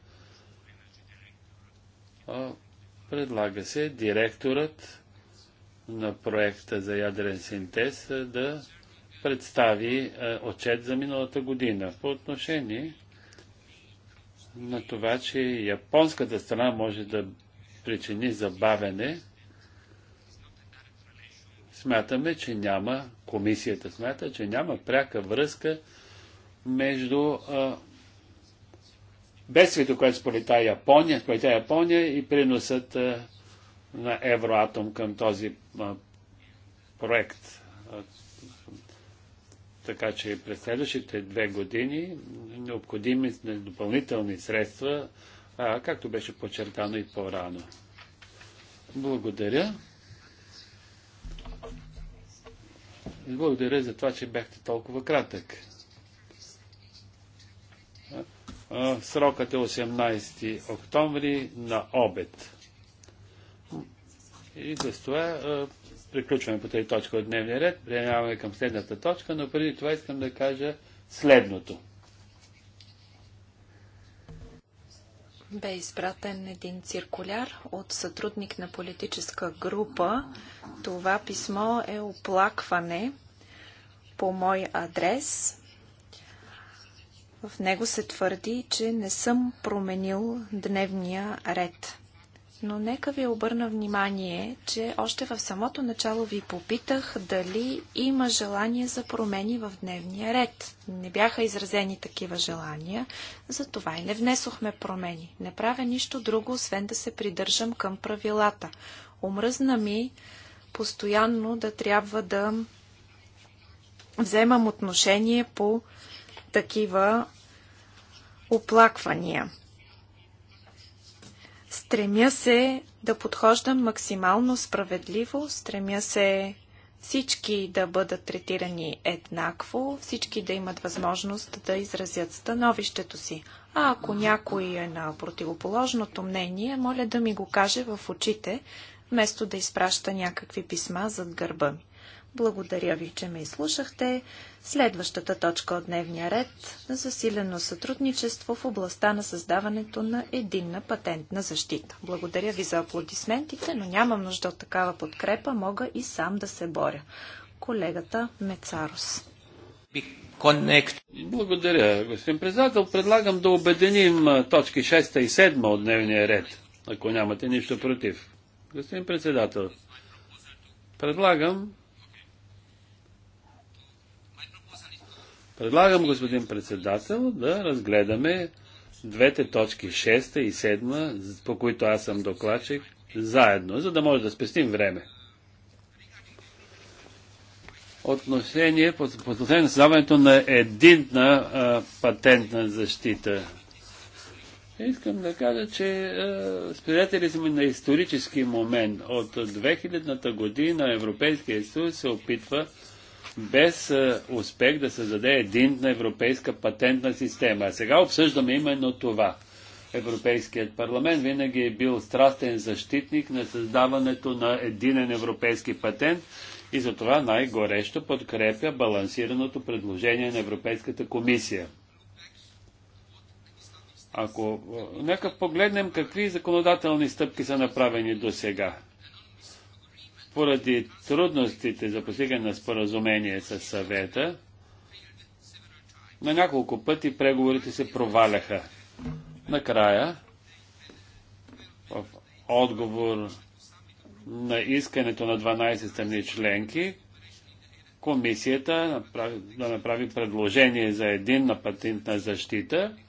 Предлага се директорът на проекта за ядрен синтез е, да представи отчет за миналата година по отношение на това, че японската страна може да причини забавене, смятаме, че няма, комисията смята, че няма пряка връзка между а, бедствието, което сполита Япония, сполита Япония и приносът а, на Евроатом към този а, проект. така че през следващите две години необходими допълнителни средства а, както беше подчертано и по-рано. Благодаря. Благодаря за това, че бяхте толкова кратък. Срокът е 18 октомври на обед. И за това приключваме по тази точка от дневния ред. Преминаваме към следната точка, но преди това искам да кажа следното. бе изпратен един циркуляр от сътрудник на политическа група. Това писмо е оплакване по мой адрес. В него се твърди, че не съм променил дневния ред но нека ви обърна внимание, че още в самото начало ви попитах дали има желание за промени в дневния ред. Не бяха изразени такива желания, затова и не внесохме промени. Не правя нищо друго, освен да се придържам към правилата. Омръзна ми постоянно да трябва да вземам отношение по такива оплаквания. Стремя се да подхождам максимално справедливо, стремя се всички да бъдат третирани еднакво, всички да имат възможност да изразят становището си. А ако някой е на противоположното мнение, моля да ми го каже в очите, вместо да изпраща някакви писма зад гърба ми. Благодаря ви, че ме изслушахте. Следващата точка от дневния ред – засилено сътрудничество в областта на създаването на единна патентна защита. Благодаря ви за аплодисментите, но нямам нужда от такава подкрепа, мога и сам да се боря. Колегата Мецарос. Благодаря, господин председател. Предлагам да обединим точки 6 и 7 от дневния ред, ако нямате нищо против. Господин председател, предлагам Предлагам, господин председател, да разгледаме двете точки, 6 и 7, по които аз съм докладчик, заедно, за да може да спестим време. Отношение по, отношение на създаването на единна патентна защита. Искам да кажа, че е, свидетели сме на исторически момент. От 2000-та година Европейския съюз се опитва без е, успех да създаде единна европейска патентна система. А сега обсъждаме именно това. Европейският парламент винаги е бил страстен защитник на създаването на единен европейски патент и затова най-горещо подкрепя балансираното предложение на Европейската комисия. Ако е, нека погледнем какви законодателни стъпки са направени до сега. Поради трудностите за постигане на споразумение с съвета, на няколко пъти преговорите се проваляха. Накрая, в отговор на искането на 12 страни членки, комисията да направи предложение за един на патентна защита –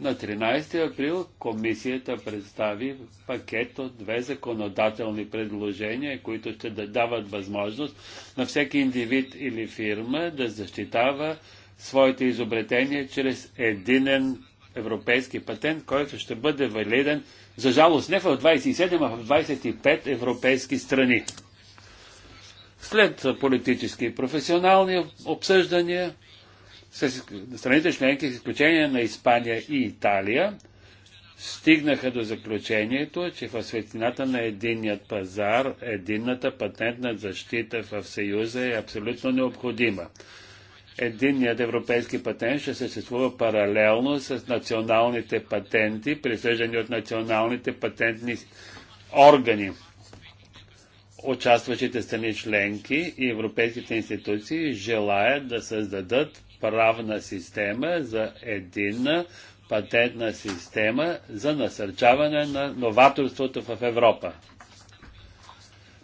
на 13 април комисията представи пакет от две законодателни предложения, които ще дават възможност на всеки индивид или фирма да защитава своите изобретения чрез единен европейски патент, който ще бъде валиден, за жалост, не в 27, а в 25 европейски страни. След политически и професионални обсъждания, с страните членки, с изключение на Испания и Италия, стигнаха до заключението, че в светлината на единният пазар, единната патентна защита в Съюза е абсолютно необходима. Единният европейски патент ще съществува паралелно с националните патенти, присъждани от националните патентни органи. Участващите страни членки и европейските институции желаят да създадат правна система, за единна патентна система за насърчаване на новаторството в Европа.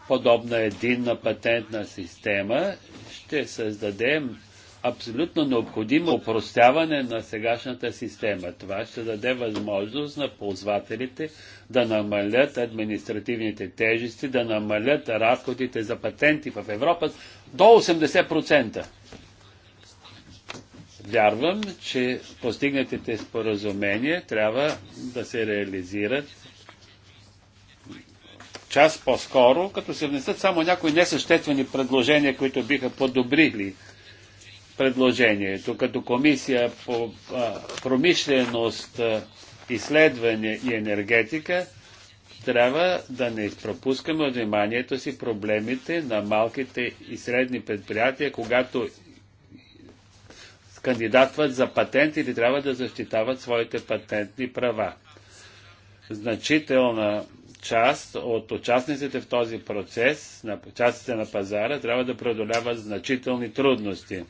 Подобна единна патентна система ще създадем абсолютно необходимо упростяване на сегашната система. Това ще даде възможност на ползвателите да намалят административните тежести, да намалят разходите за патенти в Европа до 80% вярвам, че постигнатите споразумения трябва да се реализират час по-скоро, като се внесат само някои несъществени предложения, които биха подобрили предложението, като комисия по а, промишленост, а, изследване и енергетика, трябва да не пропускаме вниманието си проблемите на малките и средни предприятия, когато кандидатстват за патент или трябва да защитават своите патентни права. Значителна част от участниците в този процес, на частите на пазара, трябва да преодоляват значителни трудности.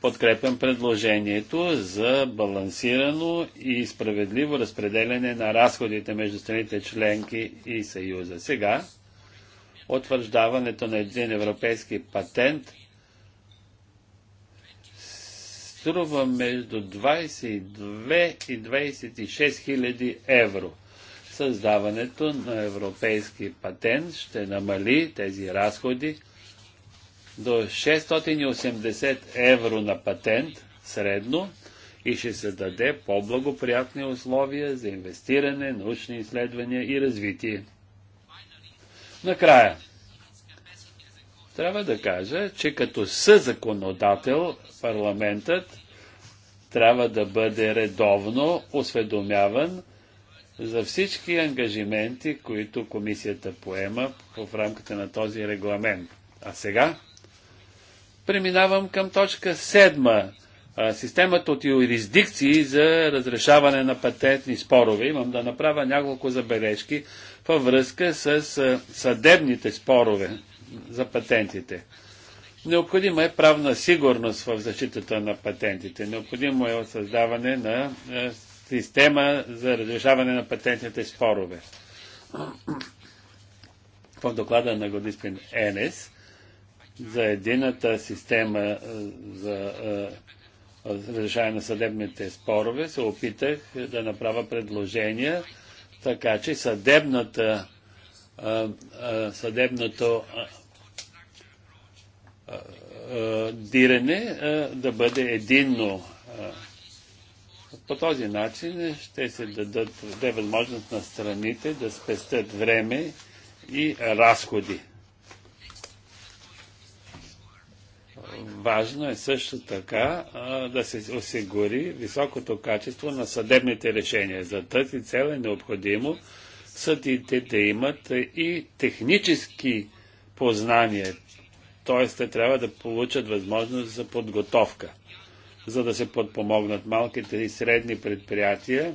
Подкрепям предложението за балансирано и справедливо разпределяне на разходите между страните членки и Съюза. Сега, утвърждаването на един европейски патент струва между 22 и 26 хиляди евро. Създаването на европейски патент ще намали тези разходи до 680 евро на патент средно и ще се даде по-благоприятни условия за инвестиране, научни изследвания и развитие. Накрая – трябва да кажа, че като съзаконодател парламентът трябва да бъде редовно осведомяван за всички ангажименти, които комисията поема в рамките на този регламент. А сега преминавам към точка 7. Системата от юрисдикции за разрешаване на патентни спорове. Имам да направя няколко забележки във връзка с съдебните спорове за патентите. Необходима е правна сигурност в защитата на патентите. Необходимо е създаване на е, система за разрешаване на патентните спорове. В доклада на господин Енес за едината система е, за е, разрешаване на съдебните спорове се опитах да направя предложения, така че съдебната, съдебното диране да бъде единно. По този начин ще се дадат, даде възможност на страните да спестят време и разходи. Важно е също така да се осигури високото качество на съдебните решения. За тази цел е необходимо съдите да имат и технически познания, т.е. те трябва да получат възможност за подготовка, за да се подпомогнат малките и средни предприятия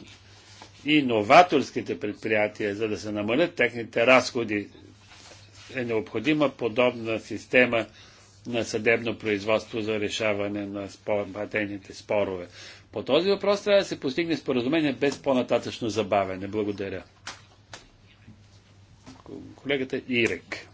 и новаторските предприятия, за да се намалят техните разходи, е необходима подобна система на съдебно производство за решаване на спор, спорове. По този въпрос трябва да се постигне споразумение без по-нататъчно забавяне. Благодаря. Колегата Ирек.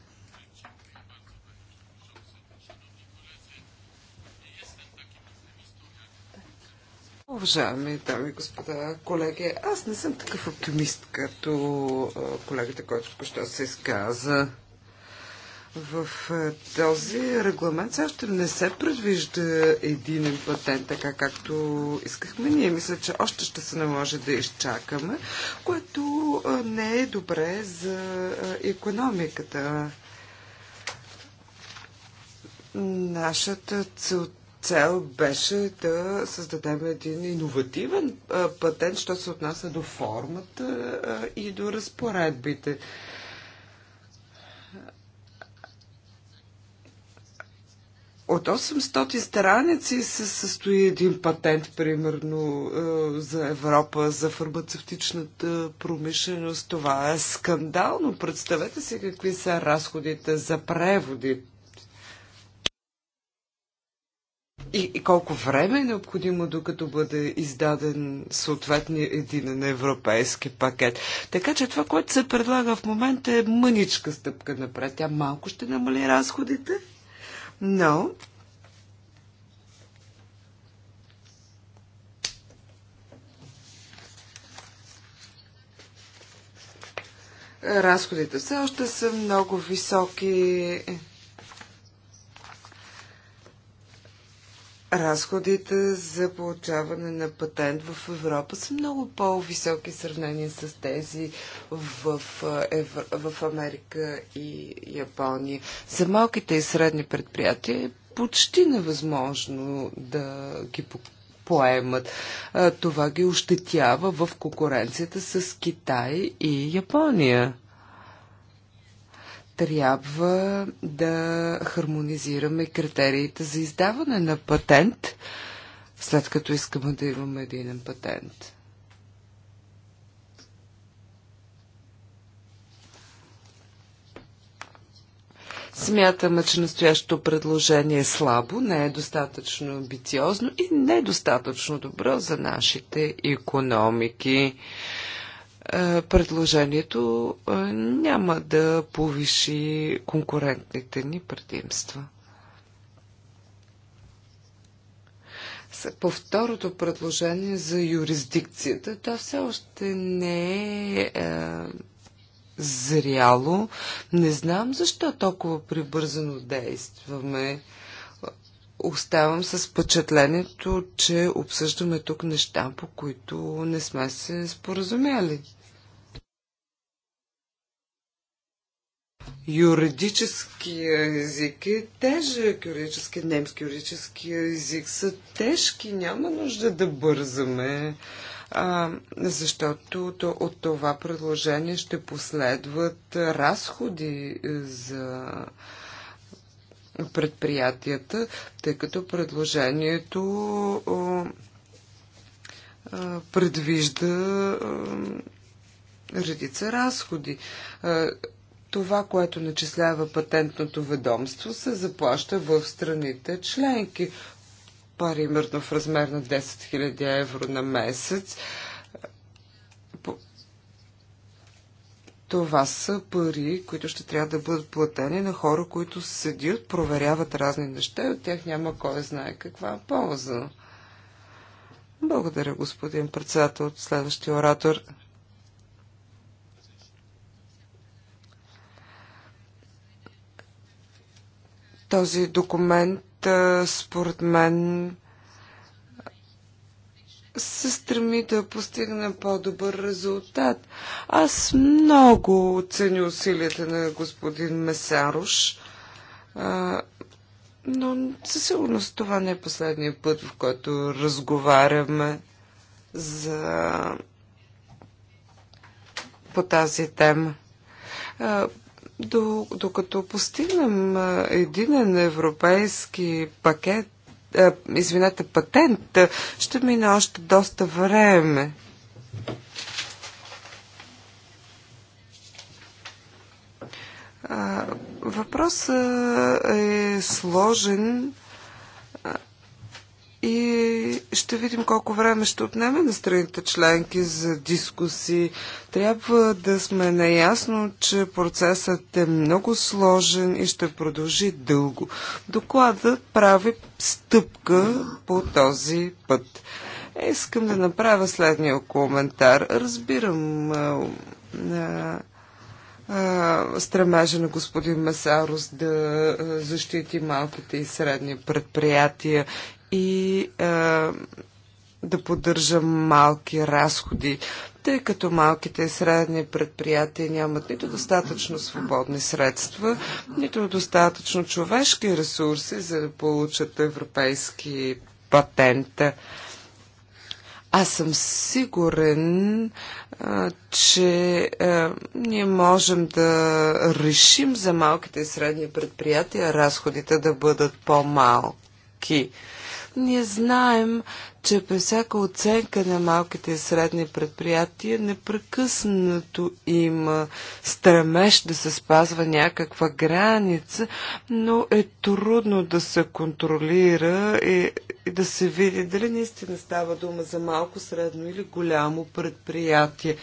Уважаеми дами и господа, колеги, аз не съм такъв оптимист, като колегата, който току-що се изказа. В този регламент все още не се предвижда един патент, така както искахме. Ние мисля, че още ще се наложи да изчакаме, което не е добре за економиката. Нашата целта цел беше да създадем един иновативен патент, що се отнася до формата и до разпоредбите. От 800 страници се състои един патент, примерно, за Европа, за фармацевтичната промишленост. Това е скандално. Представете си какви са разходите за преводи. и, и колко време е необходимо, докато бъде издаден съответния един европейски пакет. Така че това, което се предлага в момента е мъничка стъпка напред. Тя малко ще намали разходите, но разходите все още са много високи. разходите за получаване на патент в Европа са много по-високи в сравнение с тези в, Евро... в Америка и Япония. За малките и средни предприятия е почти невъзможно да ги поемат. Това ги ощетява в конкуренцията с Китай и Япония трябва да хармонизираме критериите за издаване на патент, след като искаме да имаме един патент. Смятаме, че настоящото предложение е слабо, не е достатъчно амбициозно и недостатъчно е добро за нашите економики. Е, предложението е, няма да повиши конкурентните ни предимства. По второто предложение за юрисдикцията, то все още не е, е зряло. Не знам защо толкова прибързано действаме оставам с впечатлението, че обсъждаме тук неща, по които не сме се споразумяли. Юридически език е тежък, юридически, немски юридически език са тежки, няма нужда да бързаме, а, защото то, от това предложение ще последват разходи е, за предприятията, тъй като предложението предвижда редица разходи. Това, което начислява патентното ведомство, се заплаща в страните членки, примерно в размер на 10 000 евро на месец Това са пари, които ще трябва да бъдат платени на хора, които седят, проверяват разни неща и от тях няма кой знае каква полза. Благодаря, господин председател. Следващия оратор. Този документ, според мен, се стреми да постигне по-добър резултат. Аз много оценя усилията на господин Месаруш, но със сигурност това не е последния път, в който разговаряме за... по тази тема. Докато постигнем единен европейски пакет е, извинете, патент, е, ще мине още доста време. Въпросът е сложен и ще видим колко време ще отнеме на страните членки за дискусии. Трябва да сме наясно, че процесът е много сложен и ще продължи дълго. Докладът прави стъпка по този път. Искам да направя следния коментар. Разбирам а, а, стремежа на господин Месарос да защити малките и средни предприятия и а, е, да поддържам малки разходи, тъй като малките и средни предприятия нямат нито достатъчно свободни средства, нито достатъчно човешки ресурси, за да получат европейски патента. Аз съм сигурен, че ние можем да решим за малките и средни предприятия разходите да бъдат по-малки. Ние знаем, че при всяка оценка на малките и средни предприятия непрекъснато има стремеж да се спазва някаква граница, но е трудно да се контролира и, и да се види дали наистина става дума за малко, средно или голямо предприятие.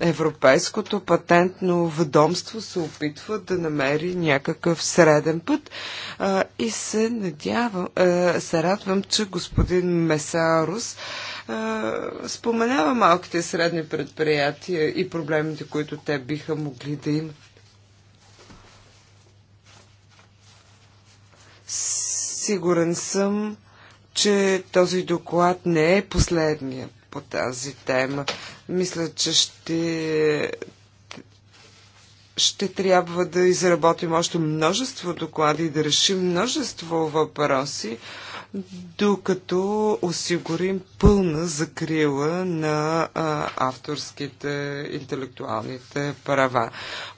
Европейското патентно ведомство се опитва да намери някакъв среден път а, и се надявам, а, се радвам, че господин Месарус а, споменава малките и средни предприятия и проблемите, които те биха могли да имат. Сигурен съм, че този доклад не е последния по тази тема. Мисля, че ще ще трябва да изработим още множество доклади и да решим множество въпроси, докато осигурим пълна закрила на а, авторските интелектуалните права.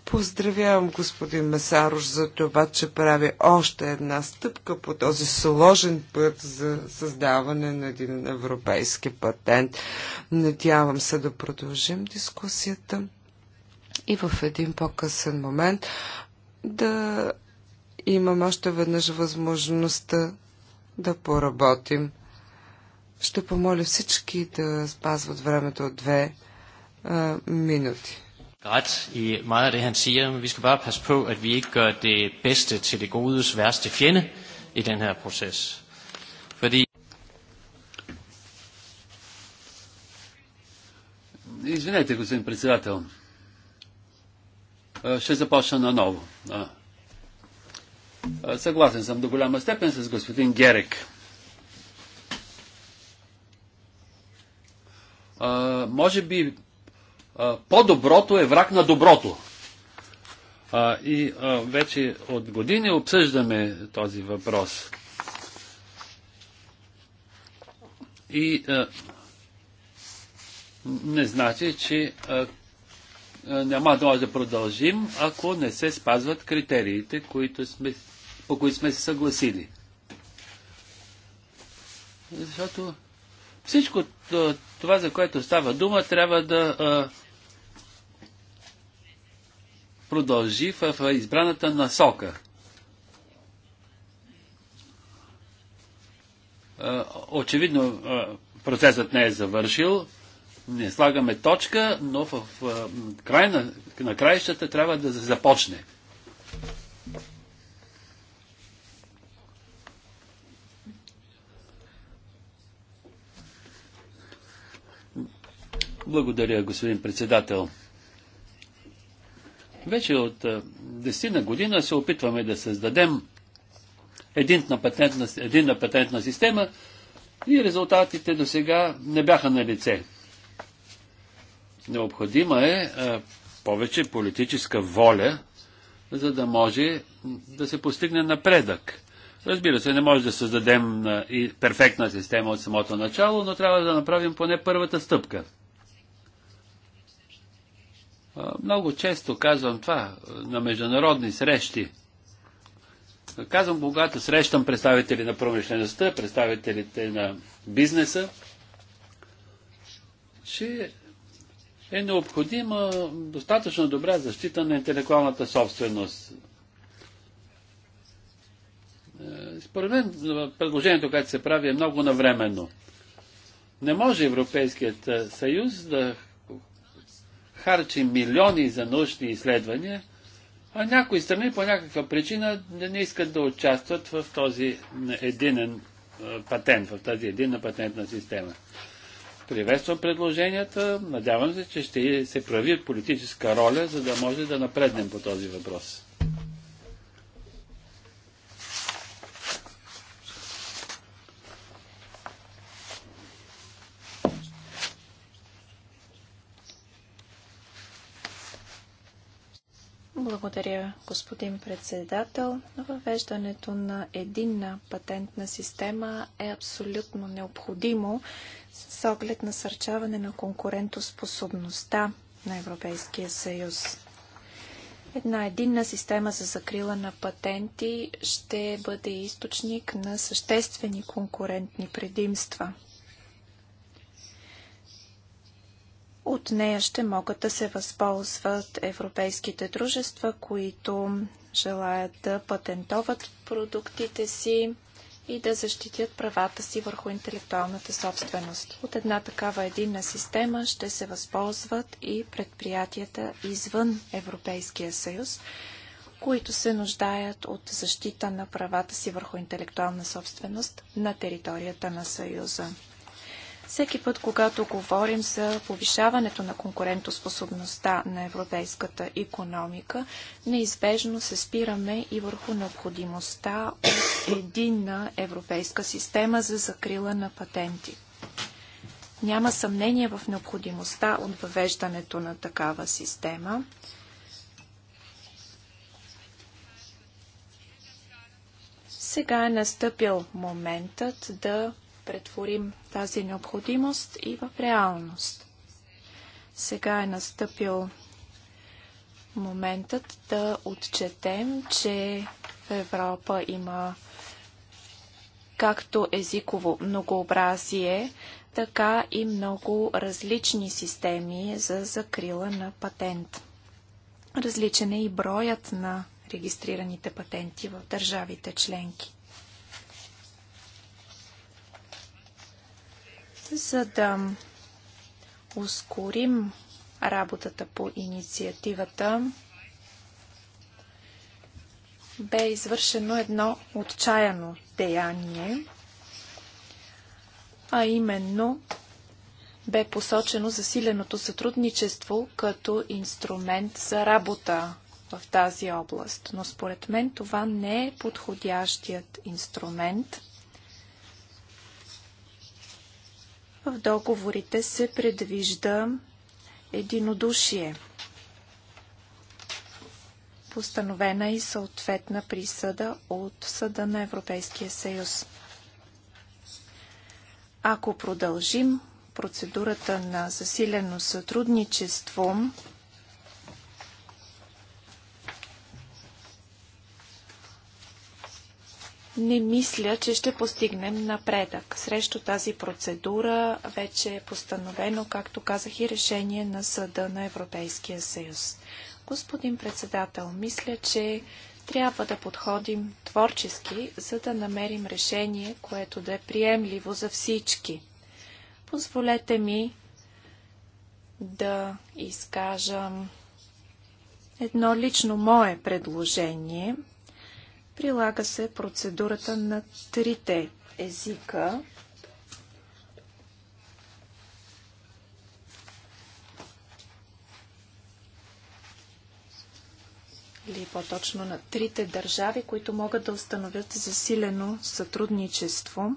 Поздравявам господин Месарош за това, че прави още една стъпка по този сложен път за създаване на един европейски патент. Надявам се да продължим дискусията и в един по-късен момент да имам още веднъж възможността да поработим. Ще помоля всички да спазват времето от две а, минути. Ret i meget af det, han siger, men vi skal bare passe på, at vi ikke gør det bedste til det godes værste fjende i den her proces. Fordi Извинете, господин председател. Ще започна на ново. Съгласен съм до голяма степен с господин Герек. А, може би по-доброто е враг на доброто. А, и а, вече от години обсъждаме този въпрос. И а, не значи, че а, няма да може да продължим, ако не се спазват критериите, които сме по които сме се съгласили. Защото всичко това, за което става дума, трябва да а, продължи в, в избраната насока. А, очевидно, а, процесът не е завършил, не слагаме точка, но в, в край на, на краищата трябва да започне. Благодаря, господин председател. Вече от десетина година се опитваме да създадем единна патентна, единна патентна система и резултатите до сега не бяха на лице. Необходима е повече политическа воля, за да може да се постигне напредък. Разбира се, не може да създадем и перфектна система от самото начало, но трябва да направим поне първата стъпка – много често казвам това на международни срещи. Казвам, когато срещам представители на промишлеността, представителите на бизнеса, че е необходима достатъчно добра защита на интелектуалната собственост. Е, според мен предложението, което се прави, е много навременно. Не може Европейският е, съюз да харчи милиони за научни изследвания, а някои страни по някаква причина не искат да участват в този единен патент, в тази единна патентна система. Приветствам предложенията. Надявам се, че ще се прави политическа роля, за да може да напреднем по този въпрос. Благодаря, господин председател. Въвеждането на единна патентна система е абсолютно необходимо с оглед сърчаване на конкурентоспособността на Европейския съюз. Една единна система за закрила на патенти ще бъде източник на съществени конкурентни предимства – От нея ще могат да се възползват европейските дружества, които желаят да патентоват продуктите си и да защитят правата си върху интелектуалната собственост. От една такава единна система ще се възползват и предприятията извън Европейския съюз, които се нуждаят от защита на правата си върху интелектуална собственост на територията на Съюза. Всеки път, когато говорим за повишаването на конкурентоспособността на европейската економика, неизбежно се спираме и върху необходимостта от единна европейска система за закрила на патенти. Няма съмнение в необходимостта от въвеждането на такава система. Сега е настъпил моментът да претворим тази необходимост и в реалност. Сега е настъпил моментът да отчетем, че в Европа има както езиково многообразие, така и много различни системи за закрила на патент. Различен е и броят на регистрираните патенти в държавите членки. За да ускорим работата по инициативата, бе извършено едно отчаяно деяние, а именно бе посочено засиленото сътрудничество като инструмент за работа в тази област. Но според мен това не е подходящият инструмент – В договорите се предвижда единодушие. Постановена и съответна присъда от Съда на Европейския съюз. Ако продължим процедурата на засилено сътрудничество, не мисля, че ще постигнем напредък. Срещу тази процедура вече е постановено, както казах, и решение на Съда на Европейския съюз. Господин председател, мисля, че трябва да подходим творчески, за да намерим решение, което да е приемливо за всички. Позволете ми да изкажам едно лично мое предложение – Прилага се процедурата на трите езика. или по-точно на трите държави, които могат да установят засилено сътрудничество.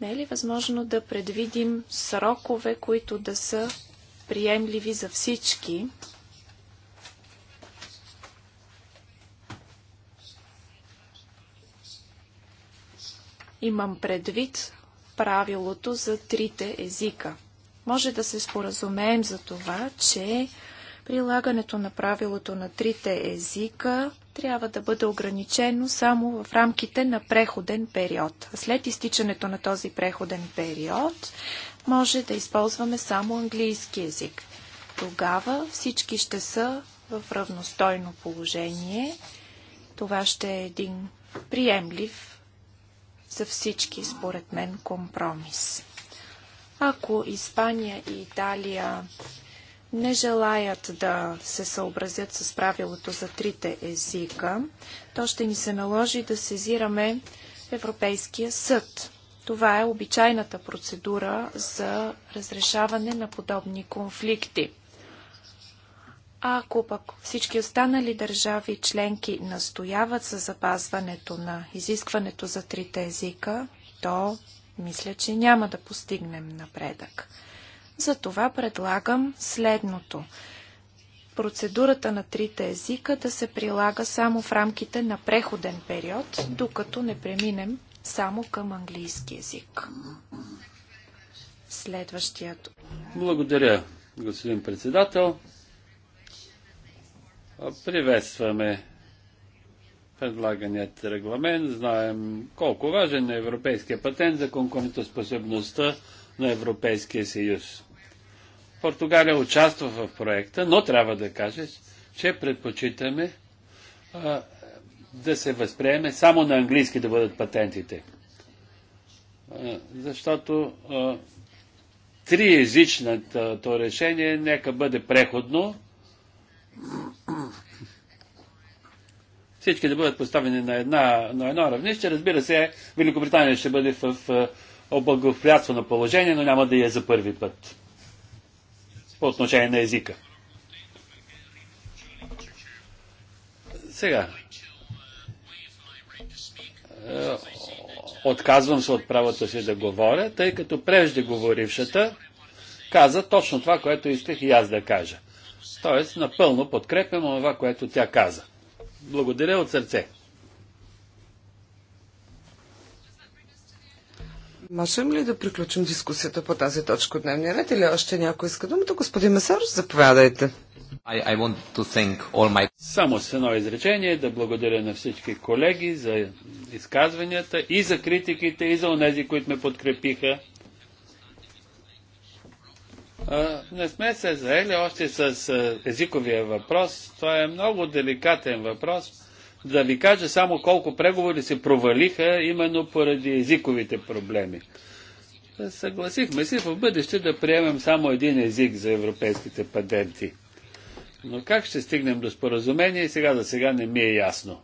Не е ли възможно да предвидим срокове, които да са приемливи за всички, Имам предвид правилото за трите езика. Може да се споразумеем за това, че прилагането на правилото на трите езика трябва да бъде ограничено само в рамките на преходен период. След изтичането на този преходен период може да използваме само английски език. Тогава всички ще са в равностойно положение. Това ще е един приемлив за всички, според мен, компромис. Ако Испания и Италия не желаят да се съобразят с правилото за трите езика, то ще ни се наложи да сезираме Европейския съд. Това е обичайната процедура за разрешаване на подобни конфликти. Ако пък всички останали държави членки настояват за запазването на изискването за трите езика, то мисля, че няма да постигнем напредък. Затова предлагам следното. Процедурата на трите езика да се прилага само в рамките на преходен период, докато не преминем само към английски език. Следващият. Благодаря, господин председател. Приветстваме предлаганият регламент. Знаем колко важен е европейския патент за конкурентоспособността на Европейския съюз. Португалия участва в проекта, но трябва да кажа, че предпочитаме а, да се възприеме само на английски да бъдат патентите. А, защото а, триезичното решение нека бъде преходно, всички да бъдат поставени на, една, на едно равнище. Разбира се, Великобритания ще бъде в облагоприятствено положение, но няма да е за първи път по отношение на езика. Сега. Е, отказвам се от правото си да говоря, тъй като преждеговорившата каза точно това, което исках и аз да кажа. Тоест, напълно подкрепям това, което тя каза. Благодаря от сърце. Можем ли да приключим дискусията по тази точка от дневния ред или още някой иска думата? Господин месар, заповядайте. I, I want to thank all my... Само с едно изречение да благодаря на всички колеги за изказванията и за критиките и за онези, които ме подкрепиха. Не сме се заели още с езиковия въпрос. Това е много деликатен въпрос. Да ви кажа само колко преговори се провалиха именно поради езиковите проблеми. Съгласихме се в бъдеще да приемем само един език за европейските патенти. Но как ще стигнем до споразумение, сега за сега не ми е ясно.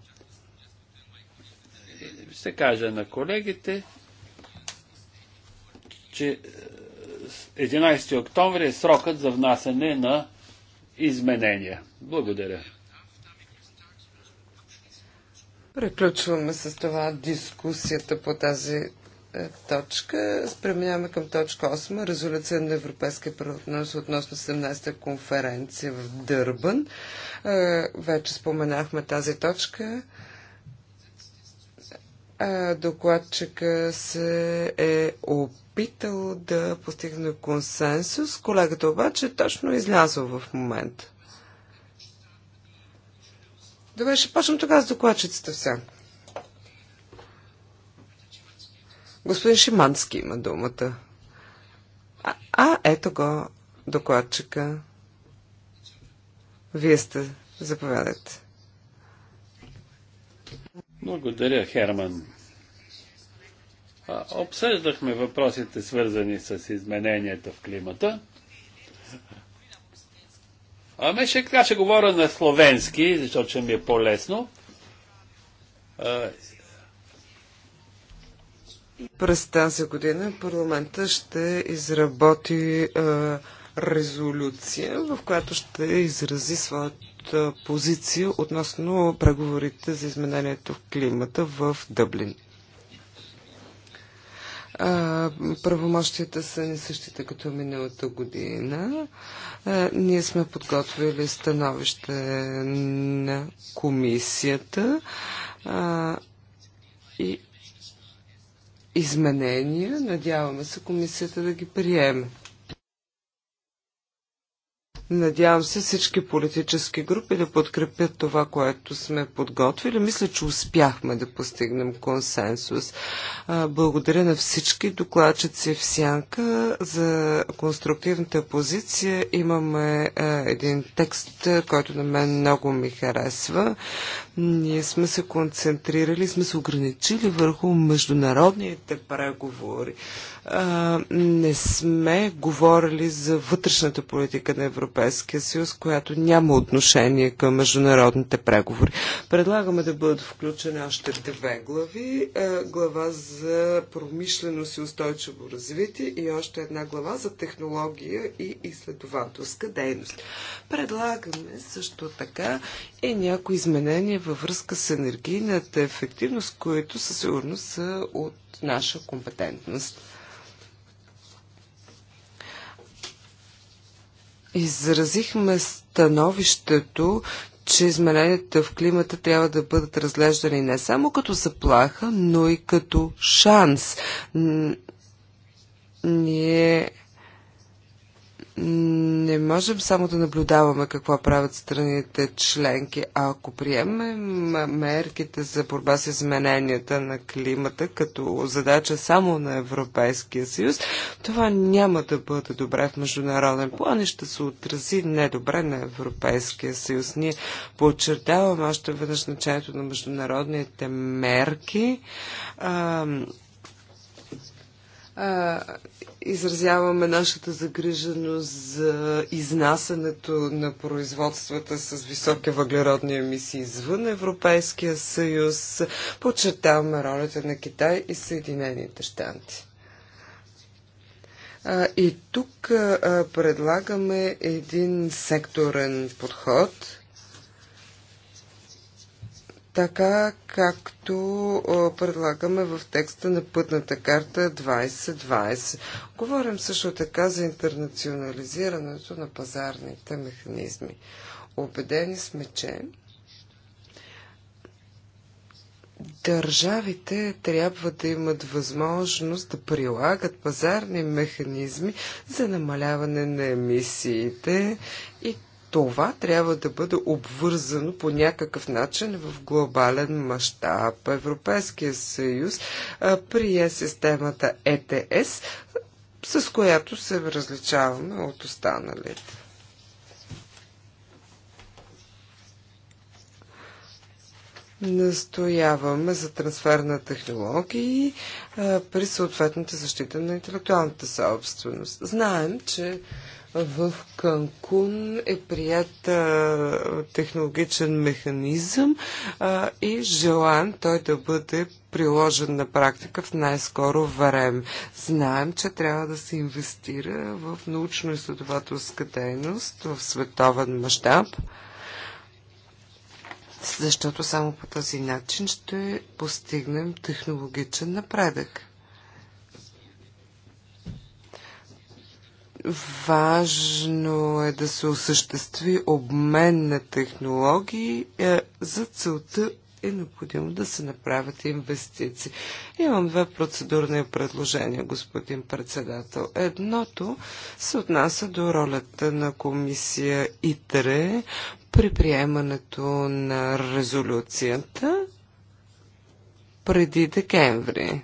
Ще кажа на колегите, че 11 октомври е срокът за внасене на изменения. Благодаря. Преключваме с това дискусията по тази е, точка. Спреминаваме към точка 8. Резолюция на Европейския правотнос относно 17-та конференция в Дърбан. Е, вече споменахме тази точка докладчика се е опитал да постигне консенсус. Колегата обаче точно е излязъл в момента. Добре, ще почнем тогава с докладчицата вся. Господин Шимански има думата. А, а ето го докладчика. Вие сте. Заповядайте. Благодаря, Херман. Обсъждахме въпросите, свързани с измененията в климата. Ами ще, така ще говоря на словенски, защото ще ми е по-лесно. През тази година парламента ще изработи а, резолюция, в която ще изрази своята позиция относно преговорите за изменението в климата в Дъблин. Правомощията са не същите като миналата година. Ние сме подготвили становище на комисията и изменения. Надяваме се комисията да ги приеме. Надявам се всички политически групи да подкрепят това, което сме подготвили. Мисля, че успяхме да постигнем консенсус. Благодаря на всички докладчици в Сянка за конструктивната позиция. Имаме един текст, който на мен много ми харесва. Ние сме се концентрирали, сме се ограничили върху международните преговори а, не сме говорили за вътрешната политика на Европейския съюз, която няма отношение към международните преговори. Предлагаме да бъдат включени още две глави. А, е, глава за промишленост и устойчиво развитие и още една глава за технология и изследователска дейност. Предлагаме също така и някои изменения във връзка с енергийната ефективност, които със сигурност са от наша компетентност. изразихме становището, че измененията в климата трябва да бъдат разглеждани не само като заплаха, но и като шанс. Ние не можем само да наблюдаваме какво правят страните членки, а ако приемем мерките за борба с измененията на климата като задача само на Европейския съюз, това няма да бъде добре в международен план и ще се отрази недобре на Европейския съюз. Ние подчертаваме още веднъж значението на международните мерки изразяваме нашата загриженост за изнасянето на производствата с високи въглеродни емисии извън Европейския съюз. Подчертаваме ролята на Китай и Съединените щати. И тук предлагаме един секторен подход – така както предлагаме в текста на пътната карта 2020. Говорим също така за интернационализирането на пазарните механизми. Обедени сме, че държавите трябва да имат възможност да прилагат пазарни механизми за намаляване на емисиите и това трябва да бъде обвързано по някакъв начин в глобален мащаб. Европейския съюз прие системата ЕТС, с която се различаваме от останалите. Настояваме за трансфер на технологии а, при съответната защита на интелектуалната собственост. Знаем, че а, в Канкун е прият а, технологичен механизъм а, и желан той да бъде приложен на практика в най-скоро време. Знаем, че трябва да се инвестира в научно-изследователска дейност в световен мащаб защото само по този начин ще постигнем технологичен напредък. Важно е да се осъществи обмен на технологии. Е, за целта е необходимо да се направят инвестиции. Имам две процедурни предложения, господин председател. Едното се отнася до ролята на комисия ИТРЕ при приемането на резолюцията преди декември.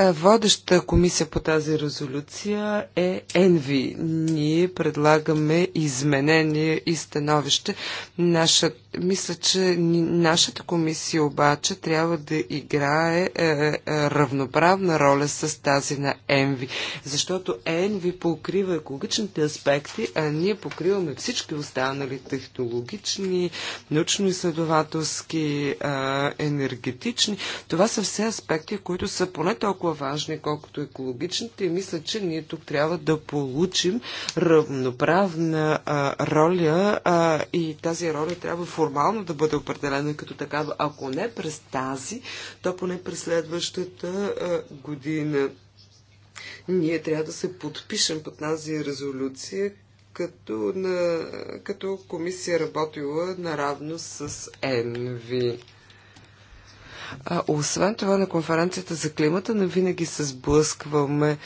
Водеща комисия по тази резолюция е ЕНВИ. Ние предлагаме изменение и становище. Наша, мисля, че нашата комисия обаче трябва да играе е, е, равноправна роля с тази на ЕНВИ, защото ЕНВИ покрива екологичните аспекти, а ние покриваме всички останали технологични, научно-изследователски, е, енергетични. Това са все аспекти, които са поне толкова толкова важни, колкото екологичните и мисля, че ние тук трябва да получим равноправна а, роля а, и тази роля трябва формално да бъде определена като такава, ако не през тази, то поне през следващата а, година. Ние трябва да се подпишем под тази резолюция, като, на, като комисия работила наравно с ЕНВИ освен това, на конференцията за климата не винаги се сблъскваме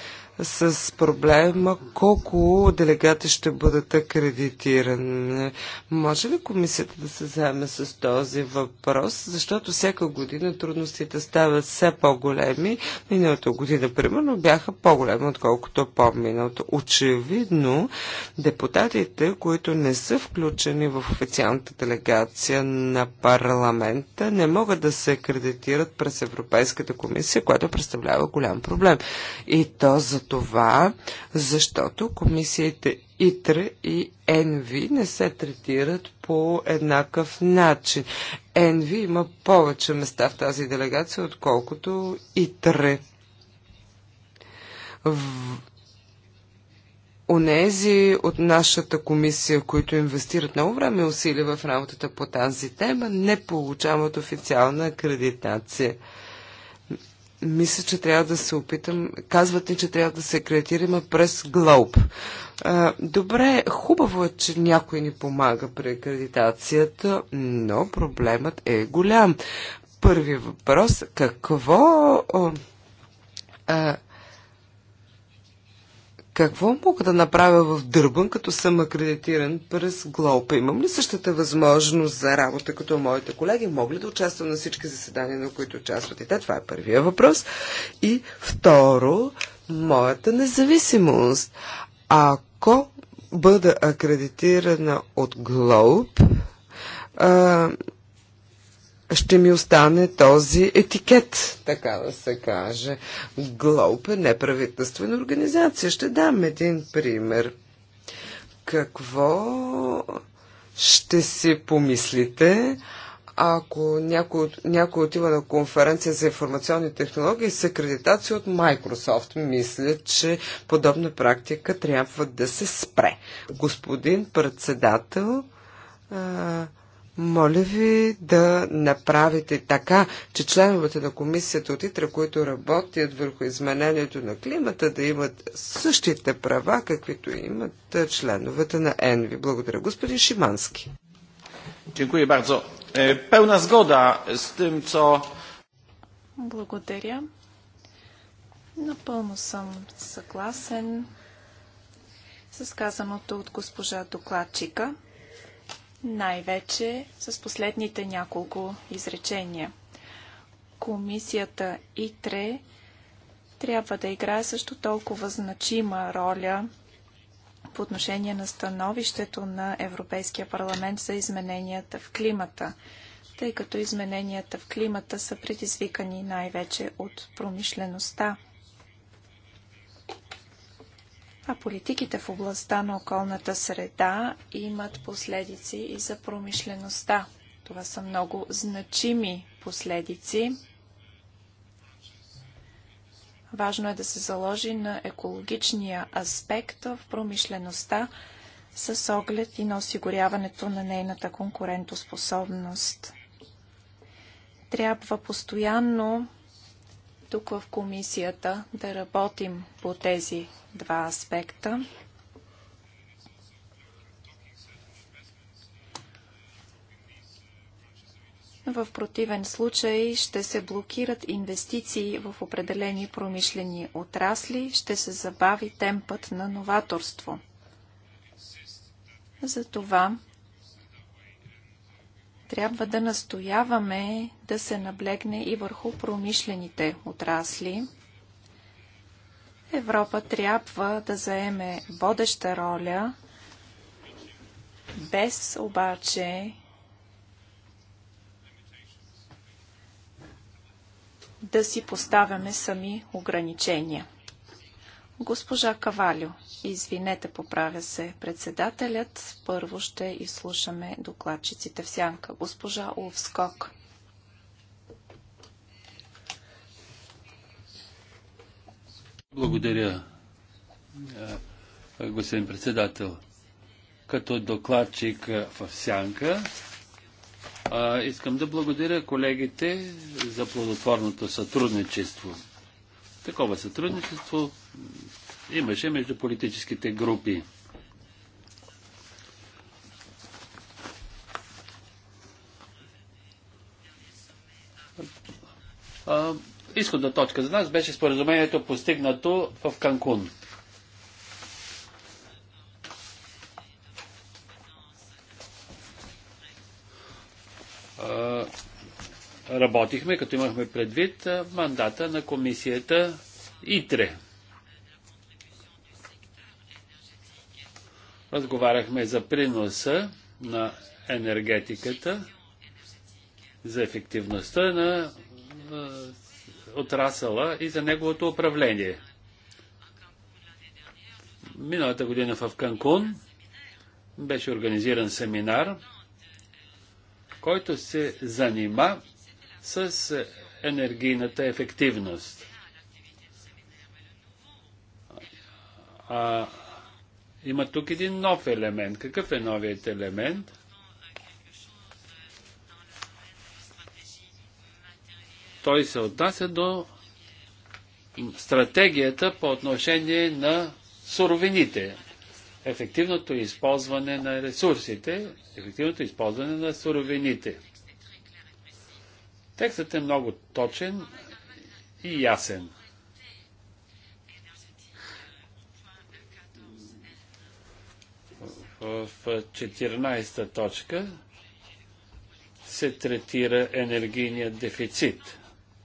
с проблема колко делегати ще бъдат акредитирани. Може ли комисията да се заеме с този въпрос? Защото всяка година трудностите стават все по-големи. Миналата година, примерно, бяха по-големи, отколкото по-миналото. Очевидно, депутатите, които не са включени в официалната делегация на парламента, не могат да се акредитират през Европейската комисия, която представлява голям проблем. И то за това, защото комисиите ИТР и ЕНВИ не се третират по еднакъв начин. ЕНВИ има повече места в тази делегация, отколкото ИТР. В... Онези от нашата комисия, които инвестират много време и усилия в работата по тази тема, не получават официална акредитация мисля, че трябва да се опитам. Казват ни, че трябва да се креатираме през Глоб. Добре, хубаво е, че някой ни помага при акредитацията, но проблемът е голям. Първи въпрос. Какво а, а, какво мога да направя в Дърбън, като съм акредитиран през Глоупа? Имам ли същата възможност за работа като моите колеги? Мога ли да участвам на всички заседания, на които участват и те? Това е първия въпрос. И второ, моята независимост. Ако бъда акредитирана от Глоуп, ще ми остане този етикет, така да се каже. Глоб е неправителствена организация. Ще дам един пример. Какво ще си помислите, ако някой, някой отива на конференция за информационни технологии с акредитация от Microsoft. Мисля, че подобна практика трябва да се спре. Господин председател, а, моля ви да направите така, че членовете на комисията от ИТРА, които работят върху изменението на климата, да имат същите права, каквито имат членовете на ЕНВИ. Благодаря. Господин Шимански. Е, Благодаря. Напълно съм съгласен с казаното от госпожа докладчика най-вече с последните няколко изречения. Комисията ИТРЕ трябва да играе също толкова значима роля по отношение на становището на Европейския парламент за измененията в климата, тъй като измененията в климата са предизвикани най-вече от промишлеността а политиките в областта на околната среда имат последици и за промишлеността. Това са много значими последици. Важно е да се заложи на екологичния аспект в промишлеността с оглед и на осигуряването на нейната конкурентоспособност. Трябва постоянно тук в комисията да работим по тези два аспекта. В противен случай ще се блокират инвестиции в определени промишлени отрасли, ще се забави темпът на новаторство. Затова трябва да настояваме да се наблегне и върху промишлените отрасли. Европа трябва да заеме водеща роля, без обаче да си поставяме сами ограничения. Госпожа Кавалю, извинете, поправя се председателят. Първо ще изслушаме докладчиците в сянка. Госпожа Овскок. Благодаря, е, господин председател. Като докладчик е, в сянка, е, искам да благодаря колегите за плодотворното сътрудничество. Такова сътрудничество имаше между политическите групи. Изходна точка за нас беше споразумението постигнато в Канкун. работихме, като имахме предвид мандата на комисията ИТРЕ. Разговаряхме за приноса на енергетиката, за ефективността на отрасъла и за неговото управление. Миналата година в Канкун беше организиран семинар, който се занима с енергийната ефективност. А има тук един нов елемент. Какъв е новият елемент? Той се отнася до стратегията по отношение на суровините, ефективното използване на ресурсите, ефективното използване на суровините. Текстът е много точен и ясен. в 14-та точка се третира енергийният дефицит.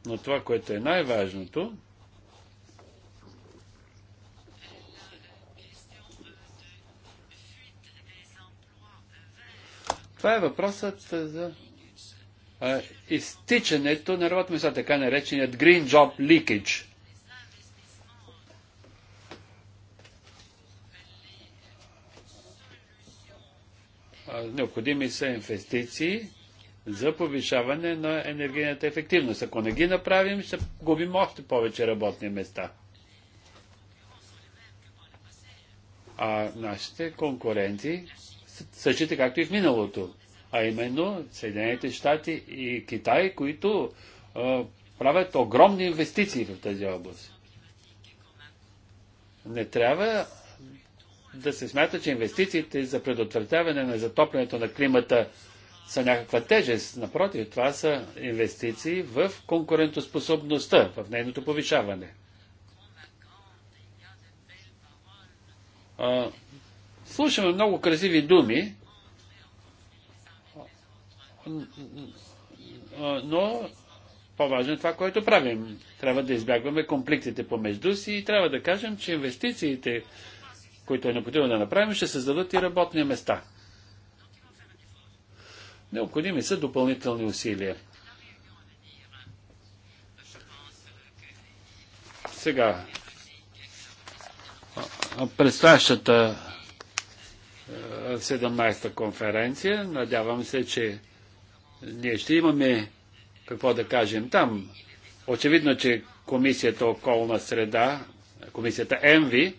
Но това, което е най-важното, това е въпросът за а, изтичането на работни места, така нареченият green job leakage – необходими са инвестиции за повишаване на енергийната ефективност. Ако не ги направим, ще губим още повече работни места. А нашите конкуренти същите както и в миналото, а именно Съединените щати и Китай, които а, правят огромни инвестиции в тази област. Не трябва да се смята, че инвестициите за предотвратяване на затоплянето на климата са някаква тежест. Напротив, това са инвестиции в конкурентоспособността, в нейното повишаване. слушаме много красиви думи, но по-важно е това, което правим. Трябва да избягваме конфликтите помежду си и трябва да кажем, че инвестициите които е необходимо да направим, ще създадат и работни места. Необходими са допълнителни усилия. Сега, предстоящата 17-та конференция, надявам се, че ние ще имаме какво да кажем там. Очевидно, че комисията околна среда, комисията ЕМВИ,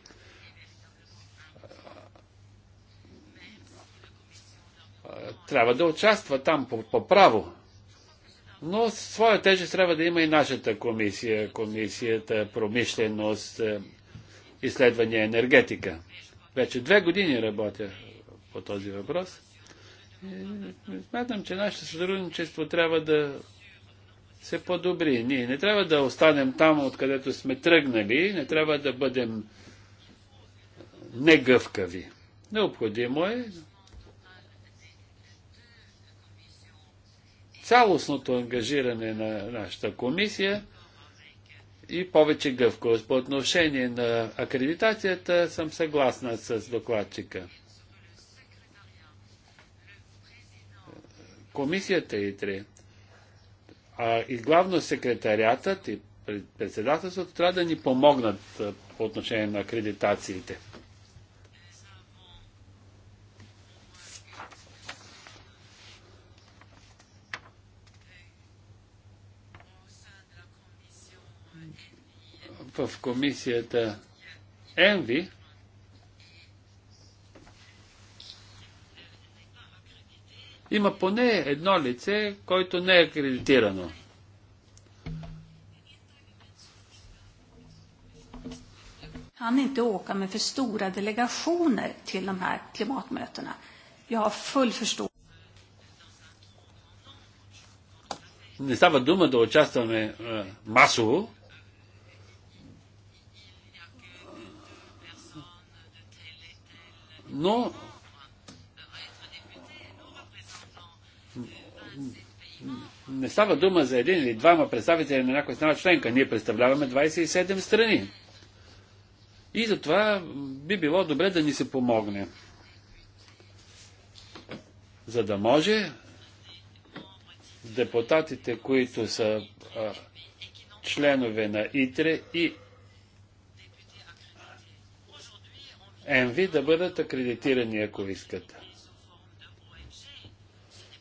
трябва да участва там по, по право. Но своя тежест трябва да има и нашата комисия, комисията промишленост, е, изследвания енергетика. Вече две години работя по този въпрос. И смятам, че нашето сътрудничество трябва да се подобри. Ние не трябва да останем там, откъдето сме тръгнали, не трябва да бъдем негъвкави. Необходимо е цялостното ангажиране на нашата комисия и повече гъвкост. По отношение на акредитацията съм съгласна с докладчика. Комисията и три. А и главно секретариатът и председателството трябва да ни помогнат по отношение на акредитациите. в комисията ЕНВИ, има поне едно лице, което не е акредитирано. hann inte åka med för stora delegationer till de här klimatmötena. Jag har full förståelse. Не става дума да участваме е, масово, Но не става дума за един или двама представители на някоя страна членка. Ние представляваме 27 страни. И затова би било добре да ни се помогне. За да може депутатите, които са членове на ИТРЕ и ЕМВИ да бъдат акредитирани, ако искат.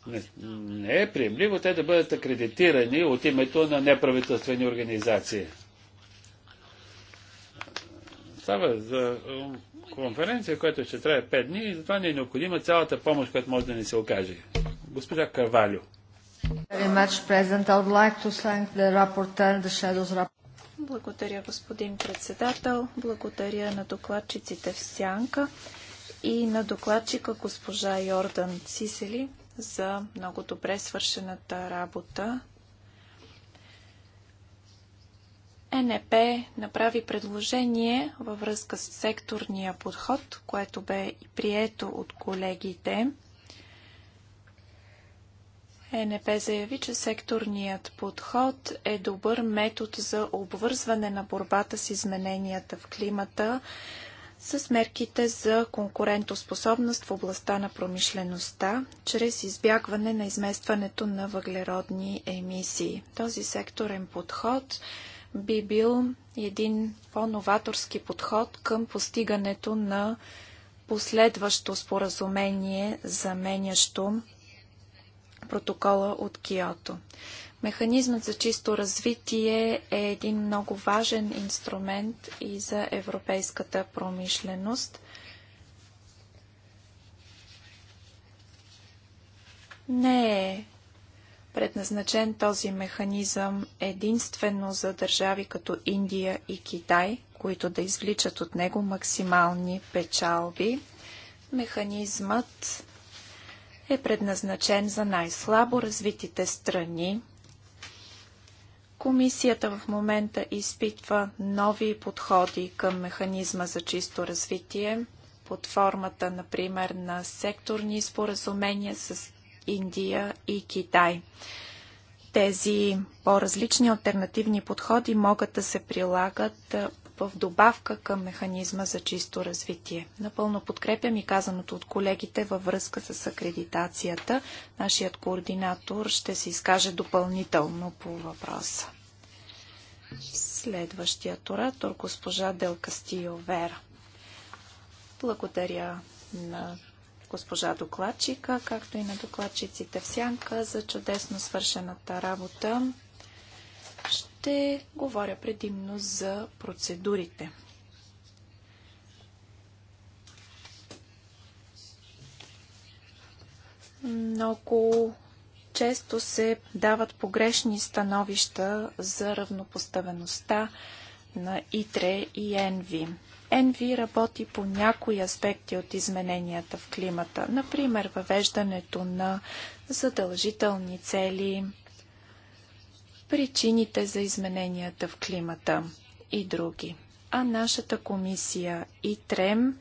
Не, не е приемливо те да бъдат акредитирани от името на неправителствени организации. Става за е, конференция, която ще трябва 5 дни и затова не е необходима цялата помощ, която може да ни се окаже. Госпожа Карвалю. Благодаря, господин председател. Благодаря на докладчиците в Сянка и на докладчика госпожа Йордан Цисели за много добре свършената работа. НП направи предложение във връзка с секторния подход, което бе и прието от колегите – ЕНП заяви, че секторният подход е добър метод за обвързване на борбата с измененията в климата с мерките за конкурентоспособност в областта на промишлеността, чрез избягване на изместването на въглеродни емисии. Този секторен подход би бил един по-новаторски подход към постигането на последващо споразумение, заменящо протокола от Киото. Механизмът за чисто развитие е един много важен инструмент и за европейската промишленост. Не е предназначен този механизъм единствено за държави като Индия и Китай, които да извличат от него максимални печалби. Механизмът е предназначен за най-слабо развитите страни. Комисията в момента изпитва нови подходи към механизма за чисто развитие под формата, например, на секторни споразумения с Индия и Китай. Тези по-различни альтернативни подходи могат да се прилагат в добавка към механизма за чисто развитие. Напълно подкрепям и казаното от колегите във връзка с акредитацията. Нашият координатор ще се изкаже допълнително по въпроса. Следващият оратор, госпожа Дел Кастио Вера. Благодаря на госпожа докладчика, както и на докладчиците в Сянка за чудесно свършената работа. Ще говоря предимно за процедурите. Много често се дават погрешни становища за равнопоставеността на ИТРЕ и ЕНВИ. ЕНВИ работи по някои аспекти от измененията в климата, например въвеждането на задължителни цели, причините за измененията в климата и други. А нашата комисия и ТРЕМ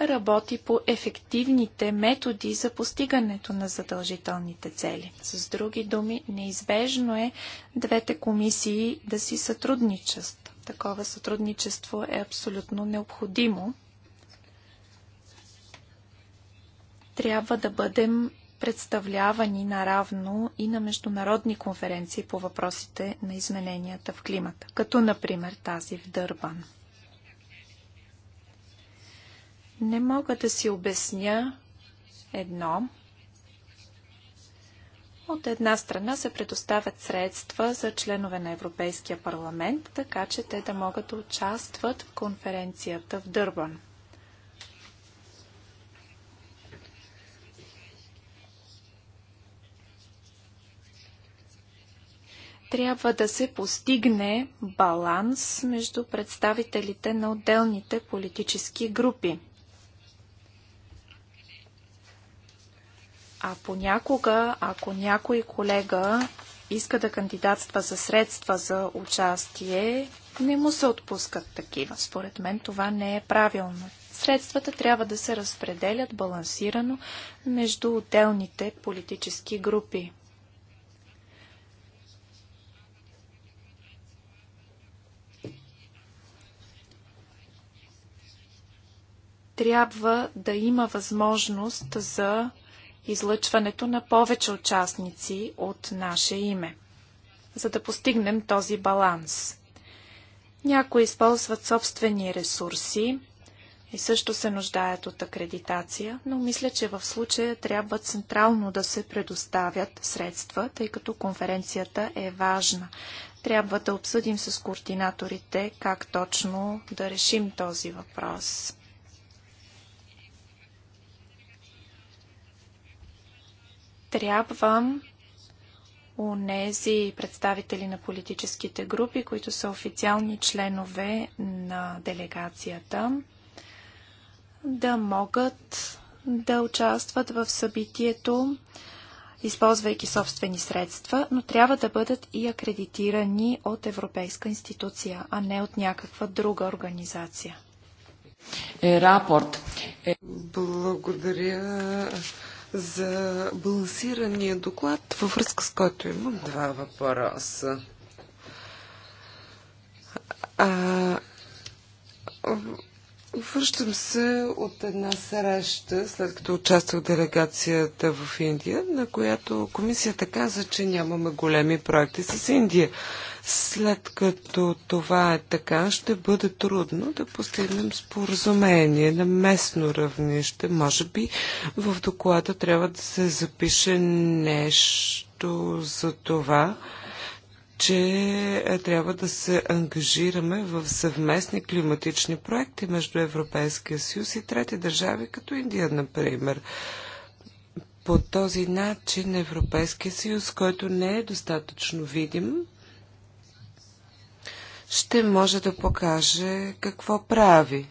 работи по ефективните методи за постигането на задължителните цели. С други думи, неизбежно е двете комисии да си сътрудничат. Такова сътрудничество е абсолютно необходимо. Трябва да бъдем представлявани наравно и на международни конференции по въпросите на измененията в климата, като например тази в Дърбан. Не мога да си обясня едно. От една страна се предоставят средства за членове на Европейския парламент, така че те да могат да участват в конференцията в Дърбан. трябва да се постигне баланс между представителите на отделните политически групи. А понякога, ако някой колега иска да кандидатства за средства за участие, не му се отпускат такива. Според мен това не е правилно. Средствата трябва да се разпределят балансирано между отделните политически групи. трябва да има възможност за излъчването на повече участници от наше име, за да постигнем този баланс. Някои използват собствени ресурси и също се нуждаят от акредитация, но мисля, че в случая трябва централно да се предоставят средства, тъй като конференцията е важна. Трябва да обсъдим с координаторите как точно да решим този въпрос. трябва у нези представители на политическите групи, които са официални членове на делегацията, да могат да участват в събитието, използвайки собствени средства, но трябва да бъдат и акредитирани от европейска институция, а не от някаква друга организация. Е, рапорт. Е... Благодаря за балансирания доклад, във връзка с който имам два въпроса. А, Връщам се от една среща, след като участвах в делегацията в Индия, на която комисията каза, че нямаме големи проекти с Индия. След като това е така, ще бъде трудно да постигнем споразумение на местно равнище. Може би в доклада трябва да се запише нещо за това, че е, трябва да се ангажираме в съвместни климатични проекти между Европейския съюз и трети държави, като Индия, например. По този начин Европейския съюз, който не е достатъчно видим, ще може да покаже какво прави.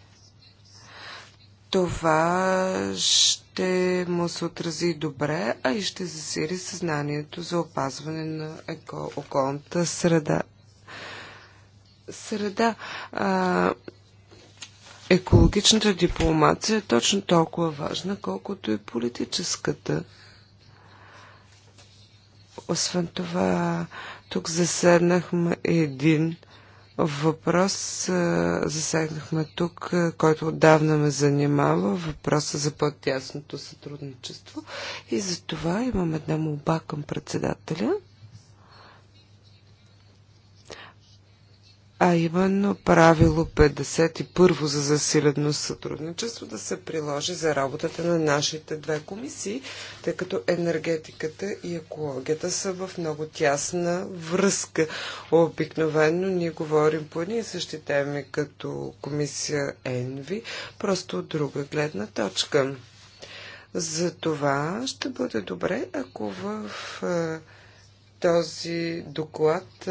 Това ще му се отрази добре, а и ще засили съзнанието за опазване на еко, околната среда. Среда. А, екологичната дипломация е точно толкова важна, колкото и политическата. Освен това, тук заседнахме един Въпрос засегнахме тук, който отдавна ме занимава, въпроса за по-тясното сътрудничество. И за това имам една молба към председателя – а именно правило 51 за засилено сътрудничество да се приложи за работата на нашите две комисии, тъй като енергетиката и екологията са в много тясна връзка. Обикновено ние говорим по едни и същи теми като комисия ЕНВИ, просто от друга гледна точка. За това ще бъде добре, ако в този доклад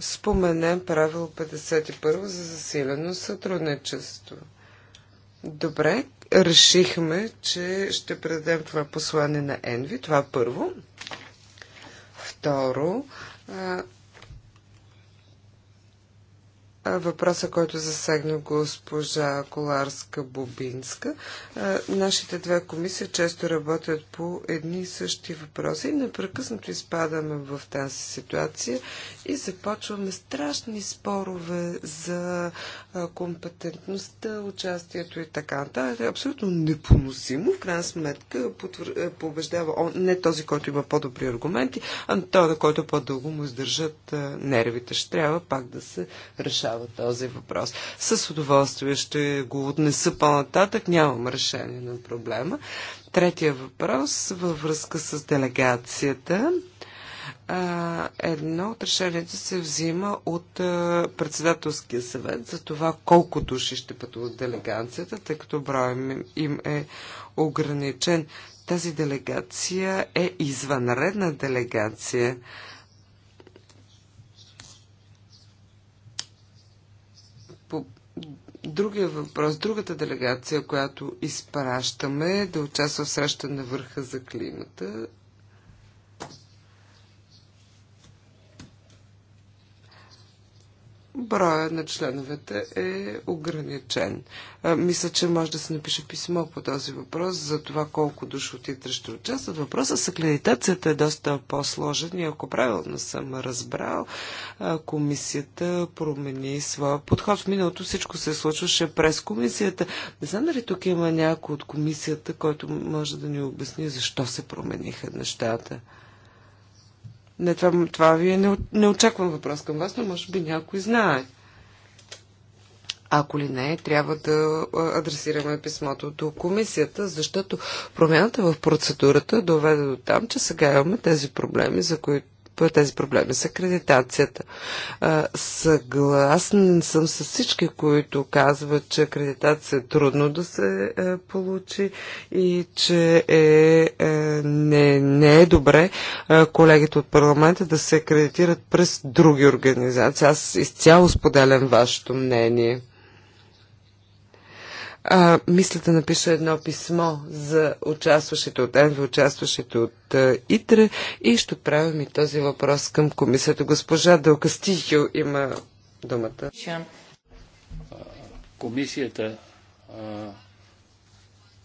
споменем правило 51 за засилено сътрудничество. Добре, решихме, че ще предадем това послание на Енви. Това първо. Второ, въпроса, който засегна госпожа коларска бубинска Нашите две комисии често работят по едни и същи въпроси и непрекъснато изпадаме в тази ситуация и започваме страшни спорове за компетентността, участието и така. Та е абсолютно непоносимо. В крайна сметка побеждава не този, който има по-добри аргументи, а този, който по-дълго му издържат нервите. Ще трябва пак да се решава решава този въпрос. С удоволствие ще го отнеса по-нататък, нямам решение на проблема. Третия въпрос във връзка с делегацията. Едно от решенията се взима от председателския съвет за това колко души ще пътуват делегацията, тъй като броем им е ограничен. Тази делегация е извънредна делегация. Другия въпрос, другата делегация, която изпращаме да участва в среща на върха за климата, броя на членовете е ограничен. Мисля, че може да се напише писмо по този въпрос за това колко души от ИТРА ще участват. Въпросът с акредитацията е доста по-сложен и ако правилно съм разбрал, комисията промени своя подход. В миналото всичко се случваше през комисията. Не знам дали тук има някой от комисията, който може да ни обясни защо се промениха нещата. Не, това, това ви е неочакван въпрос към вас, но може би някой знае. Ако ли не, трябва да адресираме писмото до комисията, защото промяната в процедурата доведе до там, че сега имаме тези проблеми, за които е, тези проблеми с акредитацията. Съгласен съм с всички, които казват, че акредитация е трудно да се е, получи и че е, е, не, не е добре колегите от парламента да се акредитират през други организации. Аз изцяло споделям вашето мнение. А, мисля да напиша едно писмо за участващите от ЕНВ, участващите от а, ИТРЕ и ще отправим и този въпрос към комисията. Госпожа Дълкастихио има думата. Комисията а,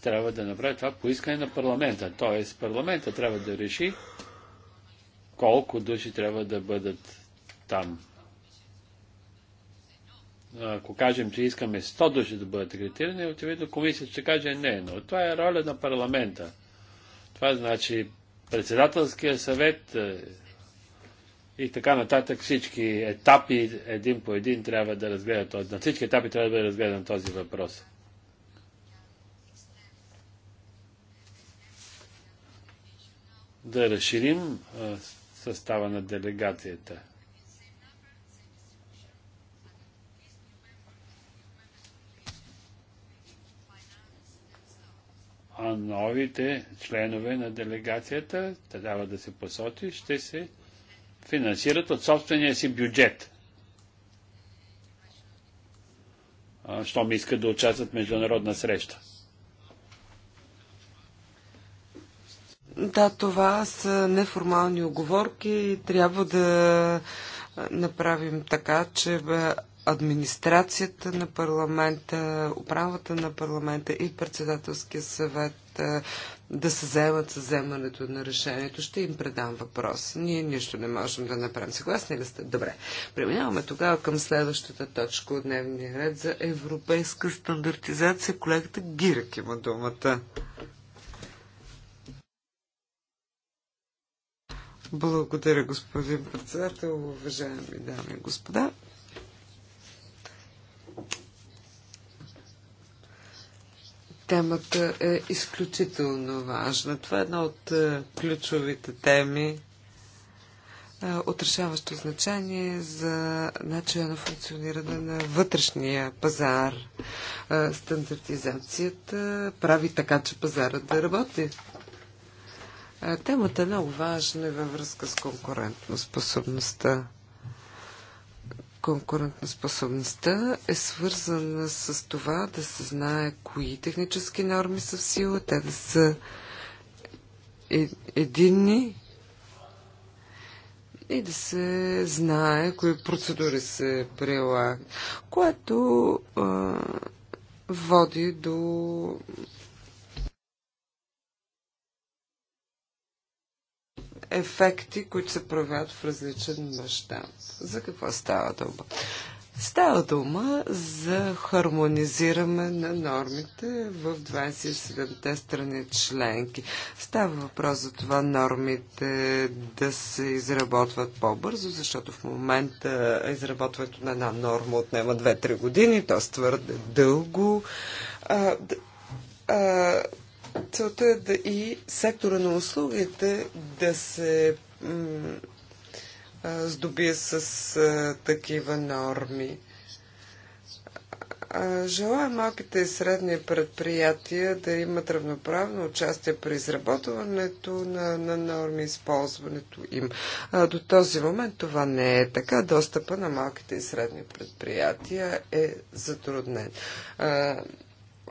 трябва да направи това по искане на парламента. Тоест парламента трябва да реши колко души трябва да бъдат там ако кажем, че искаме 100 души да бъдат третирани, очевидно комисията ще каже не, но това е роля на парламента. Това значи председателския съвет е, и така нататък всички етапи един по един трябва да разгледат този. На всички етапи трябва да бъде разгледан този въпрос. Да разширим е, състава на делегацията. а новите членове на делегацията, трябва да се посочи, ще се финансират от собствения си бюджет. Що ми искат да участват в международна среща. Да, това са неформални оговорки. Трябва да направим така, че администрацията на парламента, управата на парламента и председателския съвет да се заемат с вземането на решението. Ще им предам въпрос. Ние нищо не можем да направим. Съгласни ли сте? Добре. Преминаваме тогава към следващата точка от дневния ред за европейска стандартизация. Колегата Гирък има думата. Благодаря, господин председател, уважаеми дами и господа. Темата е изключително важна. Това е една от е, ключовите теми е, отрешаващо значение за начина на функциониране на вътрешния пазар. Е, стандартизацията прави така, че пазарът да работи. Темата е много важна във връзка с конкурентно способността. Конкурентоспособността е свързана с това да се знае кои технически норми са в сила, те да са е, единни и да се знае кои процедури се прилагат, което а, води до ефекти, които се проявяват в различен мащаб. За какво става дума? Става дума за хармонизиране на нормите в 27-те страни членки. Става въпрос за това нормите да се изработват по-бързо, защото в момента изработването на една норма отнема 2-3 години, т.е. твърде дълго. А, а, Целта е да и сектора на услугите да се здобие с а, такива норми. Желая малките и средни предприятия да имат равноправно участие при изработването на, на норми, използването им. А, до този момент това не е така. Достъпа на малките и средни предприятия е затруднен. А,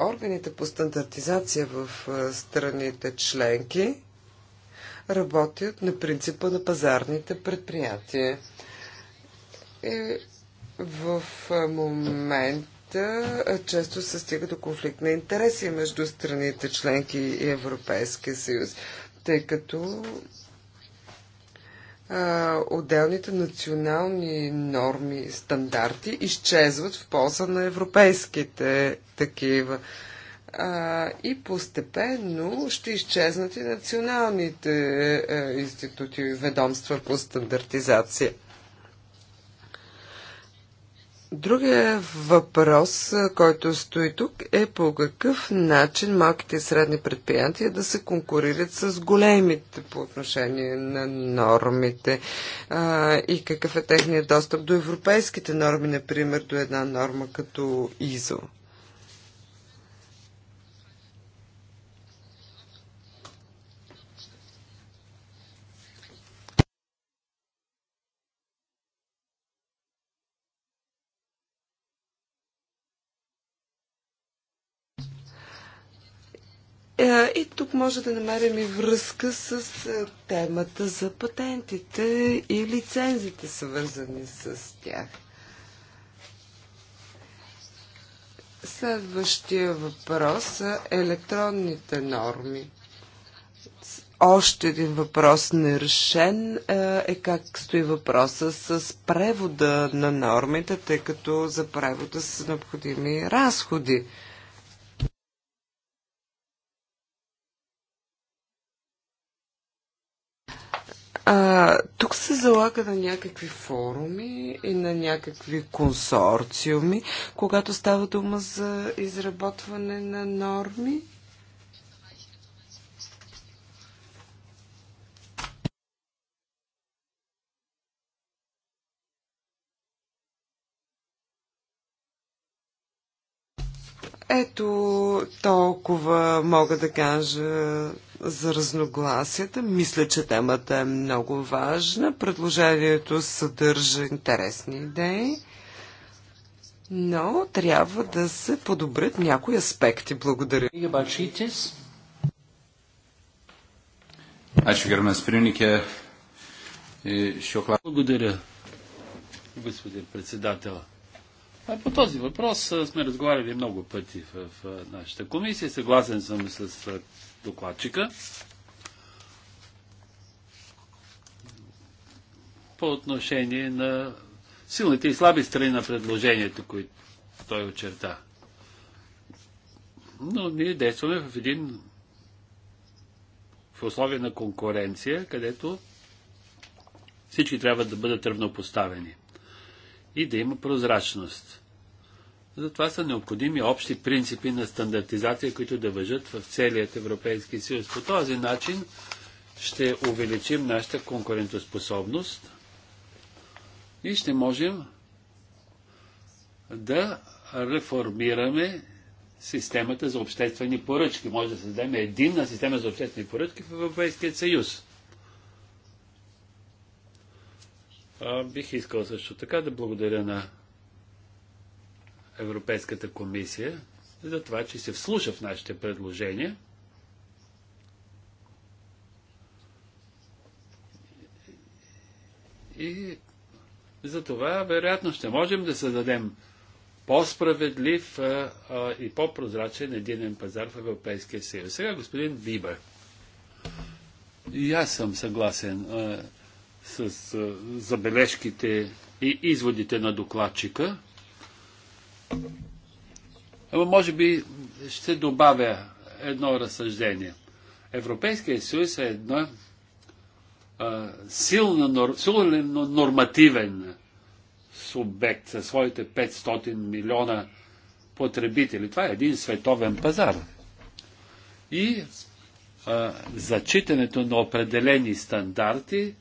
органите по стандартизация в страните членки работят на принципа на пазарните предприятия. И в момента често се стига до конфликт на интереси между страните членки и Европейския съюз, тъй като отделните национални норми, стандарти изчезват в полза на европейските такива. А, и постепенно ще изчезнат и националните а, институти и ведомства по стандартизация. Другия въпрос, който стои тук е по какъв начин малките и средни предприятия да се конкурират с големите по отношение на нормите а, и какъв е техният достъп до европейските норми, например до една норма като ИЗО. Е, и тук може да намерим и връзка с е, темата за патентите и лицензите, свързани с тях. Следващия въпрос са електронните норми. Още един въпрос нерешен е, е как стои въпроса с превода на нормите, тъй като за превода са необходими разходи. Тук се залага на някакви форуми и на някакви консорциуми, когато става дума за изработване на норми. Ето толкова мога да кажа за разногласията. Мисля, че темата е много важна. Предложението съдържа интересни идеи, но трябва да се подобрят някои аспекти. Благодаря. Благодаря, господин председател. А по този въпрос сме разговаряли много пъти в, в нашата комисия. Съгласен съм с докладчика. По отношение на силните и слаби страни на предложението, които той очерта. Но ние действаме в един в условия на конкуренция, където всички трябва да бъдат равнопоставени и да има прозрачност. Затова са необходими общи принципи на стандартизация, които да въжат в целият Европейски съюз. По този начин ще увеличим нашата конкурентоспособност и ще можем да реформираме системата за обществени поръчки. Може да създадем единна система за обществени поръчки в Европейския съюз. А, бих искал също така да благодаря на Европейската комисия за това, че се вслуша в нашите предложения. И за това, вероятно, ще можем да създадем по-справедлив и по-прозрачен единен пазар в Европейския съюз. Сега господин Вибър. И аз съм съгласен а, с а, забележките и изводите на докладчика. Ама може би ще добавя едно разсъждение. Европейския съюз е едно силно, силно нормативен субект със своите 500 милиона потребители. Това е един световен пазар. И а, зачитането на определени стандарти,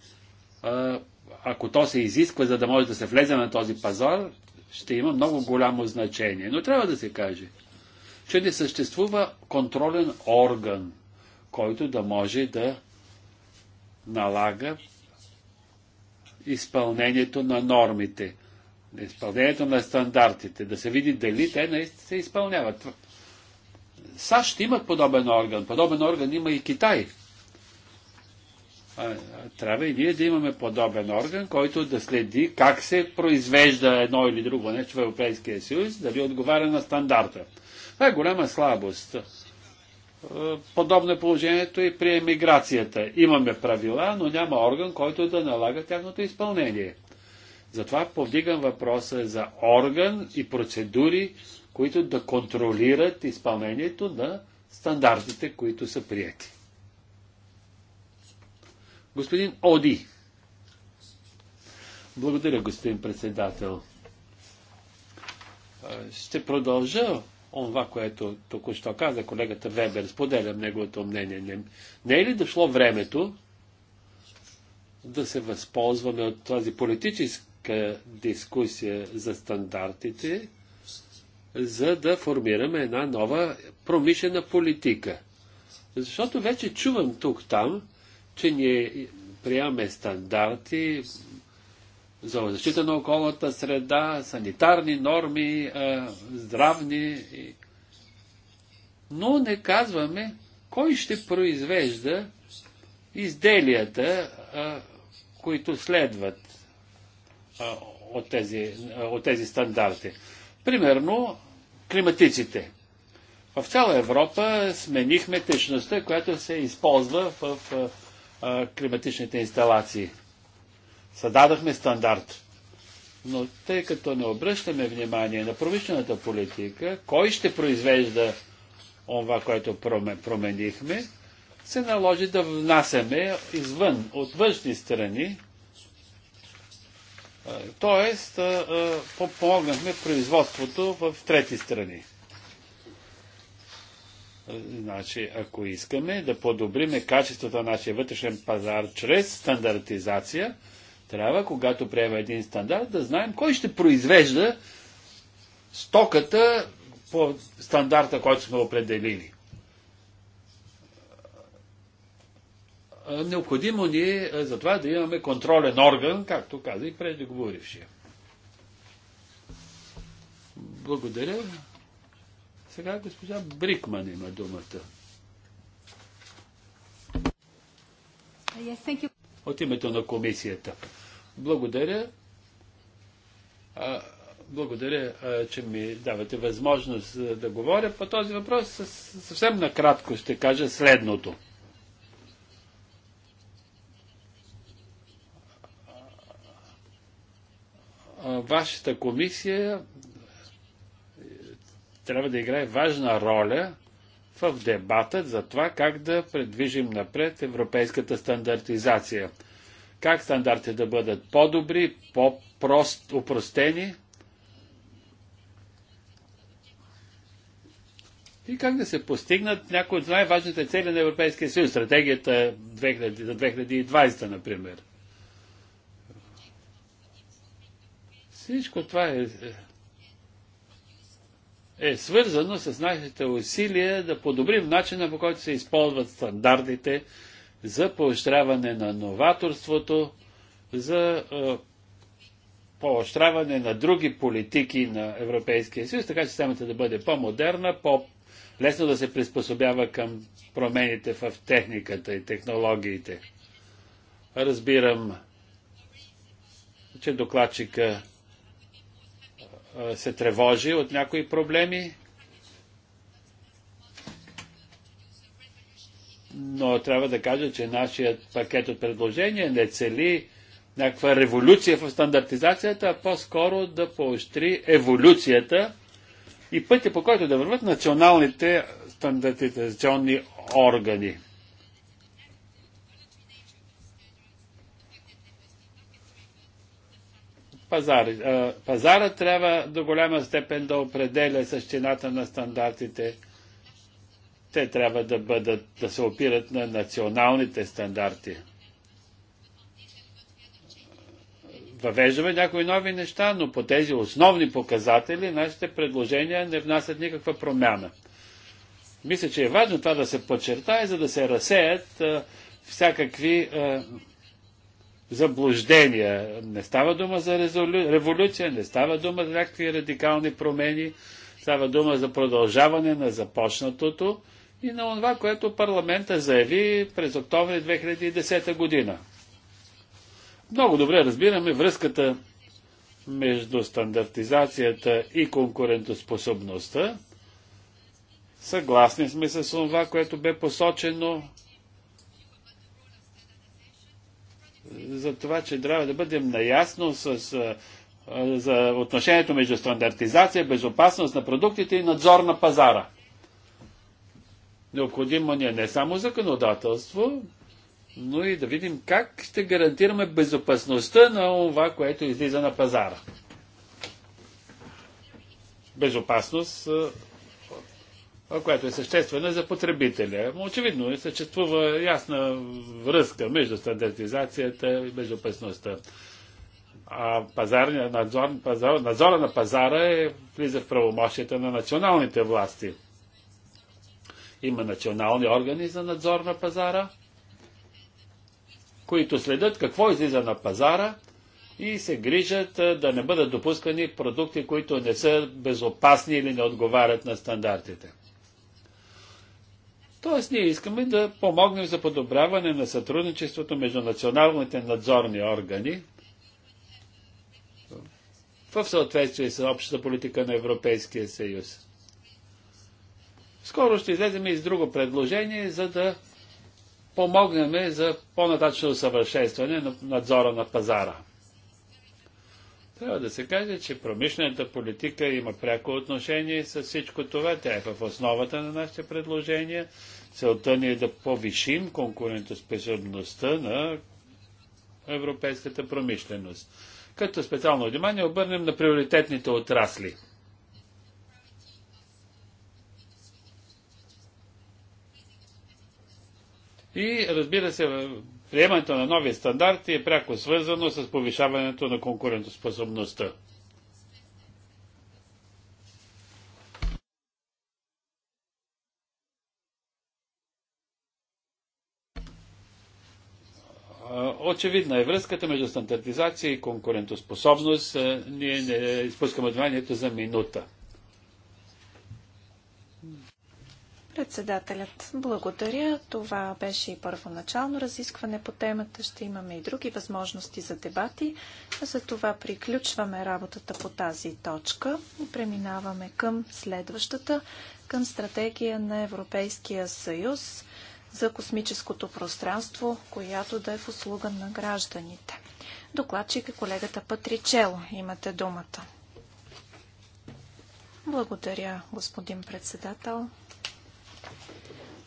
а, ако то се изисква, за да може да се влезе на този пазар, ще има много голямо значение. Но трябва да се каже, че не съществува контролен орган, който да може да налага изпълнението на нормите, изпълнението на стандартите, да се види дали те наистина се изпълняват. САЩ имат подобен орган. Подобен орган има и Китай – трябва и ние да имаме подобен орган, който да следи как се произвежда едно или друго нещо в Европейския съюз, дали отговаря на стандарта. Това е голяма слабост. Подобно е положението и при емиграцията. Имаме правила, но няма орган, който да налага тяхното изпълнение. Затова повдигам въпроса за орган и процедури, които да контролират изпълнението на стандартите, които са прияти. Господин Оди. Благодаря, господин председател. Ще продължа онова, което току-що каза колегата Вебер. Споделям неговото мнение. Не, не е ли дошло времето да се възползваме от тази политическа дискусия за стандартите, за да формираме една нова промишлена политика? Защото вече чувам тук-там, че ние приемаме стандарти за защита на околната среда, санитарни норми, здравни, но не казваме кой ще произвежда изделията, които следват от тези, от тези стандарти. Примерно, климатиците. В цяла Европа сменихме течността, която се използва в, в а, климатичните инсталации. Съдадахме стандарт. Но тъй като не обръщаме внимание на промишлената политика, кой ще произвежда това, което променихме, се наложи да внасяме извън, от външни страни. Тоест, помогнахме производството в трети страни. Значи, ако искаме да подобриме качеството на нашия вътрешен пазар чрез стандартизация, трябва, когато приема един стандарт, да знаем кой ще произвежда стоката по стандарта, който сме определили. Необходимо ни е за това да имаме контролен орган, както каза и преждеговорившия. Благодаря. Сега госпожа Брикман има думата. От името на комисията. Благодаря. А, благодаря, а, че ми давате възможност да говоря по този въпрос. Съвсем накратко ще кажа следното. Вашата комисия трябва да играе важна роля в дебата за това как да предвижим напред европейската стандартизация. Как стандартите да бъдат по-добри, по-упростени и как да се постигнат някои от най-важните цели на Европейския съюз. Стратегията за 2020, например. Всичко това е, е е свързано с нашите усилия да подобрим начина по който се използват стандартите за поощряване на новаторството, за е, поощряване на други политики на Европейския съюз, така че системата да бъде по-модерна, по-лесно да се приспособява към промените в техниката и технологиите. Разбирам, че докладчика се тревожи от някои проблеми, но трябва да кажа, че нашият пакет от предложения не цели някаква революция в стандартизацията, а по-скоро да поощри еволюцията и пътя по който да върват националните стандартизационни органи. пазари. Пазара трябва до голяма степен да определя същината на стандартите. Те трябва да бъдат, да се опират на националните стандарти. Въвеждаме някои нови неща, но по тези основни показатели нашите предложения не внасят никаква промяна. Мисля, че е важно това да се подчертае, за да се разсеят всякакви заблуждения. Не става дума за резолю... революция, не става дума за някакви радикални промени, става дума за продължаване на започнатото и на това, което парламента заяви през октомври 2010 година. Много добре разбираме връзката между стандартизацията и конкурентоспособността. Съгласни сме с това, което бе посочено за това, че трябва да бъдем наясно с, а, за отношението между стандартизация, безопасност на продуктите и надзор на пазара. Необходимо ни е не само законодателство, но и да видим как ще гарантираме безопасността на това, което излиза на пазара. Безопасност която е съществена за потребителя. Очевидно, е, съществува ясна връзка между стандартизацията и между опасността. А пазарния надзор, пазар, надзора на пазара е, влиза в правомощията на националните власти. Има национални органи за надзор на пазара, които следят какво излиза на пазара и се грижат да не бъдат допускани продукти, които не са безопасни или не отговарят на стандартите. Тоест, ние искаме да помогнем за подобряване на сътрудничеството между националните надзорни органи в съответствие с общата политика на Европейския съюз. Скоро ще излезем и с друго предложение, за да помогнем за по-нататъчно усъвършенстване на надзора на пазара. Трябва да се каже, че промишлената политика има пряко отношение с всичко това. Тя е в основата на нашите предложения. Целта ни е да повишим конкурентоспособността на европейската промишленост. Като специално внимание обърнем на приоритетните отрасли. И разбира се, Приемането на нови стандарти е пряко свързано с повишаването на конкурентоспособността. Очевидна е връзката между стандартизация и конкурентоспособност. Ние не изпускаме вниманието за минута. Председателят, благодаря. Това беше и първоначално разискване по темата. Ще имаме и други възможности за дебати. За това приключваме работата по тази точка и преминаваме към следващата, към стратегия на Европейския съюз за космическото пространство, която да е в услуга на гражданите. Докладчик е колегата Патричело. Имате думата. Благодаря, господин председател.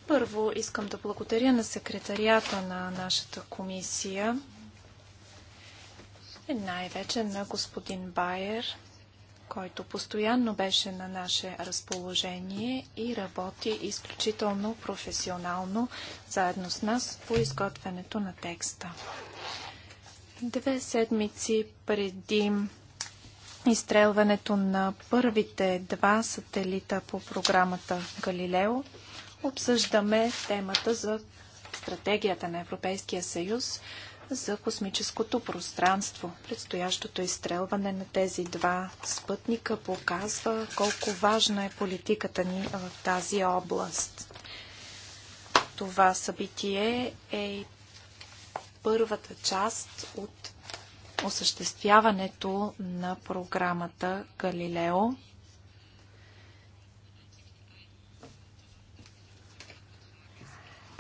Първо искам да благодаря на секретарията на нашата комисия и най-вече на господин Байер, който постоянно беше на наше разположение и работи изключително професионално заедно с нас по изготвянето на текста. Две седмици преди изстрелването на първите два сателита по програмата Галилео, обсъждаме темата за стратегията на Европейския съюз за космическото пространство. Предстоящото изстрелване на тези два спътника показва колко важна е политиката ни в тази област. Това събитие е първата част от осъществяването на програмата Галилео –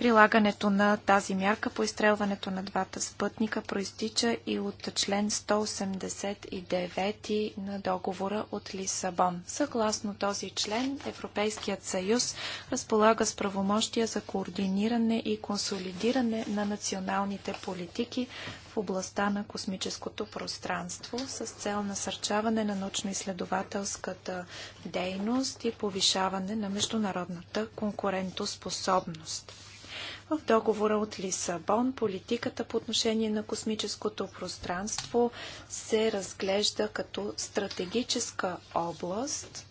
Прилагането на тази мярка по изстрелването на двата спътника проистича и от член 189 на договора от Лисабон. Съгласно този член, Европейският съюз разполага с правомощия за координиране и консолидиране на националните политики в областта на космическото пространство с цел насърчаване на научно-изследователската дейност и повишаване на международната конкурентоспособност. В договора от Лисабон политиката по отношение на космическото пространство се разглежда като стратегическа област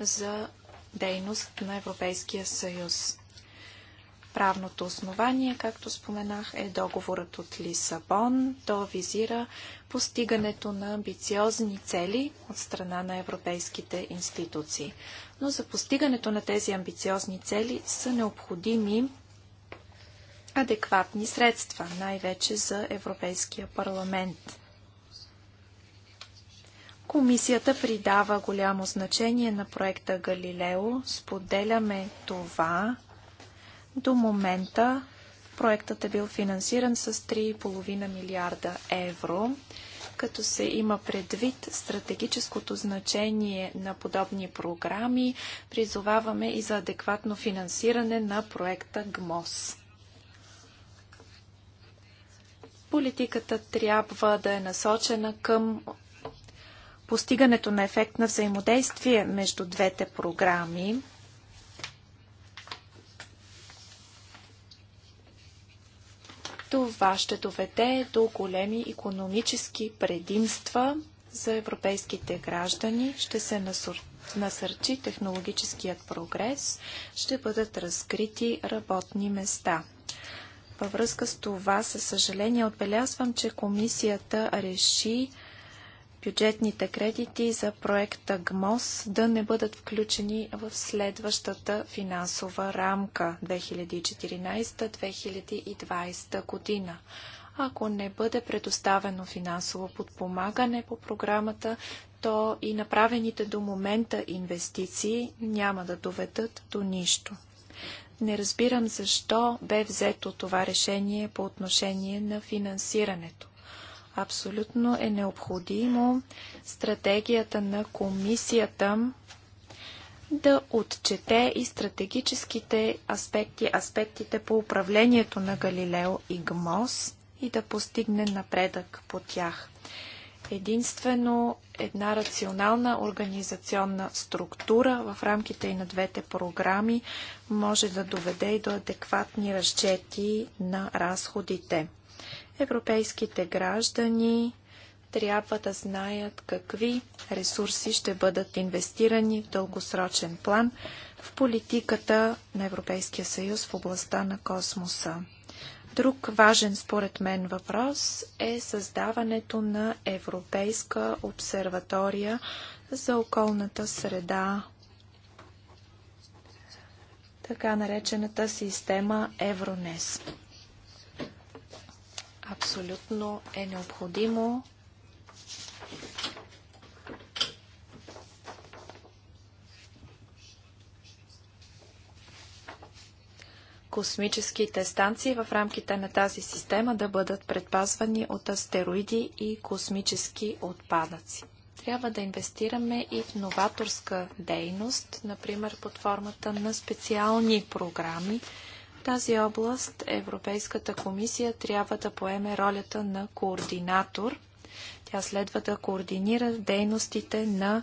за дейност на Европейския съюз. Правното основание, както споменах, е договорът от Лисабон. То визира постигането на амбициозни цели от страна на европейските институции. Но за постигането на тези амбициозни цели са необходими адекватни средства, най-вече за Европейския парламент. Комисията придава голямо значение на проекта Галилео. Споделяме това, до момента проектът е бил финансиран с 3,5 милиарда евро, като се има предвид стратегическото значение на подобни програми, призоваваме и за адекватно финансиране на проекта ГМОС. Политиката трябва да е насочена към постигането на ефект на взаимодействие между двете програми, Това ще доведе до големи економически предимства за европейските граждани, ще се насърчи технологическият прогрес, ще бъдат разкрити работни места. Във връзка с това, със съжаление, отбелязвам, че комисията реши бюджетните кредити за проекта ГМОС да не бъдат включени в следващата финансова рамка 2014-2020 година. Ако не бъде предоставено финансово подпомагане по програмата, то и направените до момента инвестиции няма да доведат до нищо. Не разбирам защо бе взето това решение по отношение на финансирането. Абсолютно е необходимо стратегията на комисията да отчете и стратегическите аспекти, аспектите по управлението на Галилео и ГМОС и да постигне напредък по тях. Единствено една рационална организационна структура в рамките и на двете програми може да доведе и до адекватни разчети на разходите. Европейските граждани трябва да знаят какви ресурси ще бъдат инвестирани в дългосрочен план в политиката на Европейския съюз в областта на космоса. Друг важен според мен въпрос е създаването на Европейска обсерватория за околната среда, така наречената система Евронес абсолютно е необходимо космическите станции в рамките на тази система да бъдат предпазвани от астероиди и космически отпадъци. Трябва да инвестираме и в новаторска дейност, например под формата на специални програми, тази област Европейската комисия трябва да поеме ролята на координатор. Тя следва да координира дейностите на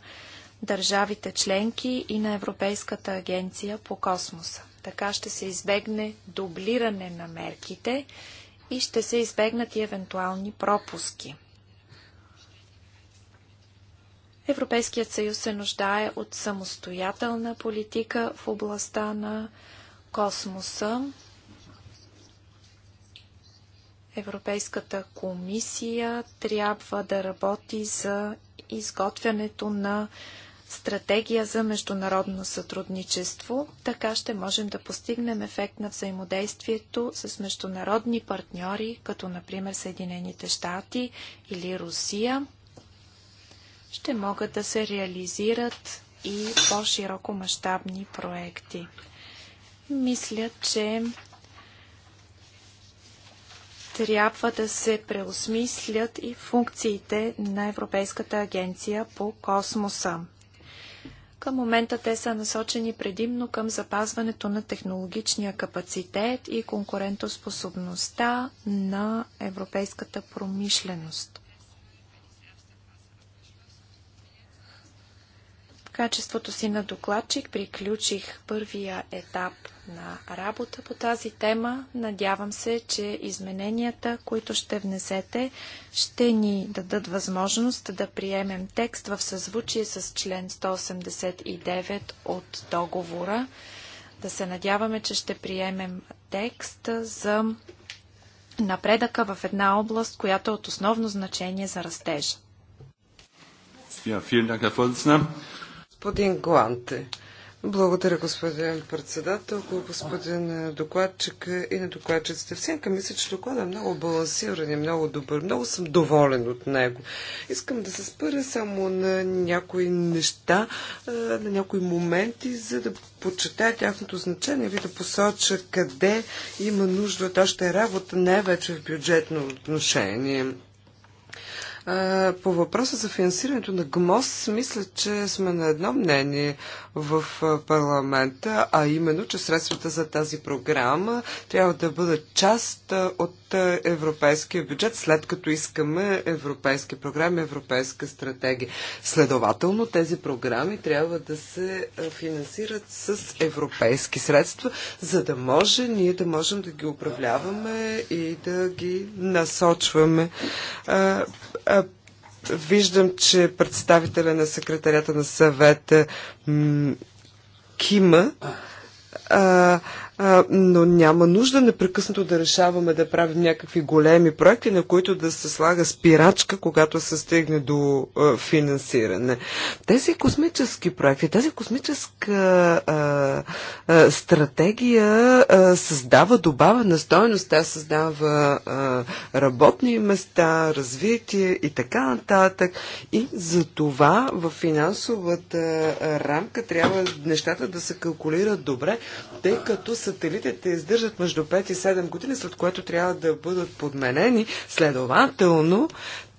държавите членки и на Европейската агенция по космоса. Така ще се избегне дублиране на мерките и ще се избегнат и евентуални пропуски. Европейският съюз се нуждае от самостоятелна политика в областта на космоса. Европейската комисия трябва да работи за изготвянето на стратегия за международно сътрудничество. Така ще можем да постигнем ефект на взаимодействието с международни партньори, като например Съединените щати или Русия. Ще могат да се реализират и по-широко мащабни проекти. Мисля, че трябва да се преосмислят и функциите на Европейската агенция по космоса. Към момента те са насочени предимно към запазването на технологичния капацитет и конкурентоспособността на европейската промишленост. качеството си на докладчик приключих първия етап на работа по тази тема. Надявам се, че измененията, които ще внесете, ще ни дадат възможност да приемем текст в съзвучие с член 189 от договора. Да се надяваме, че ще приемем текст за напредъка в една област, която е от основно значение за растежа. Ja, vielen Dank, Herr Vorsitzender. Господин Гланте. Благодаря, господин председател, господин докладчик и на докладчиците. Всенка мисля, че доклада е много балансиран и много добър. Много съм доволен от него. Искам да се спъра само на някои неща, на някои моменти, за да подчертая тяхното значение и да посоча къде има нужда от още работа, най-вече в бюджетно отношение. По въпроса за финансирането на ГМОС, мисля, че сме на едно мнение в парламента, а именно, че средствата за тази програма трябва да бъдат част от европейския бюджет, след като искаме европейски програми, европейска стратегия. Следователно, тези програми трябва да се финансират с европейски средства, за да може ние да можем да ги управляваме и да ги насочваме. Виждам, че представителя на секретарята на съвета Кима но няма нужда непрекъснато да решаваме да правим някакви големи проекти, на които да се слага спирачка, когато се стигне до финансиране. Тези космически проекти, тази космическа а, а, стратегия а, създава добавена стоеност, тя създава а, работни места, развитие и така нататък. И за това в финансовата рамка трябва нещата да се калкулират добре, тъй като сателитите издържат между 5 и 7 години, след което трябва да бъдат подменени. Следователно,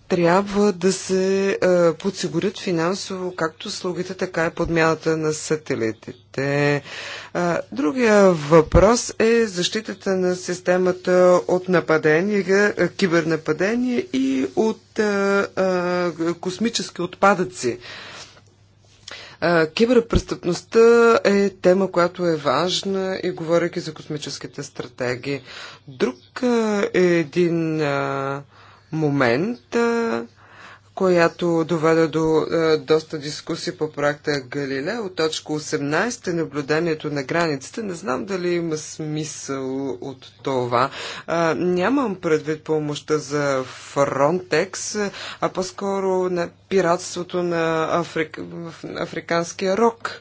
трябва да се е, подсигурят финансово както слугите, така и подмяната на сателитите. Е, другия въпрос е защитата на системата от нападения, е, кибернападения и от е, е, космически отпадъци. Е, Киберпрестъпността е тема, която е важна и говоряки за космическите стратегии. Друг е един момент която доведе до е, доста дискусии по проекта Галиле. От точка 18 е наблюдението на границите. Не знам дали има смисъл от това. Е, нямам предвид помощта за Фронтекс, а по-скоро на пиратството на Африк... африканския рок.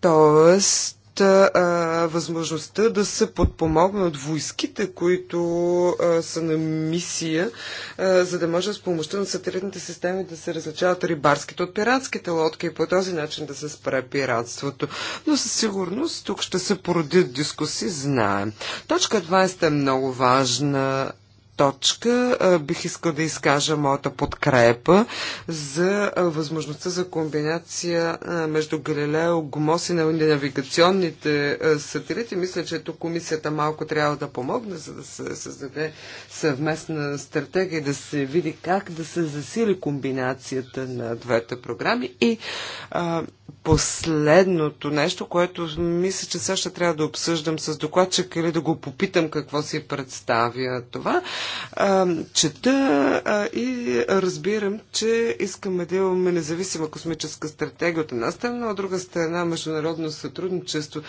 Тоест, а, възможността да се подпомогнат войските, които а, са на мисия, а, за да може с помощта на сателитните системи да се различават рибарските от пиратските лодки и по този начин да се спре пиратството. Но със сигурност тук ще се породят дискусии, знаем. Точка 20 е много важна точка бих искал да изкажа моята подкрепа за възможността за комбинация между Галилео, Гомос и навигационните сателити. Мисля, че тук комисията малко трябва да помогне, за да се създаде съвместна стратегия и да се види как да се засили комбинацията на двете програми. И а, последното нещо, което мисля, че сега ще трябва да обсъждам с докладчик или да го попитам какво си представя това. А, чета а, и разбирам, че искаме да имаме независима космическа стратегия от една страна, от друга страна международно сътрудничество.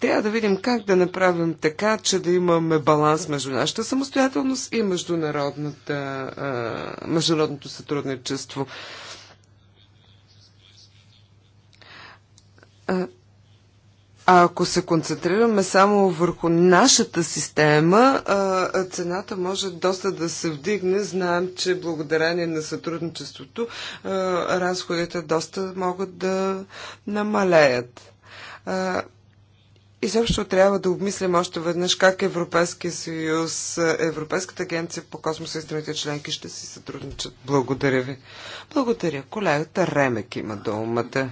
Трябва да видим как да направим така, че да имаме баланс между нашата самостоятелност и международната, а, международното сътрудничество. А, А ако се концентрираме само върху нашата система, цената може доста да се вдигне. Знаем, че благодарение на сътрудничеството разходите доста могат да намалеят. също трябва да обмислим още веднъж как Европейския съюз, Европейската агенция по космоса и страните членки ще си сътрудничат. Благодаря ви. Благодаря. Колегата Ремек има думата.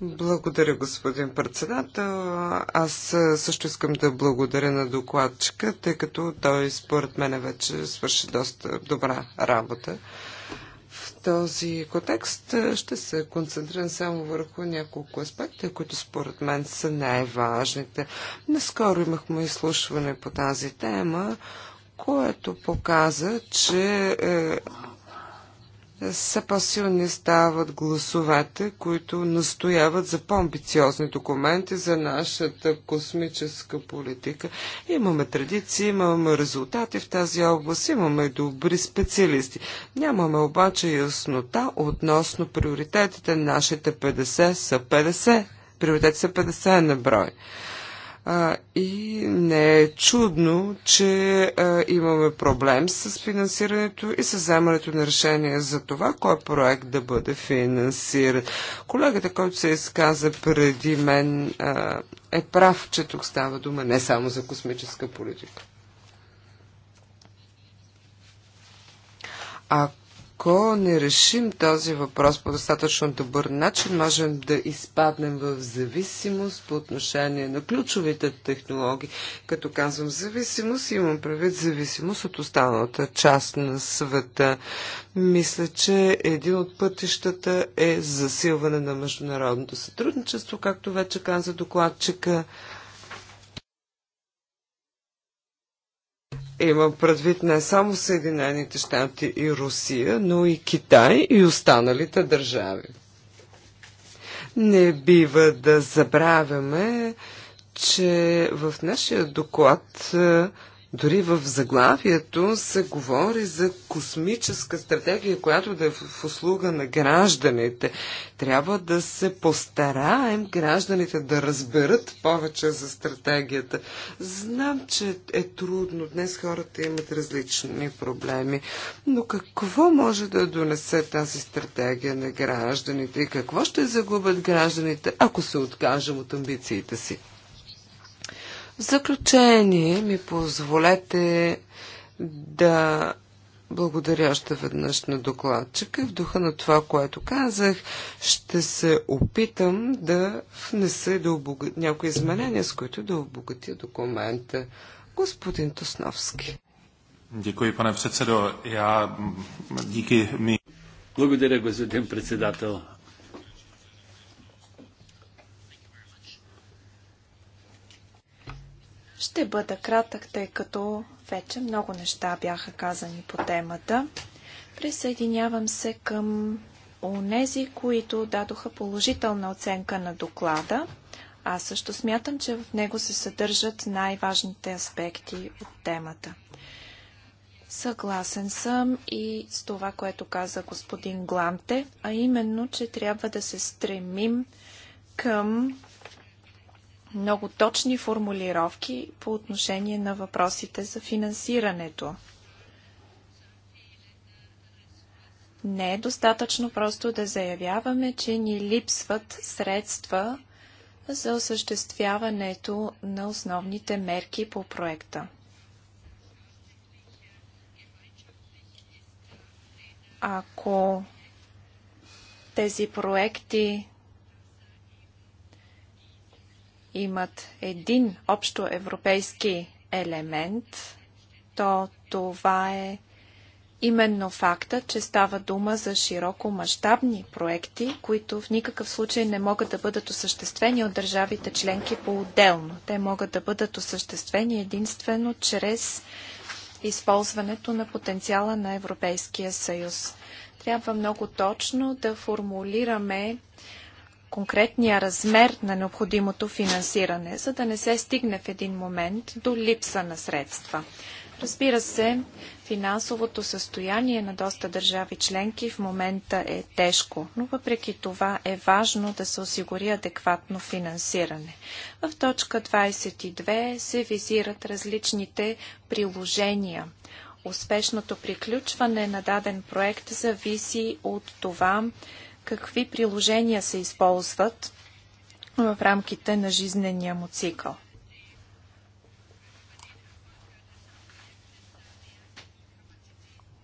Благодаря, господин председател. Аз също искам да благодаря на докладчика, тъй като той според мен вече свърши доста добра работа. В този контекст ще се концентрирам само върху няколко аспекта, които според мен са най-важните. Наскоро имахме изслушване по тази тема, което показа, че е, все по-силни стават гласовете, които настояват за по-амбициозни документи за нашата космическа политика. Имаме традиции, имаме резултати в тази област, имаме добри специалисти. Нямаме обаче яснота относно приоритетите. Нашите 50 са 50. Приоритетите са 50 на брой. А, и не е чудно, че а, имаме проблем с финансирането и с вземането на решение за това, кой проект да бъде финансиран. Колегата, който се изказа преди мен, а, е прав, че тук става дума не само за космическа политика. Ако ако не решим този въпрос по достатъчно добър начин, можем да изпаднем в зависимост по отношение на ключовите технологии. Като казвам зависимост, имам предвид зависимост от останалата част на света. Мисля, че един от пътищата е засилване на международното сътрудничество, както вече каза докладчика. Има предвид не само Съединените щати и Русия, но и Китай и останалите държави. Не бива да забравяме, че в нашия доклад е, дори в заглавието се говори за космическа стратегия, която да е в услуга на гражданите. Трябва да се постараем гражданите да разберат повече за стратегията. Знам, че е трудно. Днес хората имат различни проблеми. Но какво може да донесе тази стратегия на гражданите и какво ще загубят гражданите, ако се откажем от амбициите си? В заключение ми позволете да благодаря още веднъж на докладчика. В духа на това, което казах, ще се опитам да внеса да обога... някои изменения, с които да обогатя документа. Господин Тосновски. Děkuji, pane předsedo. Já díky mi... Благодаря, господин председател. Ще бъда кратък, тъй като вече много неща бяха казани по темата. Присъединявам се към онези, които дадоха положителна оценка на доклада. Аз също смятам, че в него се съдържат най-важните аспекти от темата. Съгласен съм и с това, което каза господин Гламте, а именно, че трябва да се стремим към много точни формулировки по отношение на въпросите за финансирането. Не е достатъчно просто да заявяваме, че ни липсват средства за осъществяването на основните мерки по проекта. Ако тези проекти имат един общо европейски елемент, то това е именно факта, че става дума за широко мащабни проекти, които в никакъв случай не могат да бъдат осъществени от държавите членки по-отделно. Те могат да бъдат осъществени единствено чрез използването на потенциала на Европейския съюз. Трябва много точно да формулираме конкретния размер на необходимото финансиране, за да не се стигне в един момент до липса на средства. Разбира се, финансовото състояние на доста държави членки в момента е тежко, но въпреки това е важно да се осигури адекватно финансиране. В точка 22 се визират различните приложения. Успешното приключване на даден проект зависи от това, какви приложения се използват в рамките на жизнения му цикъл.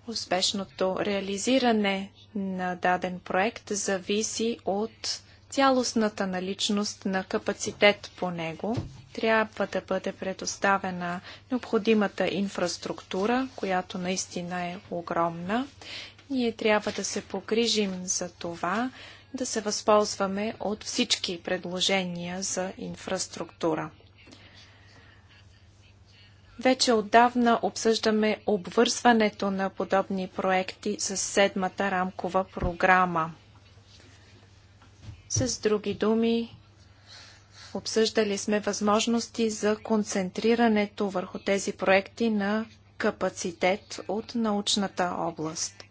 Успешното реализиране на даден проект зависи от цялостната наличност на капацитет по него. Трябва да бъде предоставена необходимата инфраструктура, която наистина е огромна. Ние трябва да се погрижим за това, да се възползваме от всички предложения за инфраструктура. Вече отдавна обсъждаме обвързването на подобни проекти с седмата рамкова програма. С други думи, обсъждали сме възможности за концентрирането върху тези проекти на капацитет от научната област.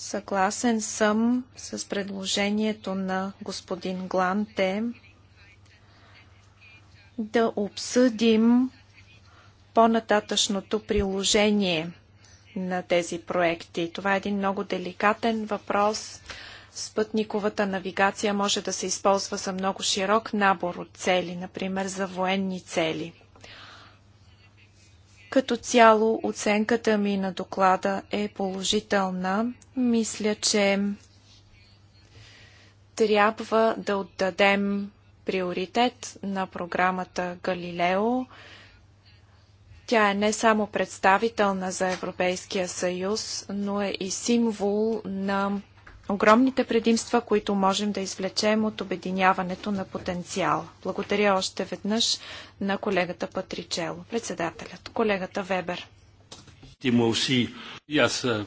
Съгласен съм с предложението на господин Гланте да обсъдим по-нататъчното приложение на тези проекти. Това е един много деликатен въпрос. Спътниковата навигация може да се използва за много широк набор от цели, например за военни цели. Като цяло оценката ми на доклада е положителна. Мисля, че трябва да отдадем приоритет на програмата Галилео. Тя е не само представителна за Европейския съюз, но е и символ на огромните предимства, които можем да извлечем от обединяването на потенциал. Благодаря още веднъж на колегата Патричело, председателят, колегата Вебер. Тимо си, и аз е,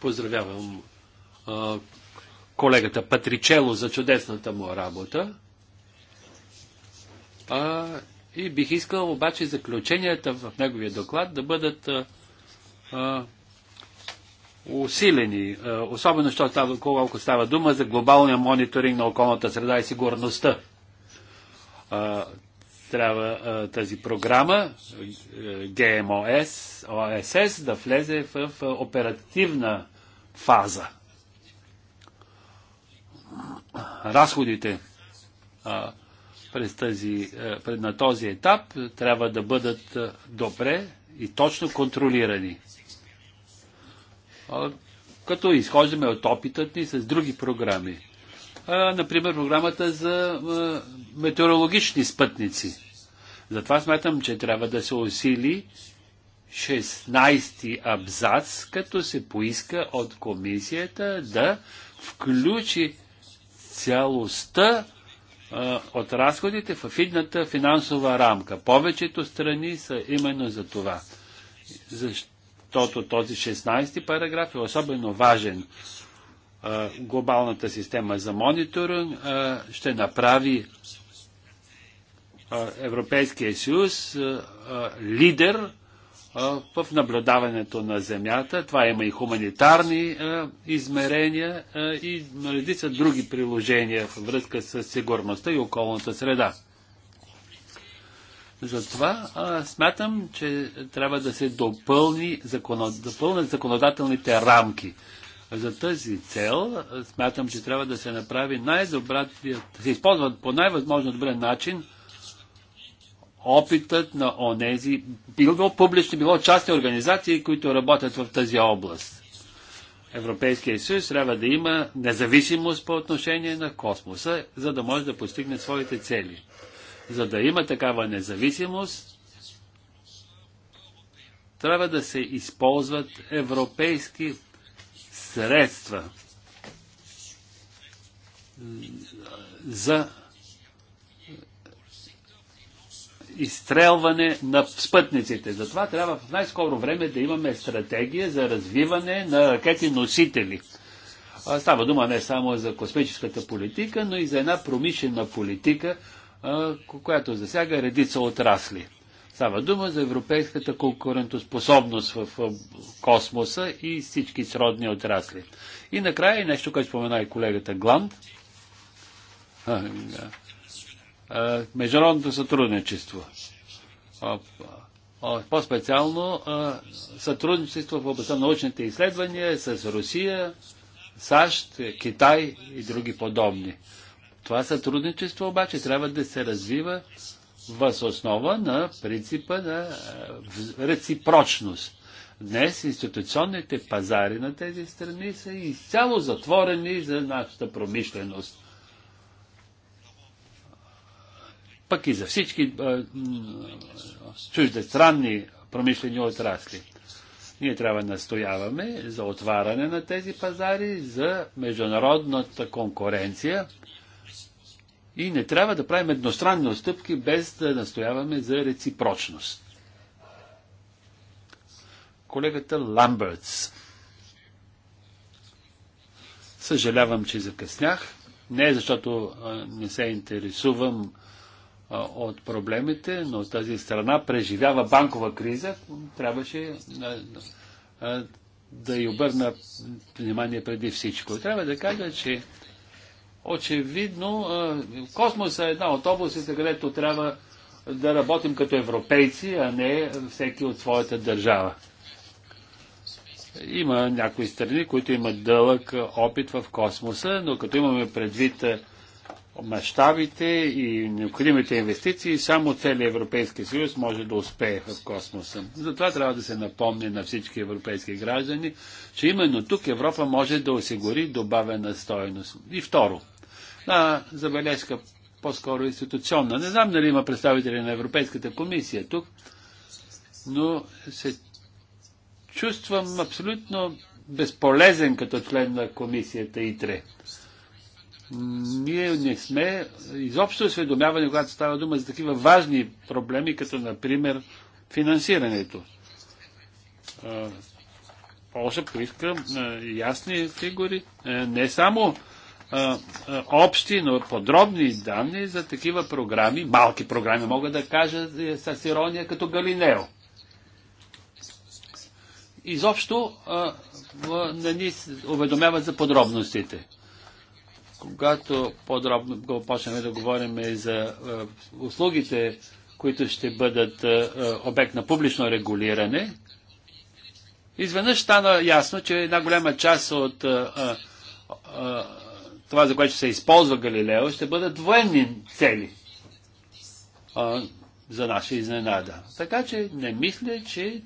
поздравявам е, колегата Патричело за чудесната му работа. А, и бих искал обаче заключенията в неговия доклад да бъдат а, е, усилени, е, особено защото става, колко става дума за глобалния мониторинг на околната среда и сигурността. Е, трябва е, тази програма GMOS, ОСС да влезе в оперативна фаза. Разходите през тази, на този етап трябва да бъдат добре и точно контролирани като изхождаме от опитът ни с други програми. Например, програмата за метеорологични спътници. Затова смятам, че трябва да се усили 16-ти абзац, като се поиска от комисията да включи цялостта а, от разходите в едната финансова рамка. Повечето страни са именно за това. Защо? защото този 16 параграф е особено важен. Глобалната система за мониторинг ще направи Европейския съюз лидер в наблюдаването на Земята. Това има и хуманитарни измерения и редица други приложения във връзка с сигурността и околната среда. Затова а, смятам, че трябва да се допълни законо, допълнят законодателните рамки. За тази цел смятам, че трябва да се направи най-добрат, да се използват по най-възможно добър начин опитът на онези, било публични, било частни организации, които работят в тази област. Европейския съюз трябва да има независимост по отношение на космоса, за да може да постигне своите цели. За да има такава независимост, трябва да се използват европейски средства за изстрелване на спътниците. Затова трябва в най-скоро време да имаме стратегия за развиване на ракети-носители. Става дума не само за космическата политика, но и за една промишлена политика, която засяга редица отрасли. Става дума за европейската конкурентоспособност в космоса и всички сродни отрасли. И накрая нещо, което спомена и колегата Гланд. Международното сътрудничество. По-специално сътрудничество в областта на научните изследвания с Русия, САЩ, Китай и други подобни. Това сътрудничество обаче трябва да се развива въз основа на принципа на е, реципрочност. Днес институционните пазари на тези страни са изцяло затворени за нашата промишленост. Пък и за всички е, чуждестранни промишлени отрасли. Ние трябва да настояваме за отваряне на тези пазари, за международната конкуренция, и не трябва да правим едностранни отстъпки, без да настояваме за реципрочност. Колегата Ламбъртс. Съжалявам, че закъснях. Не защото не се интересувам от проблемите, но тази страна преживява банкова криза. Трябваше да й обърна внимание преди всичко. Трябва да кажа, че Очевидно, космоса е една от областите, където трябва да работим като европейци, а не всеки от своята държава. Има някои страни, които имат дълъг опит в космоса, но като имаме предвид мащабите и необходимите инвестиции, само целият Европейски съюз може да успее в космоса. Затова трябва да се напомни на всички европейски граждани, че именно тук Европа може да осигури добавена стоеност. И второ – на забележка по-скоро институционна. Не знам дали има представители на Европейската комисия тук, но се чувствам абсолютно безполезен като член на комисията ИТРЕ. Ние не сме изобщо осведомявани, когато става дума за такива важни проблеми, като например финансирането. Полша поискам ясни фигури, не само общи, но подробни данни за такива програми, малки програми, мога да кажа е, с ирония, като Галинео. Изобщо не ни уведомяват за подробностите. Когато подробно го почнем да говорим и за услугите, които ще бъдат обект на публично регулиране, изведнъж стана ясно, че една голяма част от това, за което се използва Галилео, ще бъдат военни цели а, за наша изненада. Така че не мисля, че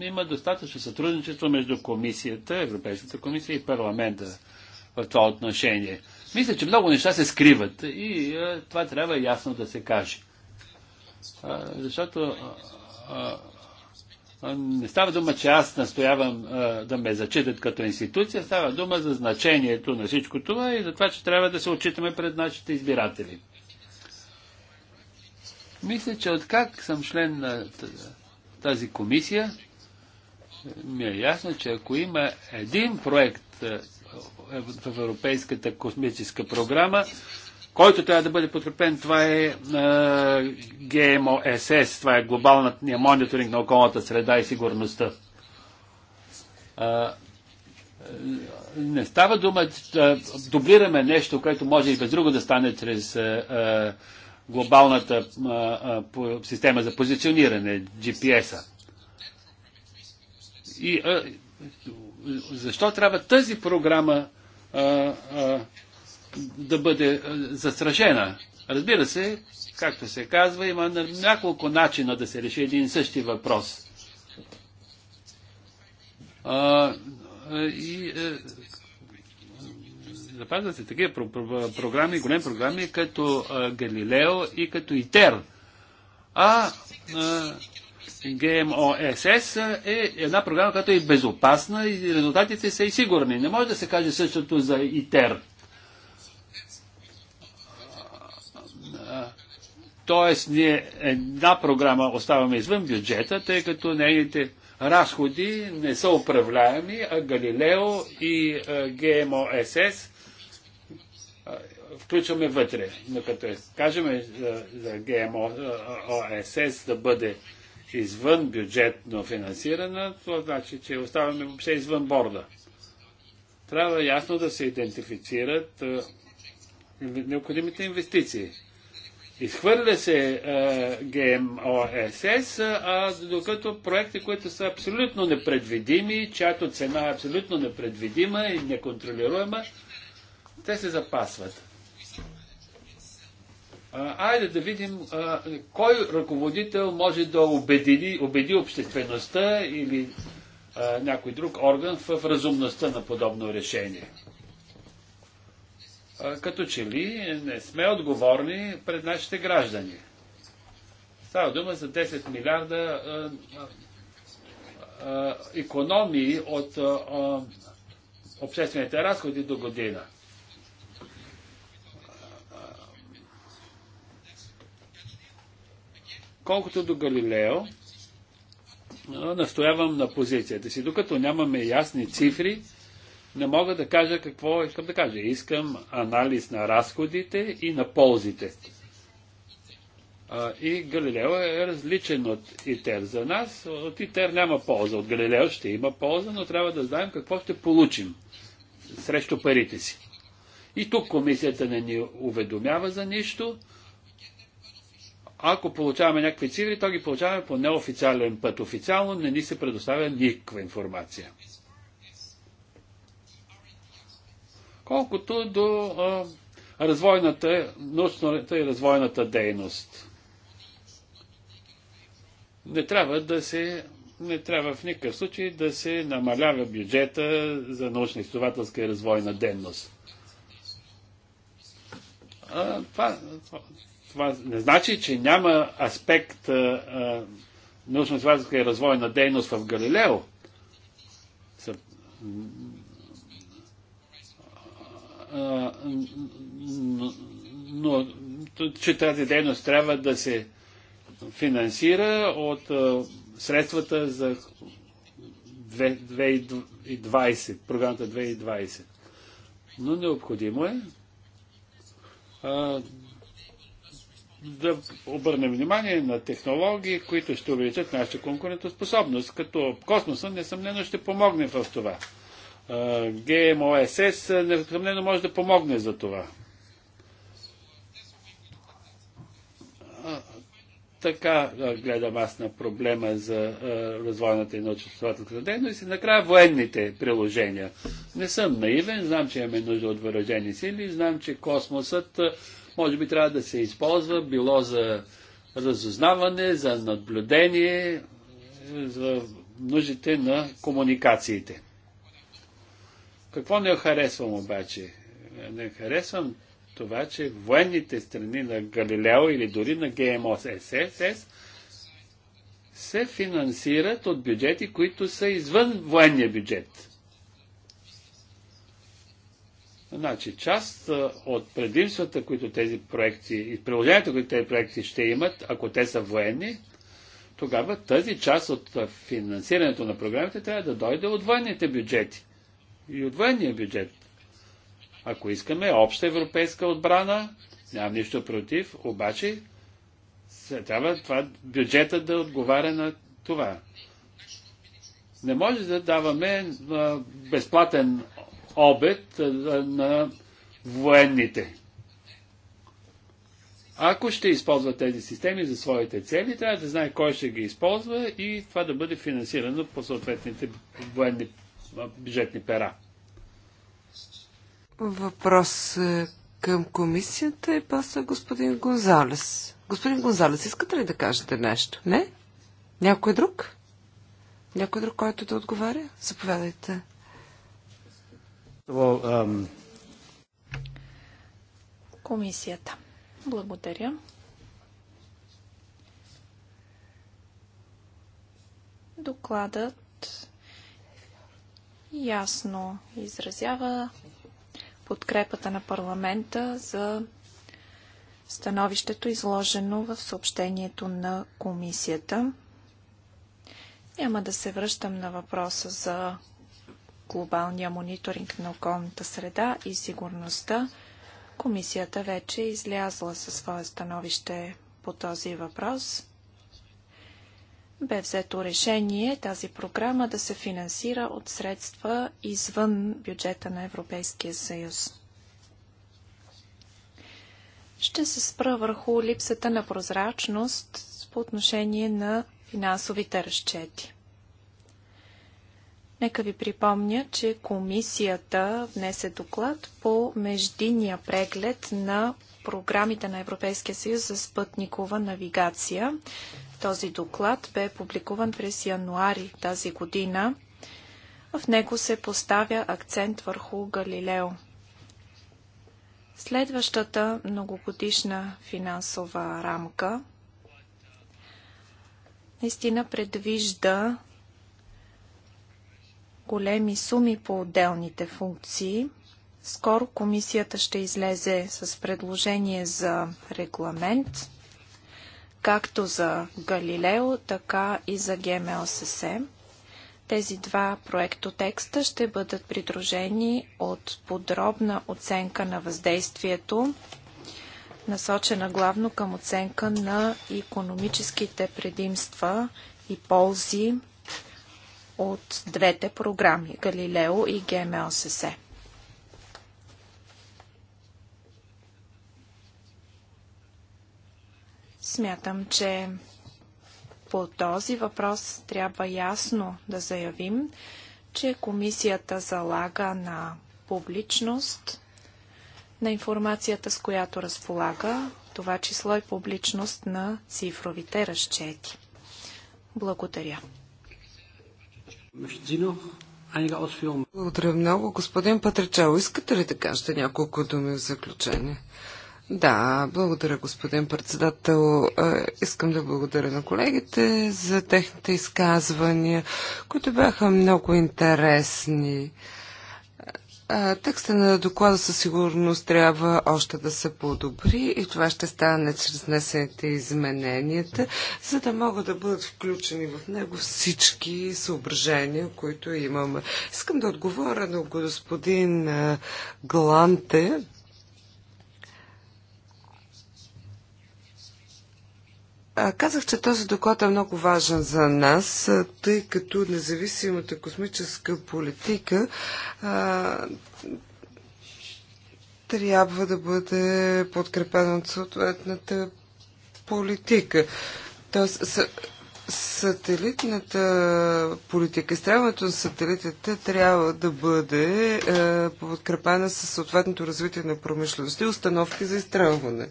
има достатъчно сътрудничество между комисията, Европейската комисия и парламента в това отношение. Мисля, че много неща се скриват и а, това трябва ясно да се каже. А, защото а, не става дума, че аз настоявам а, да ме зачитат като институция, става дума за значението на всичко това и за това, че трябва да се отчитаме пред нашите избиратели. Мисля, че откак съм член на тази комисия, ми е ясно, че ако има един проект в Европейската космическа програма, който трябва да бъде подкрепен, това е, е ГМОСС, това е глобалният мониторинг на околната среда и сигурността. не става дума да дублираме нещо, което може и без друго да стане чрез глобалната система за позициониране, GPS-а. И, защо трябва тази програма да бъде е, застрашена. Разбира се, както се казва, има няколко начина да се реши един и същи въпрос. А, и, е, запазват се такива про- про- програми, големи програми, като а, Галилео и като ИТЕР. А, а ГМОСС е една програма, която е безопасна и резултатите са и сигурни. Не може да се каже същото за ИТЕР. Тоест, ние една програма оставаме извън бюджета, тъй като нейните разходи не са управляеми, а Галилео и ГМОСС включваме вътре. Но като е, кажем е, за, за да бъде извън бюджетно финансирана, това значи, че оставаме въобще извън борда. Трябва ясно да се идентифицират необходимите инвестиции. Изхвърля се ГМОСС, а докато проекти, които са абсолютно непредвидими, чиято цена е абсолютно непредвидима и неконтролируема, те се запасват. А, айде да видим а, кой ръководител може да убеди, убеди обществеността или а, някой друг орган в разумността на подобно решение като че ли не сме отговорни пред нашите граждани. Става дума за 10 милиарда економии от обществените разходи до година. Колкото до Галилео, настоявам на позицията си. Докато нямаме ясни цифри, не мога да кажа какво искам да кажа. Искам анализ на разходите и на ползите. и Галилео е различен от ИТЕР. За нас от ИТЕР няма полза. От Галилео ще има полза, но трябва да знаем какво ще получим срещу парите си. И тук комисията не ни уведомява за нищо. Ако получаваме някакви цифри, то ги получаваме по неофициален път. Официално не ни се предоставя никаква информация. колкото до а, развойната, научната и развойната дейност. Не трябва да се не трябва в никакъв случай да се намалява бюджета за научно-изследователска и развойна дейност. А, това, това, не значи, че няма аспект научно-изследователска и развойна дейност в Галилео но, но че тази дейност трябва да се финансира от средствата за 2020, програмата 2020. Но необходимо е а, да обърнем внимание на технологии, които ще увеличат нашата конкурентоспособност, като космоса несъмнено ще помогне в това. ГМОСС е, несъмнено може да помогне за това. Така гледам аз на проблема за развойната и научно-изследователската дейност и накрая военните приложения. Не съм наивен, знам, че имаме нужда от въоръжени сили, знам, че космосът може би трябва да се използва било за разузнаване, за наблюдение, за нуждите на комуникациите. Какво не харесвам обаче? Е, не харесвам това, че военните страни на Галилео или дори на ГМОС е, ССС се финансират от бюджети, които са извън военния бюджет. Значи, част от предимствата, които тези проекти и приложенията, които тези проекти ще имат, ако те са военни, тогава тази част от финансирането на програмите трябва да дойде от военните бюджети и от военния бюджет. Ако искаме обща европейска отбрана, нямам нищо против, обаче трябва това, бюджета да отговаря на това. Не може да даваме безплатен обед на военните. Ако ще използва тези системи за своите цели, трябва да знае кой ще ги използва и това да бъде финансирано по съответните военни бюджетни пера. Въпрос е, към комисията и е после господин Гонзалес. Господин Гонзалес, искате ли да кажете нещо? Не? Някой друг? Някой друг, който да отговаря? Заповядайте. Um, комисията. Благодаря. Докладът ясно изразява подкрепата на парламента за становището, изложено в съобщението на комисията. Няма да се връщам на въпроса за глобалния мониторинг на околната среда и сигурността. Комисията вече е излязла със свое становище по този въпрос бе взето решение тази програма да се финансира от средства извън бюджета на Европейския съюз. Ще се спра върху липсата на прозрачност по отношение на финансовите разчети. Нека ви припомня, че комисията внесе доклад по междиния преглед на програмите на Европейския съюз за спътникова навигация. Този доклад бе публикуван през януари тази година. В него се поставя акцент върху Галилео. Следващата многогодишна финансова рамка наистина предвижда големи суми по отделните функции. Скоро комисията ще излезе с предложение за регламент както за Галилео, така и за ГМОСС. Тези два проектотекста ще бъдат придружени от подробна оценка на въздействието, насочена главно към оценка на економическите предимства и ползи от двете програми Галилео и ГМОСС. Смятам, че по този въпрос трябва ясно да заявим, че комисията залага на публичност на информацията, с която разполага, това число и публичност на цифровите разчети. Благодаря. Благодаря много. Господин Патричало, искате ли да кажете няколко думи в заключение? Да, благодаря, господин председател. Е, искам да благодаря на колегите за техните изказвания, които бяха много интересни. Е, текста на доклада със сигурност трябва още да се подобри и това ще стане чрез внесените измененията, за да могат да бъдат включени в него всички съображения, които имаме. Искам да отговоря на господин е, Гланте Казах, че този доклад е много важен за нас, тъй като независимата космическа политика а, трябва да бъде подкрепена от съответната политика. Тоест, сателитната политика, изстрелването на сателитите трябва да бъде е, подкрепена със съответното развитие на промишлеността и установки за изстрелване.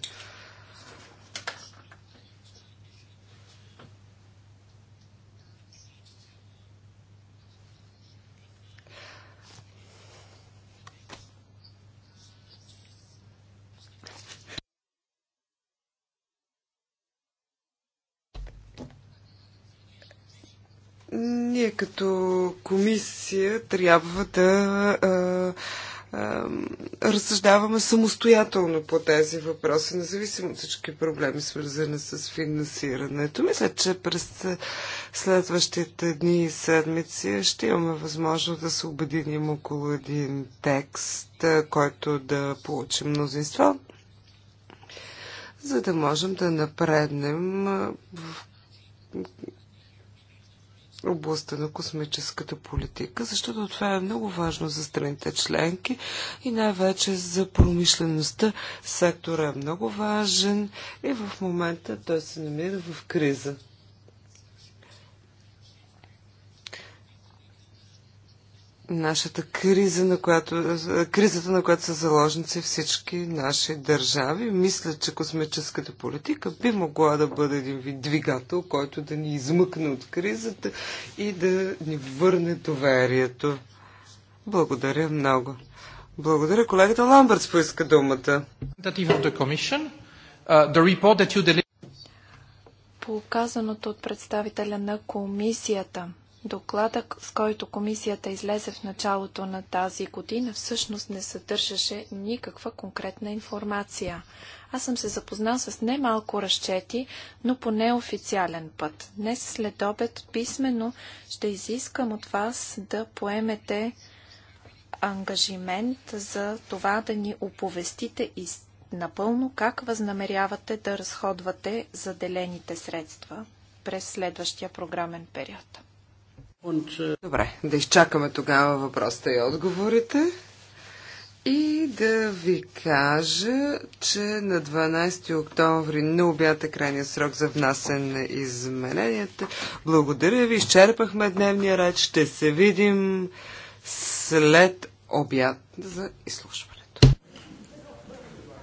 Ние като комисия трябва да а, а, разсъждаваме самостоятелно по тези въпроси, независимо от всички проблеми, свързани с финансирането. Мисля, че през следващите дни и седмици ще имаме възможност да се обединим около един текст, който да получи мнозинство, за да можем да напреднем в областта на космическата политика, защото това е много важно за страните членки и най-вече за промишлеността. Сектора е много важен и в момента той се намира в криза. нашата криза, на която, кризата, на която са заложници всички наши държави. Мисля, че космическата политика би могла да бъде един вид двигател, който да ни измъкне от кризата и да ни върне доверието. Благодаря много. Благодаря. Колегата Ламбъртс поиска думата. Uh, По казаното от представителя на комисията, Докладът, с който комисията излезе в началото на тази година, всъщност не съдържаше никаква конкретна информация. Аз съм се запознал с немалко разчети, но по неофициален път. Днес след обед писменно ще изискам от вас да поемете ангажимент за това да ни оповестите и напълно как възнамерявате да разходвате заделените средства през следващия програмен период. Добре, да изчакаме тогава въпросите и отговорите. И да ви кажа, че на 12 октомври не обята крайния срок за внасен на измененията. Благодаря ви, изчерпахме дневния ред. Ще се видим след обяд за изслушване.